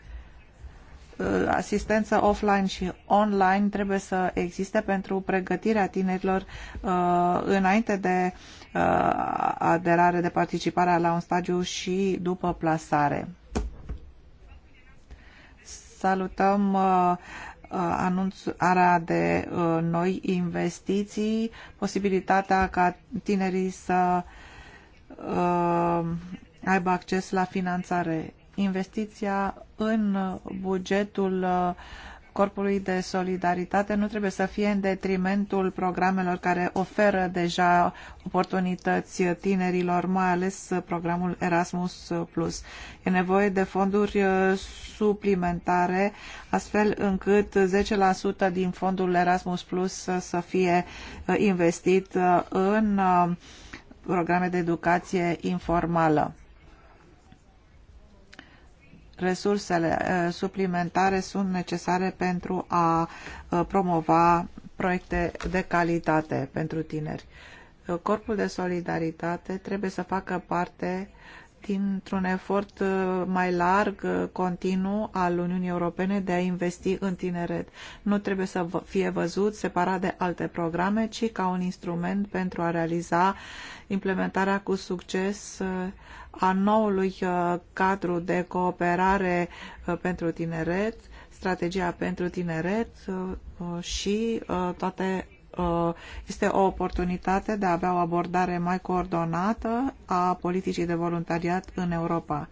Uh, asistență offline și online trebuie să existe pentru pregătirea tinerilor uh, înainte de uh, aderare, de participarea la un stagiu și după plasare. Salutăm anunțarea de noi investiții, posibilitatea ca tinerii să aibă acces la finanțare investiția în bugetul uh, Corpului de Solidaritate nu trebuie să fie în detrimentul programelor care oferă deja oportunități tinerilor, mai ales programul Erasmus+. E nevoie de fonduri uh, suplimentare, astfel încât 10% din fondul Erasmus să fie uh, investit în programe de educație informală resursele uh, suplimentare sunt necesare pentru a uh, promova proiecte de calitate pentru tineri. Uh, corpul de solidaritate trebuie să facă parte dintr-un efort mai larg, continuu al Uniunii Europene de a investi în tineret. Nu trebuie să fie văzut separat de alte programe, ci ca un instrument pentru a realiza implementarea cu succes a noului uh, cadru de cooperare uh, pentru tineret, strategia pentru tineret uh, și toate este o oportunitate de a avea o abordare mai coordonată a politicii de voluntariat în Europa.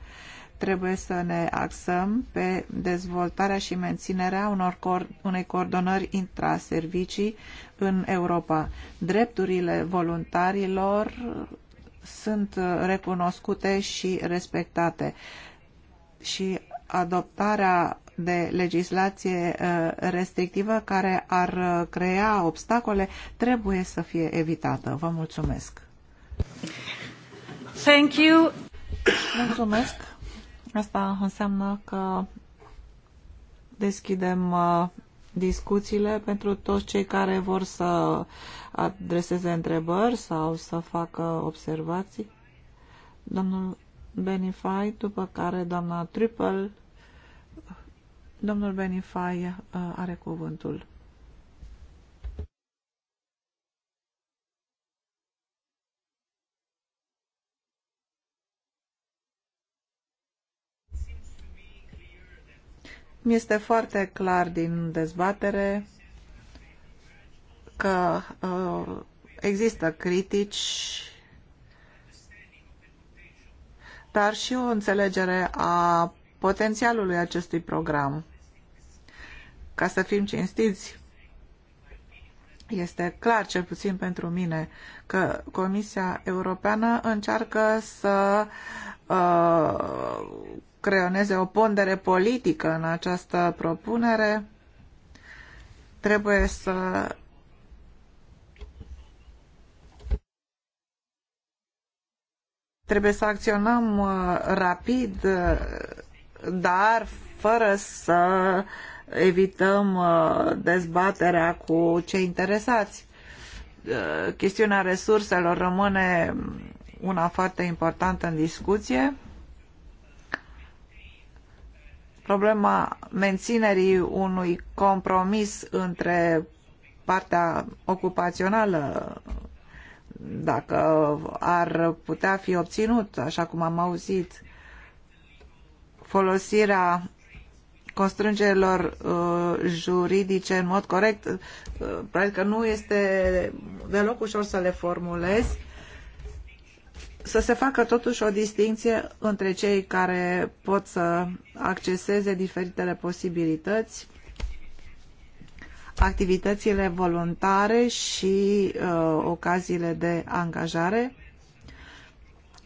Trebuie să ne axăm pe dezvoltarea și menținerea unor unei coordonări intraservicii în Europa. Drepturile voluntarilor sunt uh, recunoscute și respectate și adoptarea de legislație uh, restrictivă care ar uh, crea obstacole trebuie să fie evitată. Vă mulțumesc. Thank you. Mulțumesc. Asta înseamnă că deschidem discuțiile pentru toți cei care vor să adreseze întrebări sau să facă observații. Domnul Benifai, după care doamna Triple, domnul Benifai uh, are cuvântul. Mi este foarte clar din dezbatere că uh, există critici, dar și o înțelegere a potențialului acestui program. Ca să fim cinstiți, este clar, cel puțin pentru mine, că Comisia Europeană încearcă să uh, creioneze o pondere politică în această propunere. Trebuie să trebuie să acționăm uh, rapid, uh, dar fără să evităm uh, dezbaterea cu cei interesați. Chestiunea resurselor rămâne una foarte importantă în discuție problema menținerii unui compromis între partea ocupațională, dacă ar putea fi obținut, așa cum am auzit, folosirea constrângerilor uh, juridice în mod corect, uh, probabil că nu este deloc ușor să le formulezi, să se facă totuși o distinție între cei care pot să acceseze diferitele posibilități, activitățile voluntare și uh, ocaziile de angajare.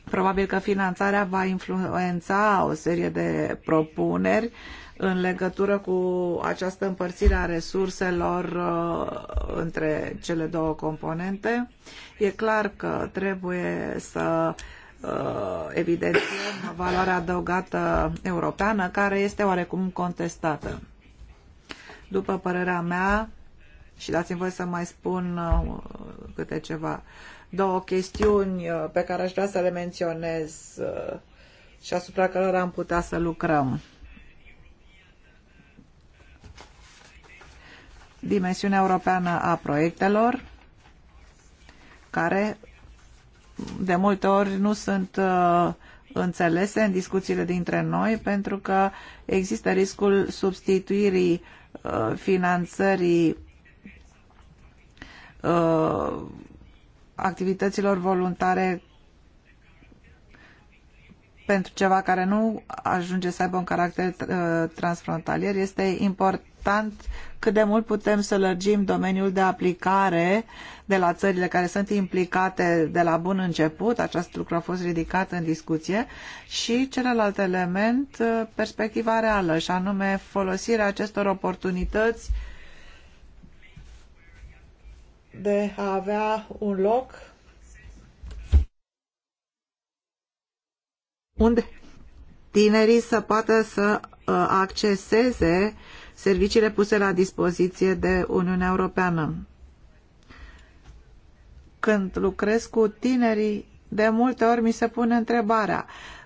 Probabil că finanțarea va influența o serie de propuneri uh, în legătură cu această împărțire a resurselor uh, între cele două componente. E clar că trebuie să uh, evidențiem valoarea adăugată europeană, care este oarecum contestată. După părerea mea, și dați-mi voi să mai spun uh, câte ceva, două chestiuni uh, pe care aș vrea să le menționez uh, și asupra cărora am putea să lucrăm. dimensiunea europeană a proiectelor, care de multe ori nu sunt uh, înțelese în discuțiile dintre noi, pentru că există riscul substituirii uh, finanțării uh, activităților voluntare pentru ceva care nu ajunge să aibă un caracter uh, transfrontalier. Este important important cât de mult putem să lărgim domeniul de aplicare de la țările care sunt implicate de la bun început, acest lucru a fost ridicat în discuție, și celălalt element, uh, perspectiva reală, și anume folosirea acestor oportunități de a avea un loc unde tinerii să poată să uh, acceseze serviciile puse la dispoziție de Uniunea Europeană. Când lucrez cu tinerii, de multe ori mi se pune întrebarea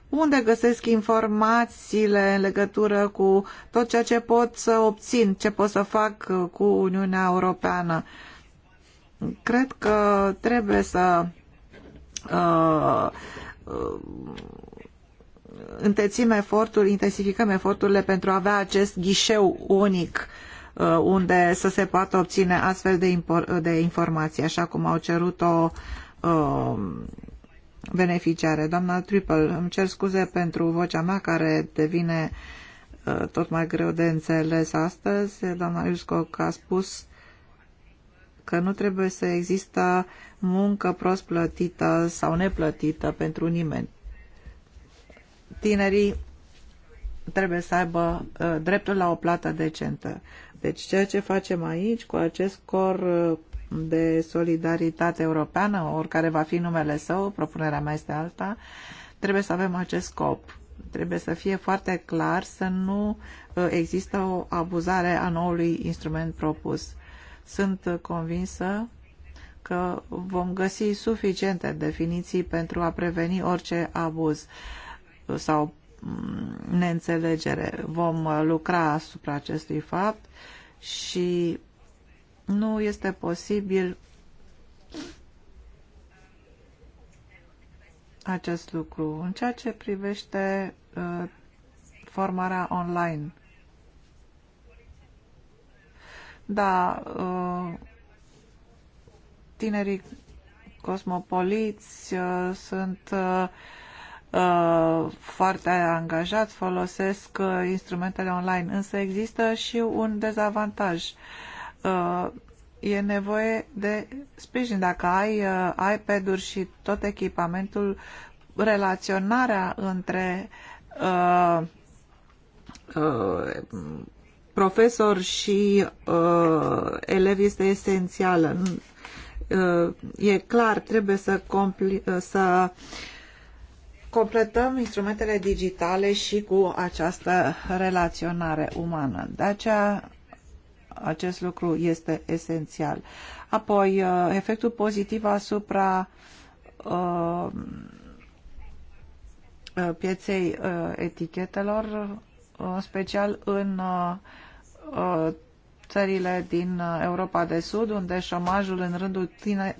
unde găsesc informațiile în legătură cu tot ceea ce pot să obțin, ce pot să fac cu Uniunea Europeană. Cred că trebuie să uh, uh, întețim efortul, intensificăm eforturile pentru a avea acest ghișeu unic uh, unde să se poată obține astfel de, de informații, așa cum au cerut-o uh, beneficiare. Doamna Triple, îmi cer scuze pentru vocea mea care devine uh, tot mai greu de înțeles astăzi. Doamna Iuscoc a spus că nu trebuie să există muncă prost plătită sau neplătită pentru nimeni tinerii trebuie să aibă uh, dreptul la o plată decentă. Deci ceea ce facem aici cu acest cor uh, de solidaritate europeană, oricare va fi numele său, propunerea mea este alta, trebuie să avem acest scop. Trebuie să fie foarte clar să nu uh, există o abuzare a noului instrument propus. Sunt uh, convinsă că vom găsi suficiente definiții pentru a preveni orice abuz. Uh, sau mm, neînțelegere. Vom uh, lucra asupra acestui fapt și nu este posibil acest lucru. În ceea ce privește uh, formarea online, da, uh, tinerii cosmopoliți uh, sunt uh, Uh, foarte angajați folosesc uh, instrumentele online, însă există și un dezavantaj. Uh, e nevoie de sprijin. Dacă ai iPad-uri și tot echipamentul, relaționarea între uh, uh, profesor și uh, elev este esențială. Uh, e clar, trebuie să, compli, uh, să uh, completăm instrumentele digitale și cu această relaționare umană. De aceea acest lucru este esențial. Apoi, uh, efectul pozitiv asupra uh, pieței uh, etichetelor, în special în țările din Europa de Sud, unde șomajul în rândul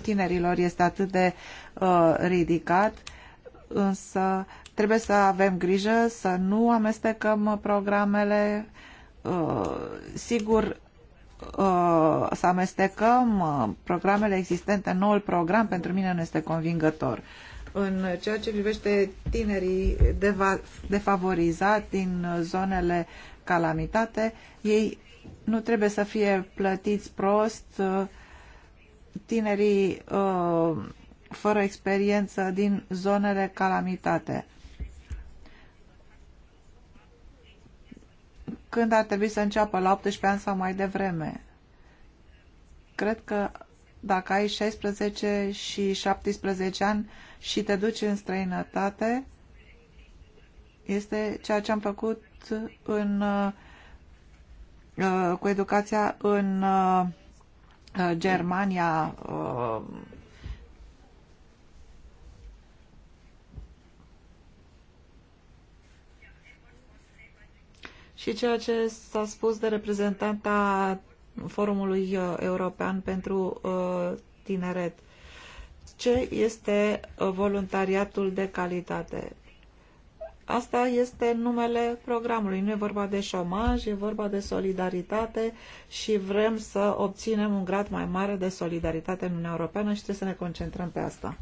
tinerilor este atât de ridicat însă trebuie să avem grijă să nu amestecăm programele. Uh, sigur, uh, să amestecăm uh, programele existente noul program pentru mine nu este convingător. În ceea ce privește tinerii defavorizați din zonele calamitate, ei nu trebuie să fie plătiți prost. Tinerii fără experiență din zonele calamitate. Când ar trebui să înceapă? La 18 ani sau mai devreme? Cred că dacă ai 16 și 17 ani și te duci în străinătate, este ceea ce am făcut în, uh, cu educația în uh, Germania, uh, și ceea ce s-a spus de reprezentanta Forumului uh, European pentru uh, Tineret. Ce este uh, voluntariatul de calitate? Asta este numele programului. Nu e vorba de șomaj, e vorba de solidaritate și vrem să obținem un grad mai mare de solidaritate în Uniunea Europeană și trebuie să ne concentrăm pe asta.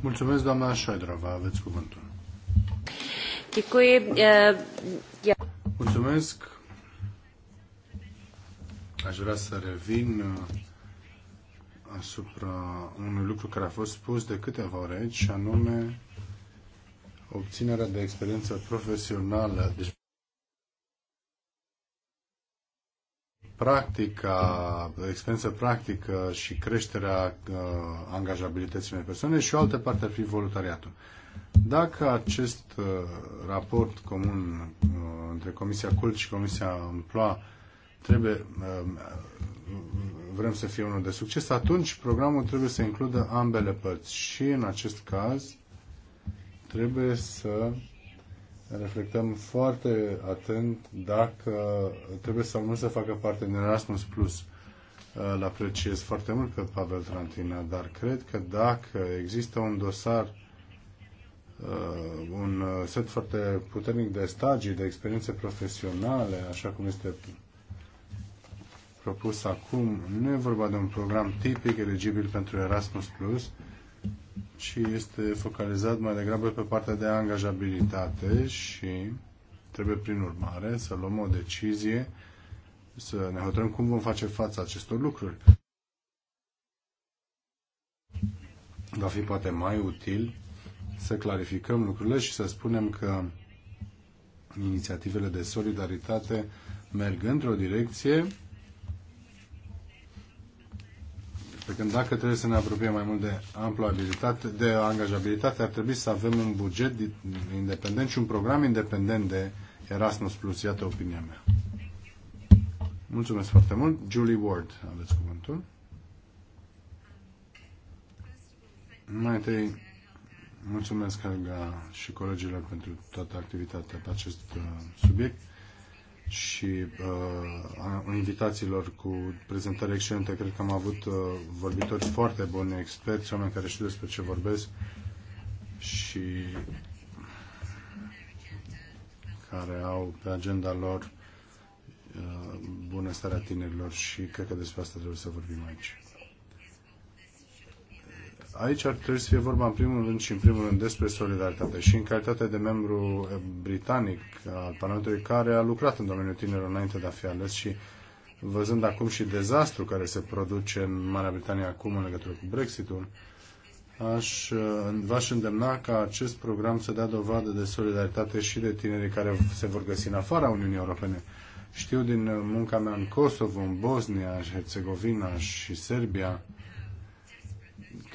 Mulțumesc, doamna Șoidrova. Aveți cuvântul. Eh, Mulțumesc. Aș vrea să revin eh, asupra unui lucru care a fost spus de câteva ori aici, și anume obținerea de experiență profesională. Deci, practica, experiență practică și creșterea uh, angajabilității unei persoane și o altă parte ar fi voluntariatul. Uh, dacă acest uh, raport comun uh, între Comisia Cult și Comisia Împloa trebuie, uh, vrem să fie unul de succes, atunci programul trebuie să includă ambele părți și în acest caz trebuie să reflectăm foarte atent dacă trebuie sau nu să facă parte din Erasmus Plus. Îl apreciez foarte mult pe Pavel Trantina, dar cred că dacă există un dosar Uh, un uh, set foarte puternic de stagii, de experiențe profesionale, așa cum este propus acum. Nu e vorba de un program tipic eligibil pentru Erasmus+, Plus, ci este focalizat mai degrabă pe partea de angajabilitate și trebuie prin urmare să luăm o decizie, să ne hotărâm cum vom face față acestor lucruri. Va fi poate mai util să clarificăm lucrurile și să spunem că inițiativele de solidaritate merg într-o direcție, pe când dacă trebuie să ne apropiem mai mult de amploabilitate, de angajabilitate, ar trebui să avem un buget independent și un program independent de Erasmus+. Plus. Iată opinia mea. Mulțumesc foarte mult. Julie Ward, aveți cuvântul. Mai întâi, Mulțumesc, Helga, și colegilor pentru toată activitatea pe acest uh, subiect și uh, invitațiilor cu prezentări excelente. Cred că am avut uh, vorbitori foarte buni, experți, oameni care știu despre ce vorbesc și care au pe agenda lor uh, bunăstarea tinerilor și cred că despre asta trebuie să vorbim aici aici ar trebui să fie vorba în primul rând și în primul rând despre solidaritate și în calitate de membru britanic al Parlamentului care a lucrat în domeniul tinerilor înainte de a fi ales și văzând acum și dezastru care se produce în Marea Britanie acum în legătură cu Brexitul, aș, v-aș îndemna ca acest program să dea dovadă de solidaritate și de tinerii care se vor găsi în afara Uniunii Europene. Știu din munca mea în Kosovo, în Bosnia, Herzegovina și Serbia,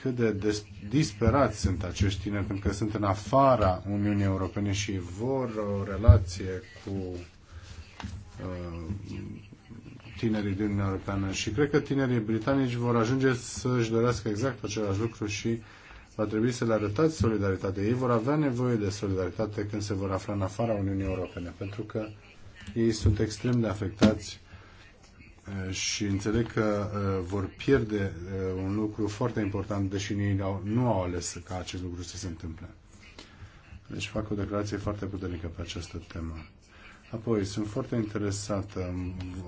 cât de disperați sunt acești tineri pentru că sunt în afara Uniunii Europene și vor o relație cu uh, tinerii din Uniunea Europeană și cred că tinerii britanici vor ajunge să-și dorească exact același lucru și va trebui să le arătați solidaritate. Ei vor avea nevoie de solidaritate când se vor afla în afara Uniunii Europene, pentru că ei sunt extrem de afectați Eh, și înțeleg că eh, vor pierde eh, un lucru foarte important, deși ei nu au ales ca acest lucru să se întâmple. Deci fac o declarație foarte puternică pe această temă. Apoi, sunt foarte interesat.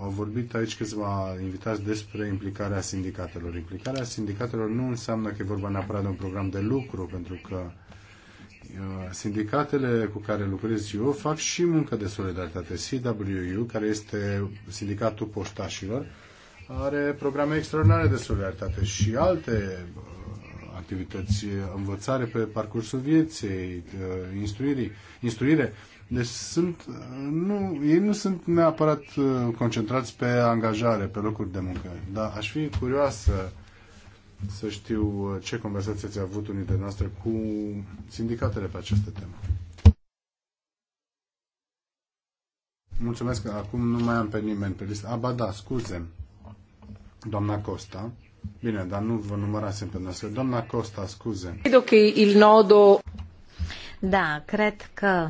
Au vorbit aici câțiva invitați despre implicarea sindicatelor. Implicarea sindicatelor nu înseamnă că e vorba neapărat de un program de lucru, pentru că uh, Uh, sindicatele cu care lucrez eu fac și muncă de solidaritate. CWU, care este sindicatul poștașilor, are programe extraordinare de solidaritate și alte uh, activități, învățare pe parcursul vieții, uh, instruirii, instruire. Deci sunt, nu, ei nu sunt neapărat concentrați pe angajare, pe locuri de muncă. Dar aș fi curioasă să știu uh, ce conversații ați avut unii de noastre cu sindicatele pe această temă. Mulțumesc că acum nu mai am pe nimeni pe listă. Aba da, scuze, doamna Costa. Bine, dar nu vă numărasem pe noastră. Doamna Costa, scuze. Cred că il nodo... Da, cred că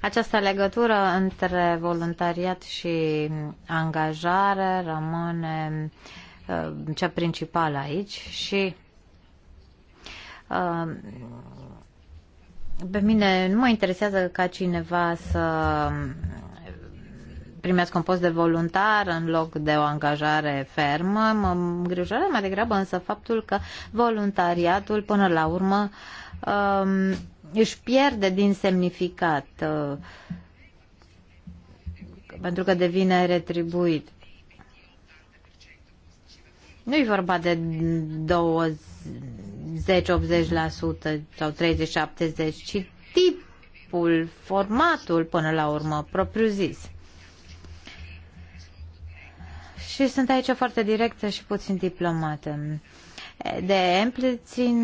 această legătură între voluntariat și angajare rămâne uh, Uh, cea principală aici și uh, pe mine nu mă interesează ca cineva să primească un post de voluntar în loc de o angajare fermă. Mă îngrijorează mai degrabă însă faptul că voluntariatul până la urmă um, își pierde din semnificat uh, pentru că devine retribuit. Nu e vorba de 20, 80% sau 30-70%, ci tipul, formatul până la urmă, propriu zis. Și sunt aici foarte directă și puțin diplomată. De exemplu, țin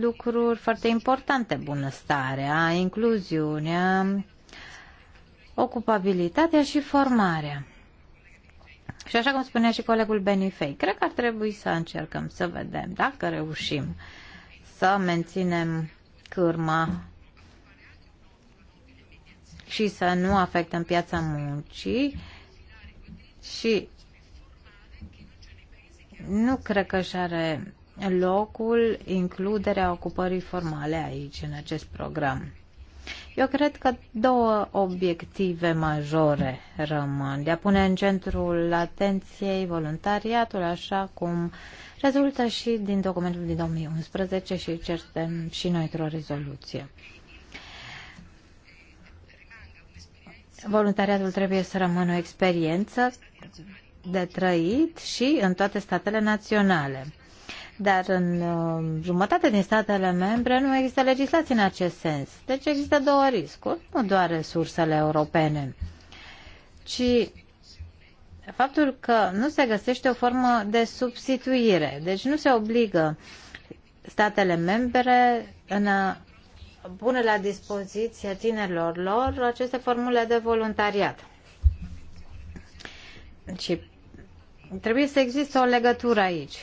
lucruri foarte importante, bunăstarea, incluziunea, ocupabilitatea și formarea. Și așa cum spunea și colegul Benifei, cred că ar trebui să încercăm să vedem dacă reușim să menținem cârma și să nu afectăm piața muncii și nu cred că și are locul includerea ocupării formale aici, în acest program. Eu cred că două obiective majore rămân. De a pune în centrul atenției voluntariatul, așa cum rezultă și din documentul din 2011 și certem și noi într-o rezoluție. Voluntariatul trebuie să rămână o experiență de trăit și în toate statele naționale dar în uh, jumătate din statele membre nu există legislație în acest sens. Deci există două riscuri, nu doar resursele europene, ci faptul că nu se găsește o formă de substituire. Deci nu se obligă statele membre în a pune la dispoziție tinerilor lor aceste formule de voluntariat. Și trebuie să existe o legătură aici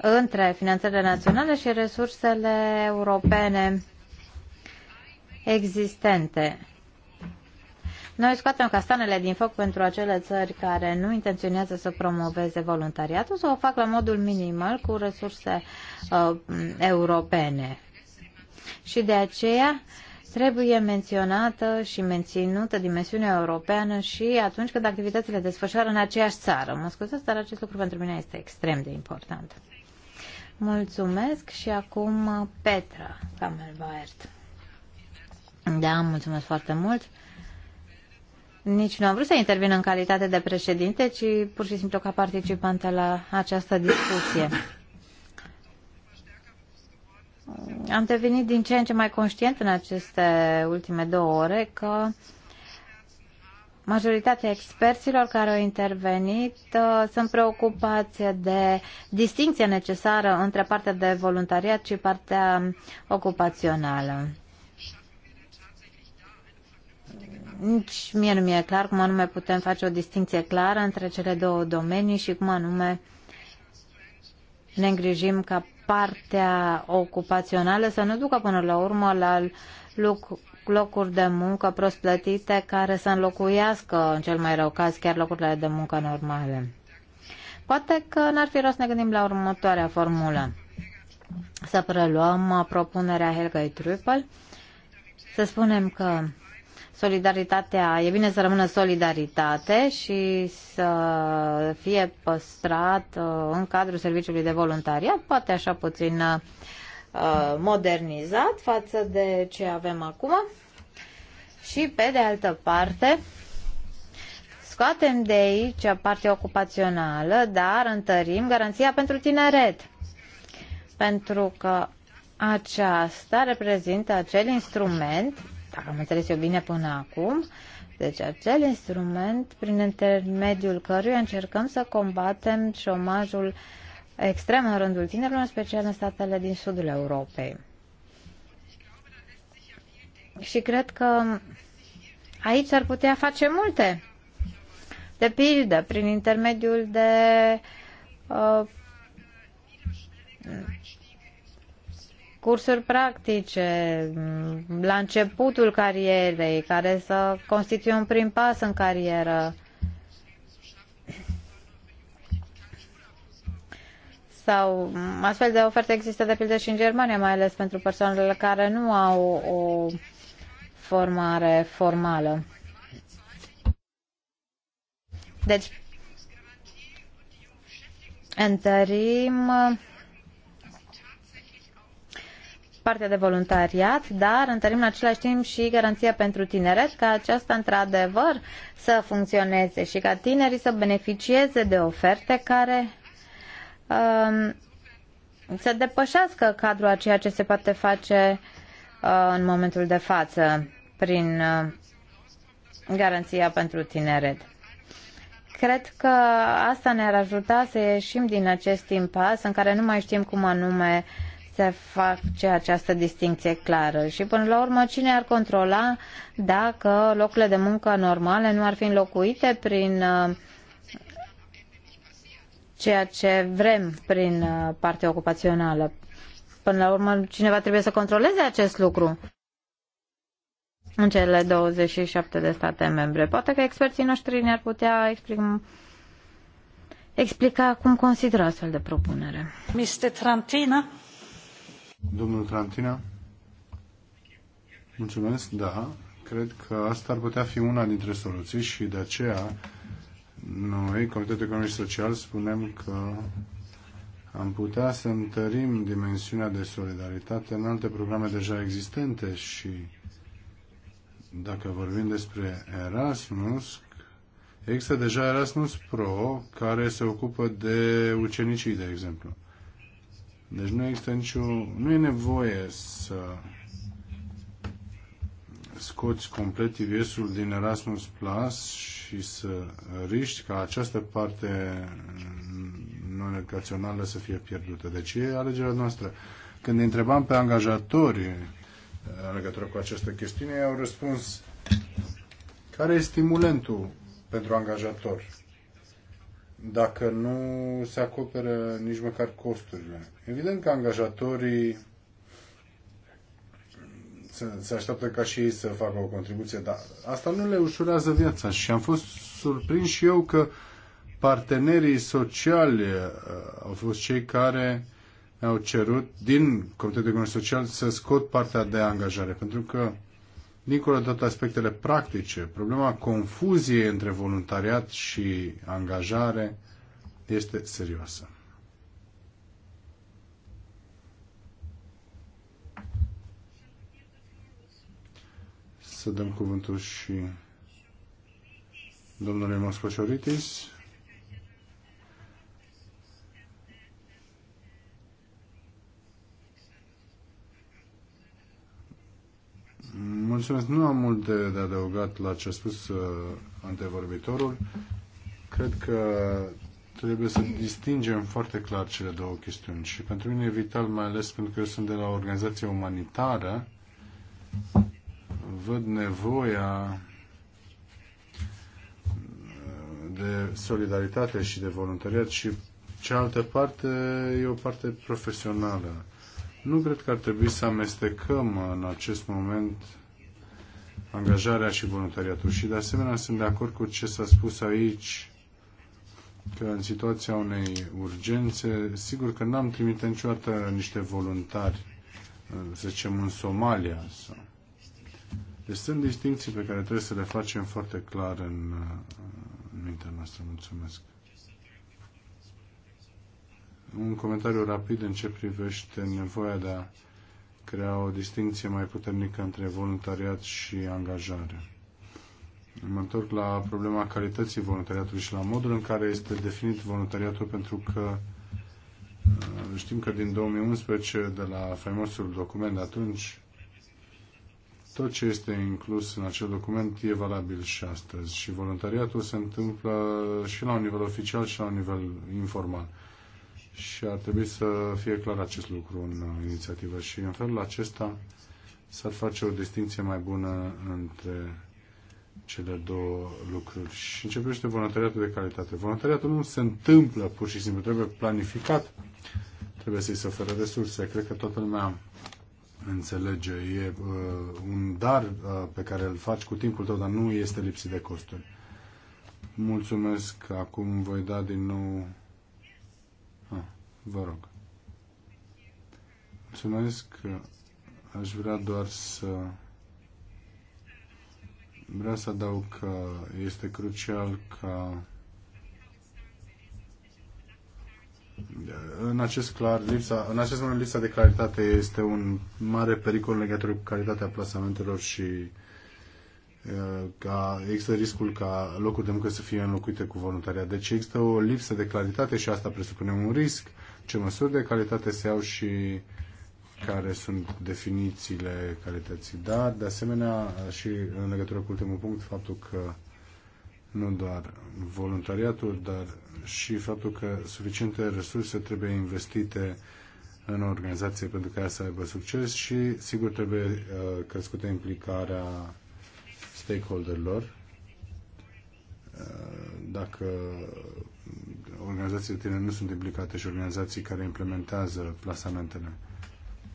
între finanțele naționale și resursele europene existente. Noi scoatem castanele din foc pentru acele țări care nu intenționează să promoveze voluntariatul sau o fac la modul minimal cu resurse uh, europene. Și de aceea trebuie menționată și menținută dimensiunea europeană și atunci când activitățile desfășoară în aceeași țară. Mă scuzați, dar acest lucru pentru mine este extrem de important. Mulțumesc și acum Petra Camelbaert. Da, mulțumesc foarte mult. Nici nu am vrut să intervin în calitate de președinte, ci pur și simplu ca participantă la această discuție. Am devenit din ce în ce mai conștient în aceste ultime două ore că uh, majoritatea experților care au intervenit uh, sunt preocupați de distinția necesară între partea de voluntariat și partea ocupațională. Nici mie nu mi-e clar cum anume putem face o distinție clară între cele două domenii și cum anume ne îngrijim ca partea ocupațională să nu ducă până la urmă la lucru locuri de muncă prost plătite care să înlocuiască, în cel mai rău caz, chiar locurile de muncă normale. Poate că n-ar fi rost să ne gândim la următoarea formulă. Să preluăm uh, propunerea Helga Trupel, să spunem că solidaritatea, e bine să rămână solidaritate și să fie păstrat uh, în cadrul serviciului de voluntariat, poate așa puțin uh, Uh, modernizat față de ce avem acum și, pe de altă parte, scoatem de aici partea ocupațională, dar întărim garanția pentru tineret. Pentru că aceasta reprezintă acel instrument, dacă am înțeles eu bine până acum, deci acel instrument prin intermediul căruia încercăm să combatem șomajul uh, extrem în rândul tinerilor, în special în statele din sudul Europei. Și cred că aici ar putea face multe. De pildă, prin intermediul de uh, cursuri practice la începutul carierei, care să constituie un prim pas în carieră sau astfel de oferte există de pildă și în Germania, mai ales pentru persoanele care nu au o formare formală. Deci, întărim partea de voluntariat, dar întărim în același timp și garanția pentru tineret ca aceasta într-adevăr să funcționeze și ca tinerii să beneficieze de oferte care Um, să depășească cadrul a ceea ce se poate face uh, în momentul de față prin uh, garanția pentru tineret. Cred că asta ne-ar ajuta să ieșim din acest impas în care nu mai știm cum anume se face această distinție clară și până la urmă cine ar controla dacă locurile de muncă normale nu ar fi înlocuite prin uh, ceea ce vrem prin uh, partea ocupațională. Până la urmă, cineva trebuie să controleze acest lucru în cele 27 de state membre. Poate că experții noștri ne-ar putea explica, explica cum consideră astfel de propunere. Mr. Trantina. Domnul Trantina. Mulțumesc, da. Cred că asta ar putea fi una dintre soluții și de aceea noi, Comitetul Economic Social, spunem că am putea să întărim dimensiunea de solidaritate în alte programe deja existente și dacă vorbim despre Erasmus, există deja Erasmus Pro care se ocupă de ucenicii, de exemplu. Deci nu există nicio... nu e nevoie să scoți complet IVS-ul din Erasmus Plus și să riști ca această parte non-educațională să fie pierdută. Deci e alegerea noastră. Când întrebam pe angajatori uh, în legătură cu această chestiune, ei au răspuns care e stimulentul pentru angajator dacă nu se acoperă nici măcar costurile. Evident că angajatorii se așteaptă ca și ei să facă o contribuție, dar asta nu le ușurează viața și am fost surprins și eu că partenerii sociali uh, au fost cei care au cerut din Comitetul Economie Social să scot partea de angajare, pentru că dincolo de toate aspectele practice, problema confuziei între voluntariat și angajare este serioasă. să dăm cuvântul și domnului Moscoșoritis. Mulțumesc. Nu am mult de, de adăugat la ce a spus uh, antevorbitorul. Cred că trebuie să distingem foarte clar cele două chestiuni și pentru mine e vital, mai ales pentru că eu sunt de la o organizație umanitară văd nevoia uh, de solidaritate și de voluntariat și cealaltă parte e o parte profesională. Nu cred că ar trebui să amestecăm în acest moment angajarea și voluntariatul. Și de asemenea sunt de acord cu ce s-a spus aici, că în situația unei urgențe, sigur că n-am trimit niciodată niște voluntari, uh, să zicem, în Somalia sau deci sunt distinții pe care trebuie să le facem foarte clar în, în mintea noastră. Mulțumesc. Un comentariu rapid în ce privește nevoia de a crea o distinție mai puternică între voluntariat și angajare. Mă întorc la problema calității voluntariatului și la modul în care este definit voluntariatul, pentru că uh, știm că din 2011, de la faimosul document de atunci, tot ce este inclus în acel document e valabil și astăzi și voluntariatul se întâmplă și la un nivel oficial și la un nivel informal. Și ar trebui să fie clar acest lucru în inițiativă și în felul acesta s-ar face o distinție mai bună între cele două lucruri. Și începește voluntariatul de calitate. Voluntariatul nu se întâmplă pur și simplu, trebuie planificat, trebuie să-i se oferă resurse. Cred că toată lumea înțelege. E uh, un dar uh, pe care îl faci cu timpul tău, dar nu este lipsit de costuri. Mulțumesc. Acum voi da din nou... Ah, vă rog. Mulțumesc. Aș vrea doar să... Vreau să adaug că este crucial ca în acest, clar, lipsa, în acest moment lipsa de claritate este un mare pericol în legătură cu calitatea plasamentelor și ca, uh, există riscul ca locuri de muncă să fie înlocuite cu voluntariat. Deci există o lipsă de claritate și asta presupune un risc, ce măsuri de calitate se iau și care sunt definițiile calității. Dar, de asemenea, și în legătură cu ultimul punct, faptul că nu doar voluntariatul, dar și faptul că suficiente resurse trebuie investite în organizație pentru ca ea să aibă succes și, sigur, trebuie uh, crescută implicarea stakeholderilor. Uh, dacă organizațiile tine nu sunt implicate și organizații care implementează plasamentele,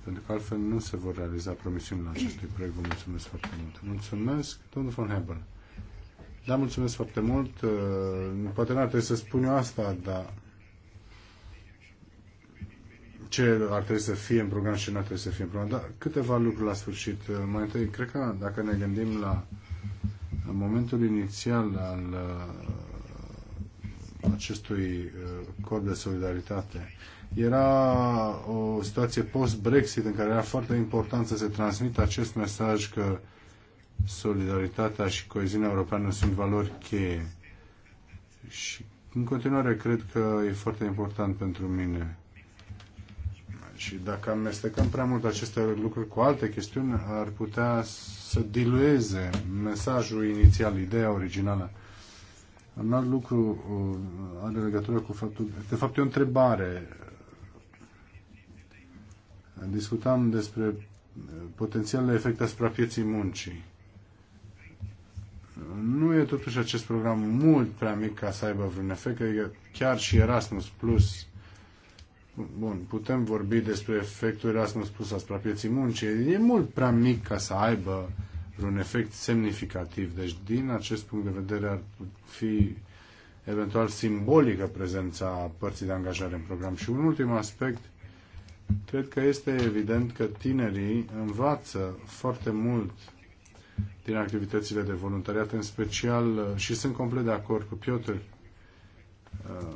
pentru că altfel nu se vor realiza promisiunile acestui proiect. Vă mulțumesc foarte mult. Mulțumesc, domnul von Hebel. Da, mulțumesc foarte mult. Uh, poate n-ar trebui să spun eu asta, dar ce ar trebui să fie în program și ce nu ar trebui să fie în program. Dar câteva lucruri la sfârșit. Uh, mai întâi, cred că dacă ne gândim la momentul inițial al uh, acestui corp de solidaritate, era o situație post-Brexit în care era foarte important să se transmită acest mesaj că solidaritatea și coeziunea europeană sunt valori cheie. Și în continuare cred că e foarte important pentru mine. Și dacă amestecăm prea mult aceste lucruri cu alte chestiuni, ar putea să dilueze mesajul inițial, ideea originală. Un alt lucru uh, are legătură cu faptul... De fapt, e o întrebare. Discutam despre uh, potențialele efecte asupra pieții muncii nu e totuși acest program mult prea mic ca să aibă vreun efect, că chiar și Erasmus Plus Bun, putem vorbi despre efectul Erasmus Plus asupra pieții muncii. E mult prea mic ca să aibă un efect semnificativ. Deci, din acest punct de vedere, ar fi eventual simbolică prezența părții de angajare în program. Și un ultim aspect, cred că este evident că tinerii învață foarte mult din activitățile de voluntariat, în special, uh, și sunt complet de acord cu Piotr, uh,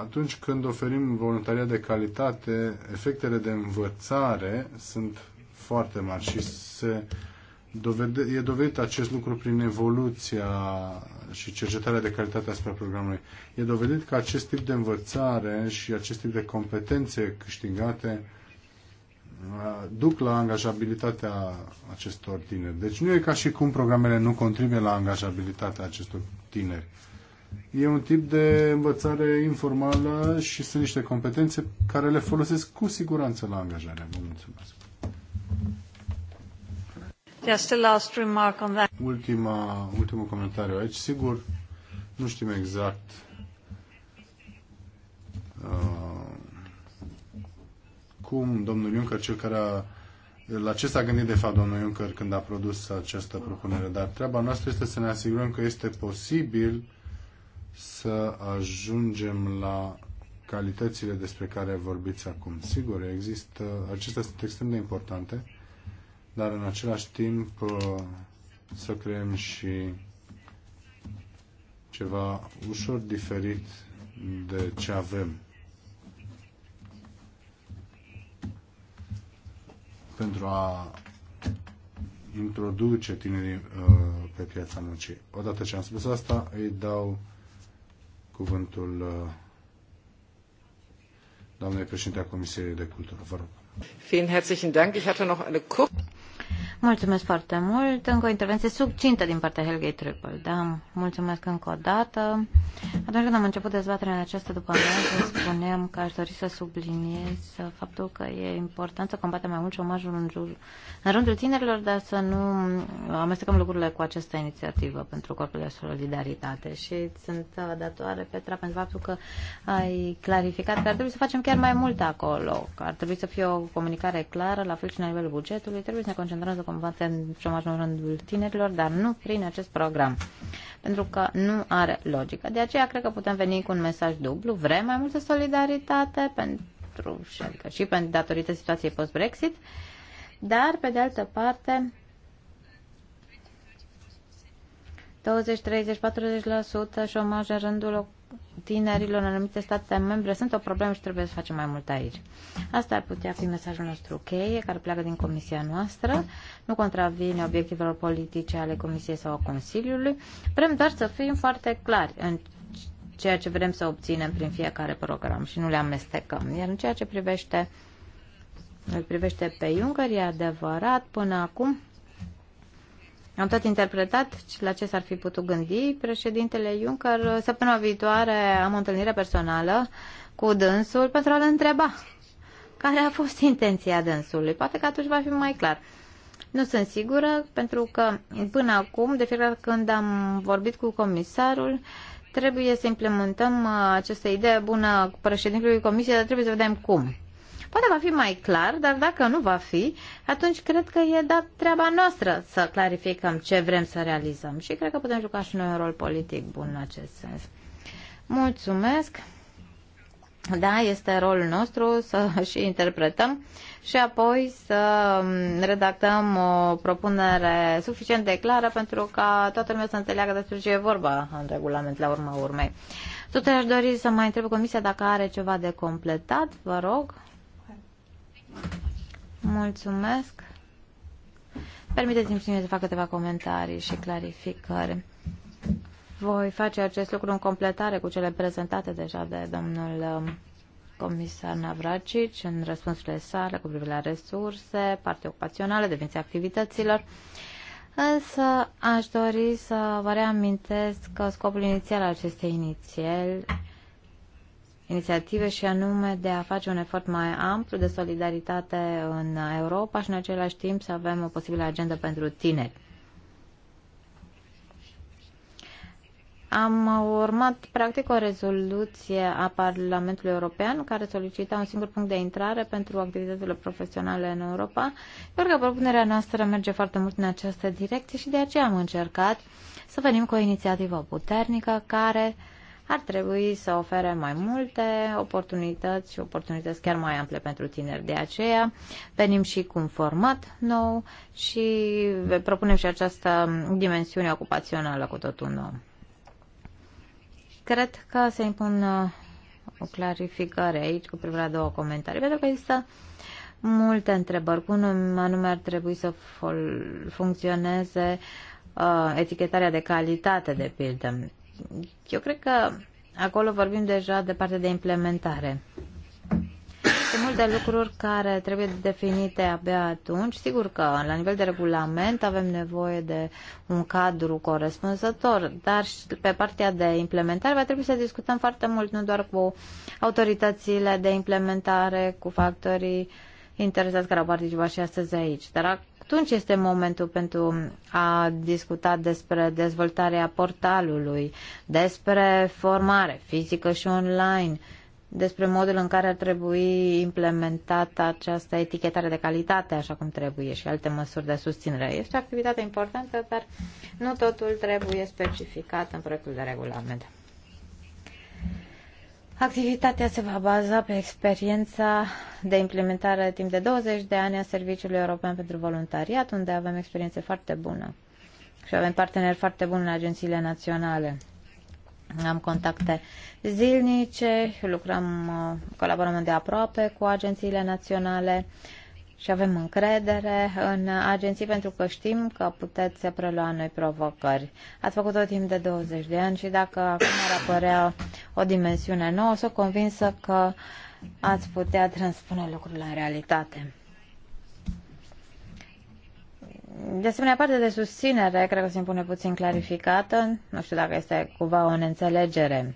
atunci când oferim voluntariat de calitate, efectele de învățare sunt foarte mari și se dovede, e dovedit acest lucru prin evoluția și cercetarea de calitate asupra programului. E dovedit că acest tip de învățare și acest tip de competențe câștigate uh, Uh, duc la angajabilitatea acestor tineri. Deci nu e ca și cum programele nu contribuie la angajabilitatea acestor tineri. E un tip de învățare informală și sunt niște competențe care le folosesc cu siguranță la angajare. Vă mulțumesc. Just a last remark on that. Ultima, ultimul comentariu aici. Sigur, nu știm exact uh, cum domnul Juncker, cel care a la ce s-a gândit de fapt domnul Juncker când a produs această propunere, dar treaba noastră este să ne asigurăm că este posibil să ajungem la calitățile despre care vorbiți acum. Sigur, există, acestea sunt extrem de importante, dar în același timp uh, să creăm și ceva ușor diferit de ce avem. pentru a introduce tinerii uh, pe piața muncii. Odată ce am spus asta, îi dau cuvântul uh, doamnei președinte a Comisiei de Cultură. Vă rog. Vielen herzlichen Dank. Ich hatte noch eine kurze Mulțumesc foarte mult. Încă o intervenție succintă din partea Helgei Triple. Da, mulțumesc încă o dată. Atunci când am început dezbaterea în această după amiază, spuneam că aș dori să subliniez faptul că e important să combatem mai mult șomajul în, jur, în rândul tinerilor, dar să nu amestecăm lucrurile cu această inițiativă pentru Corpul de Solidaritate. Și sunt datoare, Petra, pentru faptul că ai clarificat că ar trebui să facem chiar mai mult acolo, că ar trebui să fie o comunicare clară, la fel și la nivelul bugetului, trebuie să ne concentrăm să combate în șomajul rândul tinerilor, dar nu prin acest program. Pentru că nu are logică. De aceea cred că putem veni cu un mesaj dublu. Vrem mai multă solidaritate pentru, adică și pentru datorită situației post-Brexit, dar pe de altă parte 20, 30, 40% șomaj în rândul tinerilor în anumite state membre sunt o problemă și trebuie să facem mai mult aici. Asta ar putea fi mesajul nostru cheie, care pleacă din comisia noastră, nu contravine obiectivelor politice ale comisiei sau a Consiliului. Vrem doar să fim foarte clari în ceea ce vrem să obținem prin fiecare program și nu le amestecăm. Iar în ceea ce privește, îl privește pe Juncker, e adevărat, până acum am tot interpretat la ce s-ar fi putut gândi. Președintele Juncker, săptămâna viitoare am o întâlnire personală cu dânsul pentru a-l întreba care a fost intenția dânsului. Poate că atunci va fi mai clar. Nu sunt sigură, pentru că până acum, de fiecare când am vorbit cu comisarul, trebuie să implementăm uh, această idee bună cu președintelui comisiei, dar trebuie să vedem cum. Poate va fi mai clar, dar dacă nu va fi, atunci cred că e dat treaba noastră să clarificăm ce vrem să realizăm și cred că putem juca și noi un rol politic bun în acest sens. Mulțumesc! Da, este rolul nostru să și interpretăm și apoi să redactăm o propunere suficient de clară pentru ca toată lumea să înțeleagă despre ce e vorba în regulament la urma urmei. Tot aș dori să mai întreb comisia dacă are ceva de completat, vă rog. Mulțumesc. Permiteți-mi să fac câteva comentarii și clarificări. Voi face acest lucru în completare cu cele prezentate deja de domnul um, comisar Navracic în răspunsurile sale cu privire la resurse, parte ocupațională, definiția activităților. Însă aș dori să vă reamintesc că scopul inițial al acestei inițieri inițiative și anume de a face un efort mai amplu de solidaritate în Europa și în același timp să avem o posibilă agendă pentru tineri. Am urmat practic o rezoluție a Parlamentului European care solicita un singur punct de intrare pentru activitățile profesionale în Europa. Cred că propunerea noastră merge foarte mult în această direcție și de aceea am încercat să venim cu o inițiativă puternică care uh, ar trebui să ofere mai multe oportunități și oportunități chiar mai ample pentru tineri. De aceea venim și cu un format nou și propunem și această dimensiune ocupațională cu totul nou. Cred că se impun uh, o clarificare aici cu privire la două comentarii, pentru că există multe întrebări. Cum anume ar trebui să funcționeze uh, etichetarea de calitate, de pildă? eu cred că acolo vorbim deja de partea de implementare. Sunt multe lucruri care trebuie definite abia atunci. Sigur că la nivel de regulament avem nevoie de un cadru corespunzător, dar și pe partea de implementare va trebui să discutăm foarte mult, nu doar cu autoritățile de implementare, cu factorii interesați care au participat și astăzi aici. Dar atunci este momentul pentru a discuta despre dezvoltarea portalului, despre formare fizică și online, despre modul în care ar trebui implementată această etichetare de calitate așa cum trebuie și alte măsuri de susținere. Este o activitate importantă, dar nu totul trebuie specificat în proiectul de regulament. Activitatea se va baza pe experiența de implementare timp de 20 de ani a Serviciului European pentru Voluntariat, unde avem experiențe foarte bună și avem parteneri foarte buni în agențiile naționale. Am contacte zilnice, lucrăm, colaborăm de aproape cu agențiile naționale. Uh, și avem încredere în agenții pentru că știm că puteți prelua noi provocări. Ați făcut-o timp de 20 de ani și dacă acum ar apărea o dimensiune nouă, sunt convinsă că ați putea transpune lucrurile în realitate. De asemenea, partea de susținere, cred că se impune puțin clarificată, nu știu dacă este cumva o neînțelegere.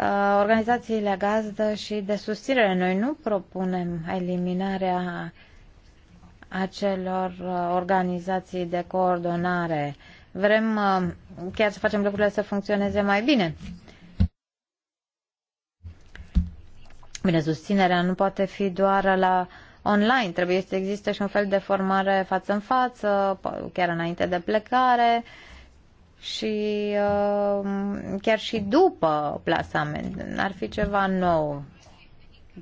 Uh, organizațiile gazdă și de susținere. Noi nu propunem eliminarea acelor uh, organizații de coordonare. Vrem uh, chiar să facem lucrurile să funcționeze mai bine. Bine, susținerea nu poate fi doar la online, trebuie să existe și un fel de formare față în față, chiar înainte de plecare, și uh, chiar și după plasament. Ar fi ceva nou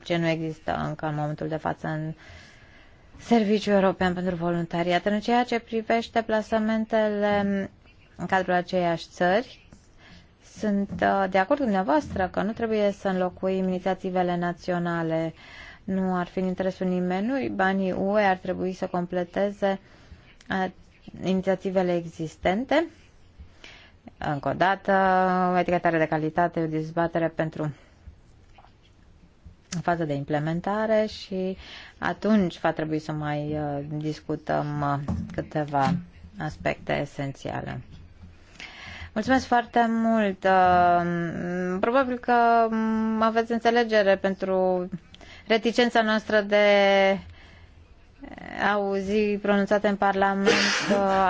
ce nu există încă în momentul de față în Serviciul European pentru Voluntariat. În ceea ce privește plasamentele în cadrul aceiași țări, sunt uh, de acord cu dumneavoastră că nu trebuie să înlocuim inițiativele naționale. Nu ar fi în interesul nimănui. Banii UE ar trebui să completeze uh, inițiativele existente încă o dată, etichetare de calitate o dezbatere pentru în fază de implementare și atunci va trebui să mai uh, discutăm uh, câteva aspecte esențiale. Mulțumesc foarte mult! Uh, probabil că mm, aveți înțelegere pentru reticența noastră de auzi pronunțate în Parlament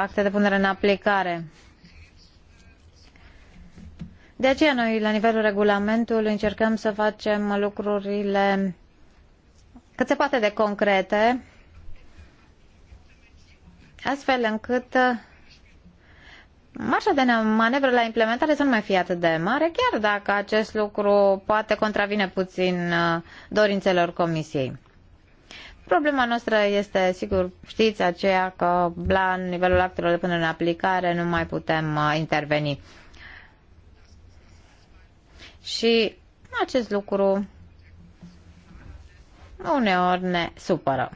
acte de punere în aplicare. De aceea noi, la nivelul regulamentului, încercăm să facem lucrurile cât se poate de concrete, astfel încât marșa de manevră la implementare să nu mai fie atât de mare, chiar dacă acest lucru poate contravine puțin uh, dorințelor Comisiei. Problema noastră este, sigur, știți, aceea că la nivelul actelor de până în aplicare nu mai putem uh, interveni și acest lucru uneori ne supără.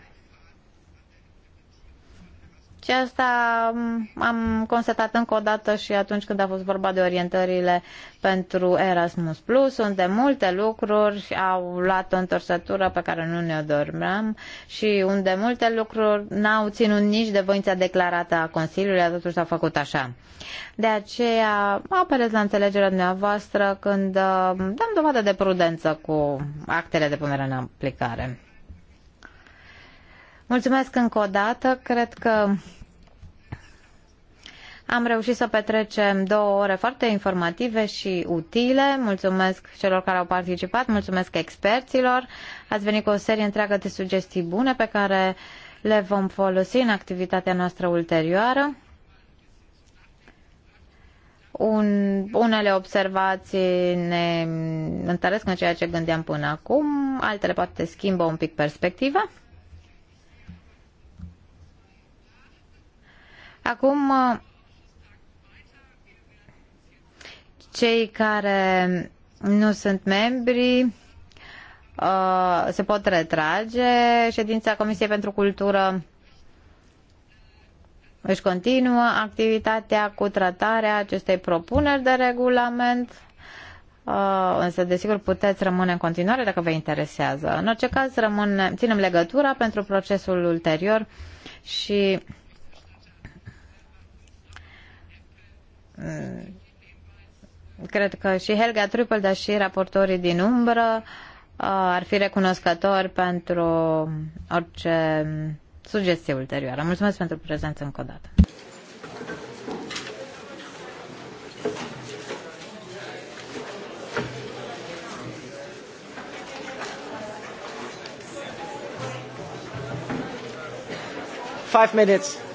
Și asta mm, am constatat încă o dată și atunci când a fost vorba de orientările pentru Erasmus Plus, unde multe lucruri au luat o întorsătură pe care nu ne-o dormeam și unde multe lucruri n-au ținut nici de voința declarată a Consiliului, a totuși s-a făcut așa. De aceea apelez la înțelegerea dumneavoastră când mm, dăm dovadă de prudență cu actele de punere în aplicare. Mulțumesc încă o dată. Cred că am reușit să petrecem două ore foarte informative și utile. Mulțumesc celor care au participat, mulțumesc experților. Ați venit cu o serie întreagă de sugestii bune pe care le vom folosi în activitatea noastră ulterioară. Un, unele observații ne întăresc în ceea ce gândeam până acum, altele poate schimbă un pic perspectiva. Acum Cei care nu sunt membri uh, se pot retrage. Ședința Comisiei pentru Cultură își continuă activitatea cu tratarea acestei propuneri de regulament. Uh, însă, desigur, puteți rămâne în continuare dacă vă interesează. În orice caz, rămâne, ținem legătura pentru procesul ulterior și mm, Cred că și Helga Trupel, dar și raportorii din umbră uh, ar fi recunoscători pentru orice sugestie ulterioară. Mulțumesc pentru prezență încă o dată. Five minutes.